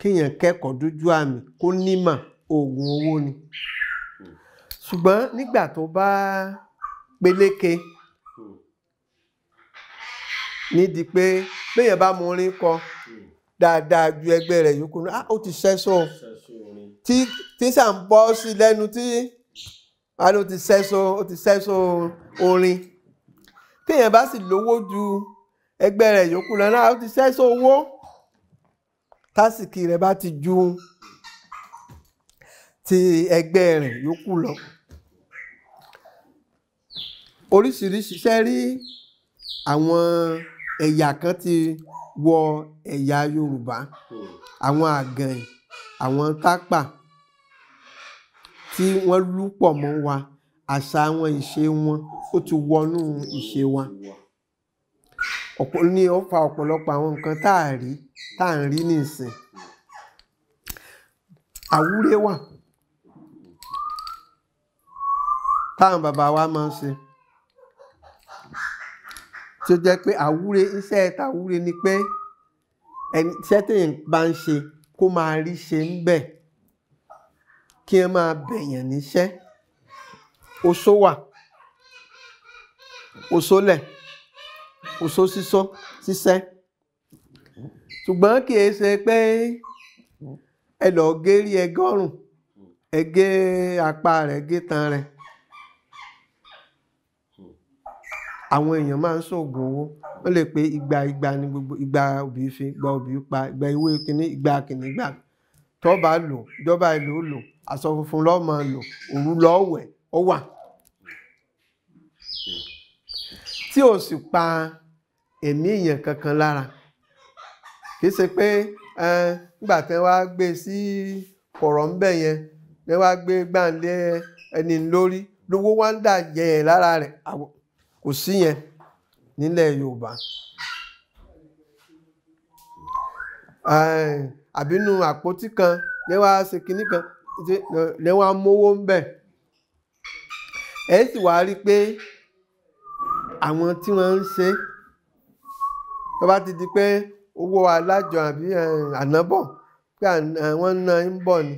kéèyàn kẹ́kọ̀ọ́ dójú àmì kó nímọ̀ oògùn owó ni. Hmm ṣùgbọ́n nígbà tó bá peléke nídìí pé béèyàn bá mú orin kọ dáadáa ju ẹgbẹ́ rẹ̀ yòókù náà ah, ó ti ṣẹ́sọ tí tí sà ń bọ́ sí lẹ́nu tí wàá ló ti ṣẹ́sọ ó ti ṣẹ́sọ orin téèyàn bá sì lówó ju ẹgbẹ́ rẹ̀ yòókù náà ah, ó ti ṣẹ́sọ owó tásìkì rẹ̀ bá ti ju ti ẹgbẹ́ rẹ̀ yòókù lọ oríṣiríṣi iṣẹ́ rí àwọn ẹ̀yà kan ti wọ ẹ̀yà Yorùbá àwọn àgànyìn àwọn tápà tí wọ́n lù pọ̀ mọ́ wa àṣà wọn ìṣe wọn ó ti wọnú ìṣe wa ọ̀pọ̀ ni ó fa ọ̀pọ̀lọpọ̀ àwọn nǹkan tá a rí tá a ń rí nísìn àwúrẹ́ wà táwọn bàbá wa máa ń ṣe tó jẹ́ pé àwúre iṣẹ́ ẹ̀ta àwúre ni pé ẹni iṣẹ́ téèyàn bá ń ṣe kó máa rí ṣe ń bẹ̀ kí ẹ máa bẹ̀yàn níṣẹ́ oṣó wà oṣó lẹ̀ oṣó sísọ síṣẹ́ ṣùgbọ́n kì í ṣe pé ẹ lọ́ọ́ gé rí ẹgọ́rùn-ún ẹ gé apá rẹ̀ gé tan rẹ̀. àwọn èèyàn máa ń ṣoògùn owó ó lè pé igba igba ni gbogbo igba òbí fi igba òbí pa igba ewé kínní igba kínní gbà tó bá lò ìjọba ìlú lò aṣọ funfun lọ́ọ́ máa lò òru lọ́ọ́ wẹ̀ ó wà tí o sì pa ẹ̀mí èèyàn kankan lára kì í ṣe pé nígbà tí wọ́n á gbé e sí kọ̀rọ̀ ń bẹ̀ yẹn ni wọ́n á gbé e gbàǹlé ẹni lórí lówó wá ń dà jẹ lára rẹ̀ àwọn kò sí yẹn nílẹ̀ Yorùbá àbínú àpótí kan lẹ́wà ṣe kinní kan lẹ́wà mówó ń bẹ̀ ẹ sì wá rí i pé àwọn tí wọ́n ń ṣe tó bá ti di pé owó alájọ àbí ànábọ̀ pé àwọn náà ń bọ̀ ni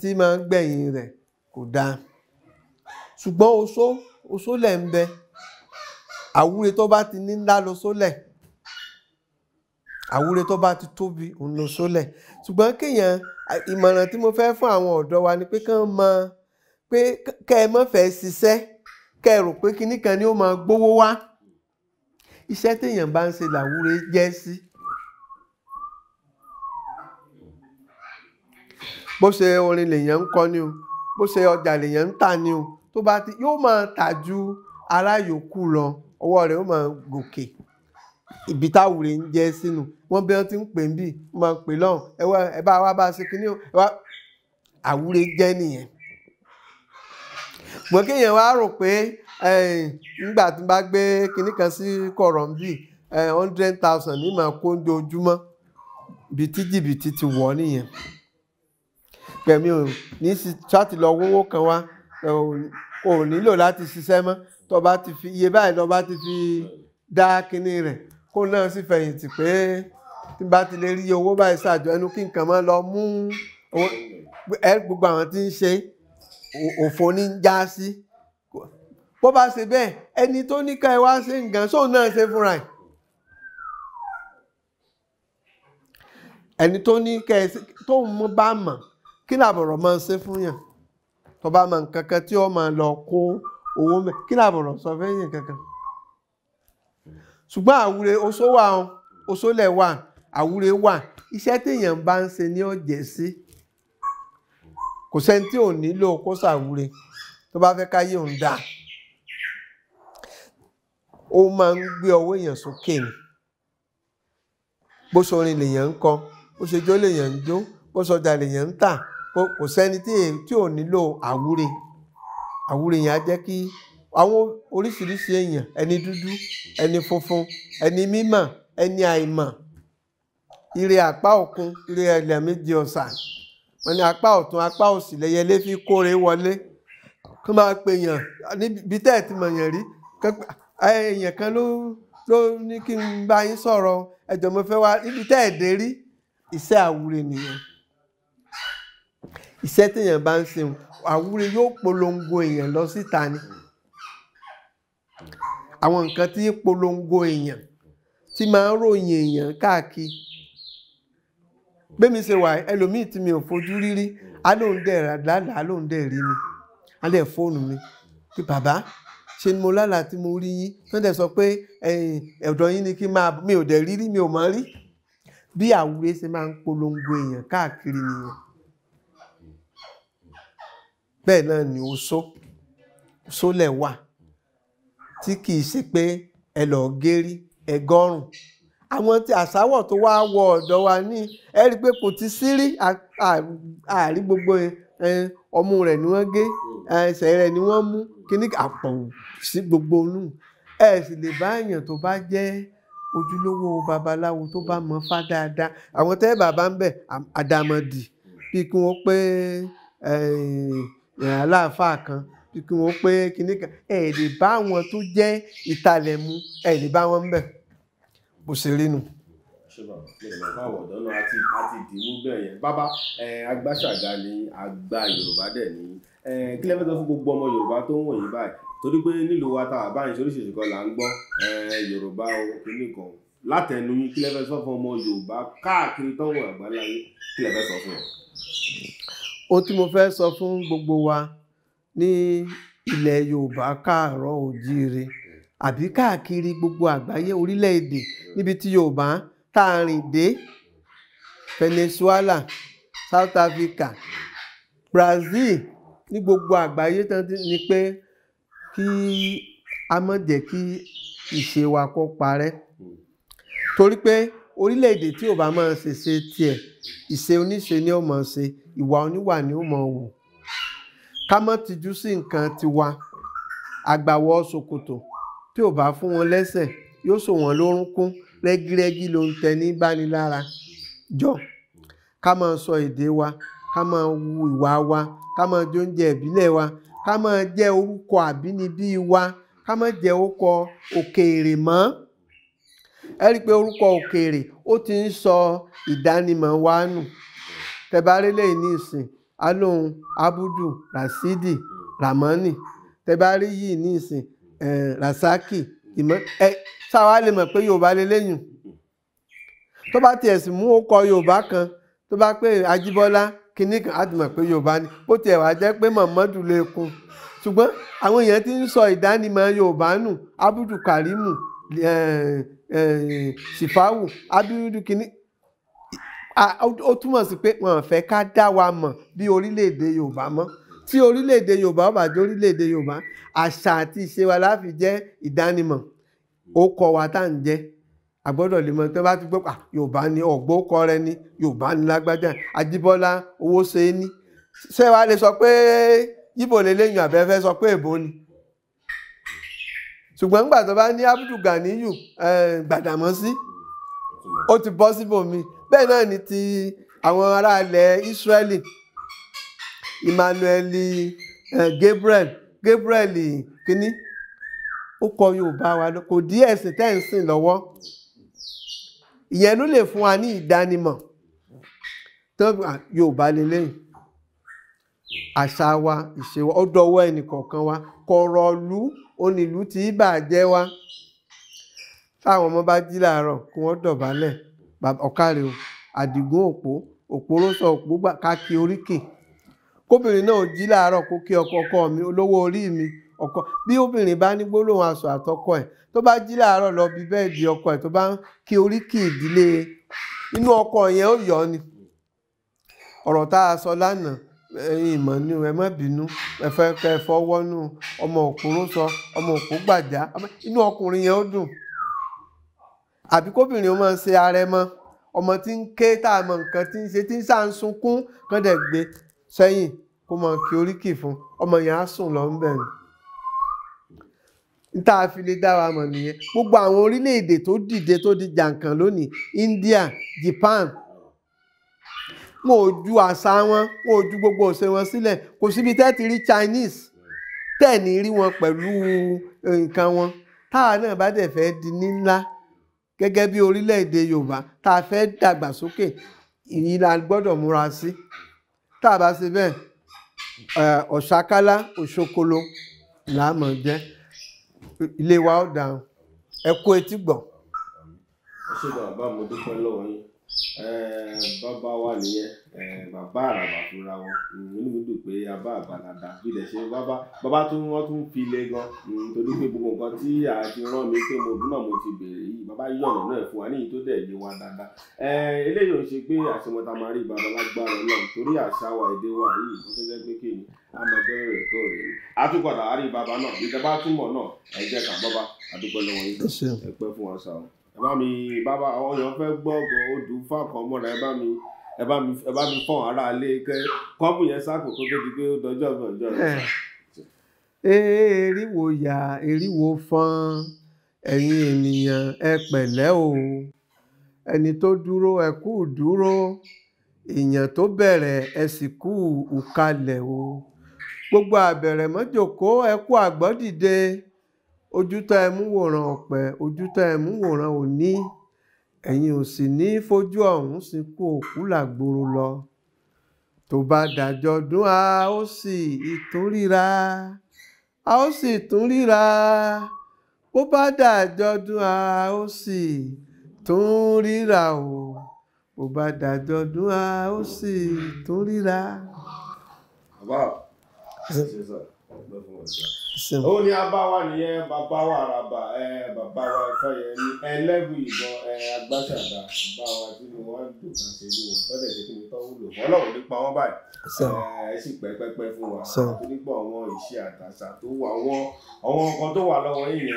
tí máa ń gbẹ̀yìn rẹ̀ kò dáa ṣùgbọ́n oṣó oṣó lẹ̀ ń bẹ àwúre tó bá ti ní ńlá lọ sólẹ̀ àwúre tó bá ti tóbi òun lọ sólẹ̀ ṣùgbọ́n kéèyàn ìmọ̀ràn tí mo fẹ́ fún àwọn ọ̀dọ́ wa ni pé kán mọ pé kẹ́ ẹ mọ̀ fẹ́ ṣiṣẹ́ kẹ́ ẹ rò pé kinní kan ni ó máa gbówó wá iṣẹ́ téèyàn bá ń ṣe làwúre jẹ́ sí. bó ṣe orin lèèyàn ń kọ ni o bó ṣe ọjà lèèyàn ń tà ni o tó bá ti yóò máa tà ju ará yòókù lọ ọwọ́ rẹ̀ ó máa gòkè ibi táwùrẹ́ ń jẹ́ sínú wọ́n bí wọ́n ti ń pè ń bì ó máa ń pè lọ́hùn ẹwọ́ ẹ bá wa bá a ṣe kínní o àwúre jẹ́ nìyẹn. mo kéèyàn wá rò pé nígbà tí n bá gbé kinní kan sí kọ̀rọ̀ ń bì hundred thousand ní màá kó ojoojúmọ́ ibi tí jìbìtì ti wọ̀ nìyẹn pẹ̀mí o ní sátìlọ́wọ́wọ́ kan wá kò nílò láti ṣiṣẹ́ mọ́ tọba ti fi iye báyìí lọba ti fi dá kinní rẹ̀ kó náà sì fẹ̀yìntì pé tí bá ti lè rí owó báyìí ṣàjọ ẹnu kí nǹkan máa lọ mú gbogbo àwọn tí ń ṣe òfò ní já sí bó bá ṣe bẹ́ẹ̀ ẹni tó ní ká ẹ wá ṣe nǹkan sóun náà ṣe fúnra ẹ̀ ẹni tó ní ká ẹ tóun mú bá mọ̀ kí làbọ̀rọ̀ máa ṣe fún yàn tó bá mọ̀ nǹkan kan tí ó máa lọ kó owó mẹ́ kí ni àbọ̀rọ̀ sọ fẹ́ yẹn kankan ṣùgbọ́n àwúre oṣó wà ọ́n oṣólẹ̀ wà àwúre wà iṣẹ́ téèyàn bá ń ṣe ní ọ̀jẹ̀ sí kò sẹ́ni tí ò nílò kó ṣàwúre tó bá fẹ́ káyé òun dáa ó máa ń gbé ọwọ́ èèyàn sókè ni bó ṣorin lèèyàn ń kọ bó ṣe jó lèèyàn ń jó bó ṣọjà lèèyàn ń tà kò sẹ́ni tí ò nílò àwúre àwúre yẹn á jẹ́ kí àwọn oríṣiríṣi èèyàn ẹni dúdú ẹni funfun ẹni mímọ̀ ẹni àìmọ̀ ire àpá òkun ire ẹlẹ̀ méje ọ̀sà wọn ni apá ọ̀tún apá òsì lẹ́yẹlé fi kóre wọlé kó máa pe èèyàn níbi tẹ́ ẹ̀ ti mọ̀ èèyàn rí èèyàn kan ló ló ní kí n bá yín sọ̀rọ̀ ẹ̀jọ̀ mo fẹ́ wá níbi tẹ́ ẹ̀ dé rí iṣẹ́ àwúre nìyẹn iṣẹ́ téèyàn bá ń ṣeun Àwúre yóò polongo èèyàn lọ síta ni àwọn nǹkan tí polongo èèyàn tí máa ń ròyìn èèyàn káàkiri gbémi ṣe wà ẹlòmíì tí mi ò fojú rírí á lóun dẹ̀ lálàá á lóun dẹ̀ rí mi á fóònù mi pé bàbá ṣe ni mo lálàá tí mo rí yín tó dẹ̀ sọ pé ọ̀dọ̀ yín ni kí máa mi ò dẹ̀ rírí mi ò mọ̀ rí bí àwúre ṣe máa ń polongo èèyàn káàkiri nìyẹn bẹ́ẹ̀ náà ni oṣó oṣó lẹ̀ wà tí kì í ṣe pé ẹ lọ gérí ẹgọ́rùn àwọn tí àṣàwọ̀ tó wá wọ ọ̀dọ̀ wa ní ẹ rí i pé kò ti sí rí àárí gbogbo ọmú rẹ̀ ni wọ́n gé ẹsẹ̀ rẹ̀ ni wọ́n mú kíní àpọ̀wò sí gbogbo inú ẹ sì lè bá èèyàn tó bá jẹ́ ojúlówó babaláwo tó bá mọ fá dáadáa àwọn tẹ́ bàbá ń bẹ̀ àdàmọ̀dì bí kí wọ́n pé aláàfáà kan kí wọ́n pé kinní kan ẹ̀ lè bá wọn tó jẹ́ ìtàlẹ̀ mu ẹ̀ lè bá wọn bẹ̀ bó ṣe rí nu. bàbá agbáṣàgá ni àgbà yorùbá dẹ̀ ni kí lẹ́fẹ̀ẹ́ tó fún gbogbo ọmọ yorùbá tó ń wọ̀nyí báyìí torí pé nílùú wa tá a bá ìṣe oríṣiríṣi kan là ń gbọ́ yorùbá kinní kan látẹnu yín kí lẹ́fẹ̀ẹ́ sọ fún ọmọ yorùbá káàkiri tọ́wọ́ àgbáláyé kí lẹ́fẹ̀ẹ́ sọ fún ọ ó tí mo fẹ́ sọ fún gbogbo wa ní ilẹ̀ Yorùbá káàárọ̀ òjíire àbí káàkiri gbogbo àgbáyé orílẹ̀-èdè níbi tí Yorùbá tá dé Venezuela South Africa Brazil ní gbogbo àgbáyé tán ni pé kí a má jẹ́ kí ìṣe wa kó parẹ́ torí pé orílẹ̀-èdè tí ò máa ṣèṣe tiẹ̀ ìṣe oníṣe ni ó máa ṣe ìwà oníwà ni ó mọ̀ wò ká má tijú sí nǹkan tiwa àgbàwọ̀ ṣòkòtò tí ò bá fún wọn lẹ́sẹ̀ yóò sò wọ́n lórúnkún rẹ́gírẹ́gí ló ń tẹ ní bánilára jọ ká máa sọ èdè wa ká máa wu ìwà wa ká máa jẹ oúnjẹ ìbílẹ̀ wa ká máa jẹ́ orúkọ àbínibí wa ká máa jẹ́ orúkọ òkèèrè mọ́ ẹ rí i pé orúkọ òkèèrè ó ti ń sọ ìdánimọ̀ wa nù tẹ́bárí lẹ́yìn ní ìsìn alóhun abudu rasidi ramani tẹ́bárí yìí ní ìsìn rasaki ìmọ̀ ẹ sáwa lè mọ̀ pé yorùbá lélẹ́yìn tó bá tiẹ̀ sì mú ọkọ̀ yorùbá kan tó bá pé Ajíbọ́lá kinní kan á ti mọ̀ pé yorùbá ni ó tiẹ̀ wá jẹ́ pé Muhammadu lè kun ṣùgbọ́n àwọn èèyàn ti ń sọ ìdánimọ̀ yorùbá nù abudu karimu sifawu abirudu kinní ó túmọ̀ sí pé wọ́n fẹ́ ká dá wa mọ̀ bí orílẹ̀-èdè Yorùbá mọ́ tí orílẹ̀-èdè Yorùbá ó bá jẹ́ orílẹ̀-èdè Yorùbá àṣà àti ìṣe wa láfi jẹ́ ìdánimọ̀ ó kọ wa tá à ń jẹ́ àgbọ́dọ̀ lè mọ tó bá ti gbọ́ pa Yorùbá ni ọ̀gbọ́n ó rẹ ni Yorùbá ni lágbájá Àjíbọ́lá owó ṣe é ní ṣé wàá lè sọ pé Yíbò lélẹ́yìn àbẹ́fẹ́ sọ pé èbó ni ṣùgbọ́n nígbà tó bá ní Abdul Gbàdàmọ́sí ó ti bọ́ síbòmíì bẹ́ẹ̀ náà ni ti àwọn aráàlẹ̀ Ísírẹ́lì Emmanuel eh, Gabriel Gabriel kínní ó kọ Yorùbá wa kò dí ẹ̀sìn tẹ́ ń sìn lọ́wọ́ ìyẹn ló lè fún wa ní ìdánimọ̀ tó Yorùbá lélẹ́yìn àṣà wa ìṣe wa ó dọwọ́ ẹnìkọ̀ọ̀kan wa kọ̀rọ̀ ìlú onílù tí ì bàjẹ́ wa táwọn ọmọ bá jí làárọ̀ kí wọ́n dọ̀bálẹ̀ ọ̀kàrẹ̀ o àdìgún òpó òpó rọ́sọ̀ òpó káàkiri oríkì kóbìnrin náà jí láàárọ̀ kó kí ọkọ ọkọ mi olówó orí mi ọkọ bí obìnrin bá ní gbólóhùn aṣọ àtọkọ ẹ̀ tó bá jí láàárọ̀ lọ bí bẹ́ẹ̀dì ọkọ ẹ̀ tó bá ń kí oríkì ìdílé e, inú ọkọ yẹn ó yọ ni ọ̀rọ̀ tá a sọ lánàá ẹ̀yin ìmọ̀ ni ẹ má bínú ẹ fẹ́ kẹ́ ẹ fọwọ́ nù ọmọ òkú ló sọ ọmọ òkú gbàjá inú ọkùnrin yẹn ó dùn àbí kóbìnrin ó máa ṣe arẹmọ ọmọ tí ń ké tá a mọ nǹkan tí ń ṣe tí ń sá ń sunkún kán dẹ̀ gbé sẹ́yìn kó mọ kí oríkì fún ọmọ yẹn á sùn lọ ń bẹ̀ ni níta fi lè dá wa mọ̀ nìyẹn gbogbo àwọn orílẹ̀-èdè tó dìde tó di jàǹkàn lónìí India Japan wọn ò ju àṣà wọn wọn ò ju gbogbo ọ̀sẹ̀ wọn sílẹ̀ kò síbi tẹ́ ti rí Chinese tẹ́ẹ̀ ní rí wọn pẹ̀lú nǹkan wọn táwa náà bá dẹ̀ fẹ́ di ní ńlá gẹ́gẹ́ bí orílẹ̀-èdè Yorùbá tá a fẹ́ dàgbàsókè ìyí la gbọ́dọ̀ múra sí tá a bá ṣe bẹ́ẹ̀ ọ̀ṣàkálá òṣokolo là á mọ̀ jẹ́ ilé wa ó dáhùn ẹ kú etí gbọ̀n. ṣé bàbá mo dúpẹ́ lọ́wọ́ yín. Eh, bàbá wa nìyẹn eh, bàbá àràbà fúnra wọn hmm, inú mi dùn pé abá àgbàlagbà bí lè ṣe bàbá bàbá tún wọn tún fi le gan nítorí hmm, pé gbogbo nǹkan tí a ti rán mi pé mo dúnà mo ti béèrè yìí bàbá yí ọ̀nà náà fún wa ní ìtó dẹ̀ yé wa dáadáa eh, eléyìí ò ń ṣe pé àṣemọ́ta máa rí bàbá lágbára náà torí àṣà wa èdè wa yìí kó tó pé kí ni a máa bẹ̀rẹ̀ ẹ̀kọ́ rẹ̀ ni àtúkọ̀dà àrí bàbá náà ìjọba túmọ̀ náà ẹ̀jẹ̀ kà bàbá àdúgbò lọ́wọ́ yìí ẹ fún wa sáà bá mi bàbá àwọn èèyàn fẹ́ gbọ́ ọ̀gàn odù fáàkàn mọ́ra ẹ bá ẹ bá mi ẹ bá mi fọ́n ara lé kẹ́ kọ́ọ̀bù yẹn sáàpù tó di pé ó dọjọ́ ọ̀gbọ̀njọ́ rẹ̀. Eh. eriwo ya eriwo fọ́n ẹ̀yin ènìyàn ẹ pẹ̀lẹ́ o ẹni tó dúró ẹ kú dúró èèyàn tó bẹ̀rẹ̀ ẹ sì kú ùkalẹ̀ o gbogbo àbẹ̀rẹ̀ mọ́jòkó ẹ kú àgbọ́dìde ojú tá ẹ mú wòran ọ̀pẹ ojú tá ẹ mú wòran òní ẹ̀yin ò sì ní fojú ọ̀hún sìnkú òkú làgbòrò lọ tó bá dàjọ́ dún a ó sì ìtún ríra a ó sì tún ríra bó bá dàjọ́ dún a ó sì tún ríra o bó bá dàjọ́ dún a ó sì tún ríra ó ní abáwa nìyẹn bàbá wa àràbà bàbá wa ìfọyẹmí ẹlẹ́bù ìbọn agbáṣàdá báwa tí mo wá dùn bá ṣe lù wọ́n tọ́lẹ̀ ṣe kí ni tọ́ wúlò wọ́n lọ́wọ́ nípa wọn báyìí ẹ sì pẹ́pẹ́pẹ́ fún wa nípa àwọn ìṣe àtàṣà tó wà wọ́n àwọn nǹkan tó wà lọ́wọ́ yìí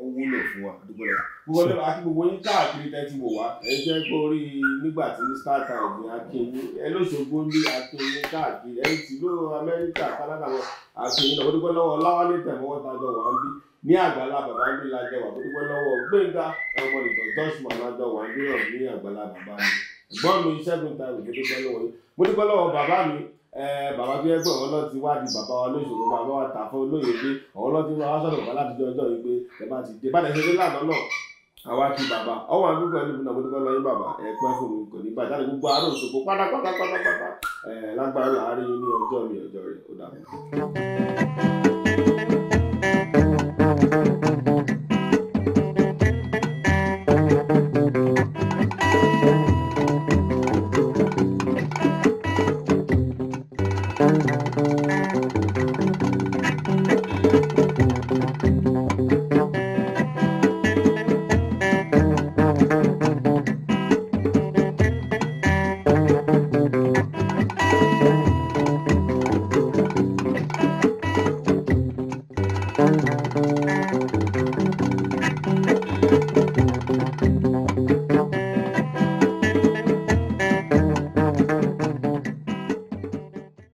ó wúlò fún wa dúpẹ́ lọ. gbogbo lọ́la àti gbogbo yín káàkiri tẹ́tí wò wá ẹ jẹ́ kó rí nígbà tí ní star time ní akéwì ẹ lóṣogbo ní akéwì káàkiri ẹ ti ló Amẹ́ríkà Canada wọn àti ìlọ dúpẹ́ lọ́wọ́ láwálé tẹ̀mọ́wọ́ tájọ wà ń bí ní àgbàlá bàbá mi lájọ wà dúpẹ́ lọ́wọ́ gbẹ̀ngà ọmọ ìtàn joshua lájọ wà ń bíràn ní àgbàlá bàbá mi gbọ́n mi ṣẹ́gun ta ìwé dúpẹ́ lọ́wọ́ yìí mo dúpẹ́ lọ́wọ́ bàbá mi bàbá tó yẹ pé ọ̀hún náà ti wá di bàbá wa lóṣòro bàbá wa tà fún olóyè pé ọ̀hún náà ti wá sọ̀rọ̀ bàbá láti jọ ọjọ́ yìí pé ẹ bá ti dé bá tẹ̀sí ní lànà náà àwa kí bàbá ọwọ́ àdúgbò ẹni mi náà mo dúpẹ́ lọ́yìn bàbá ẹ fún mi kò ní bàjẹ́ àti gbogbo àrùn òṣogbo pátápátá Eh, lágbára àárín ní ọjọ́ mi ọjọ́ rẹ̀ ó dàbọ̀.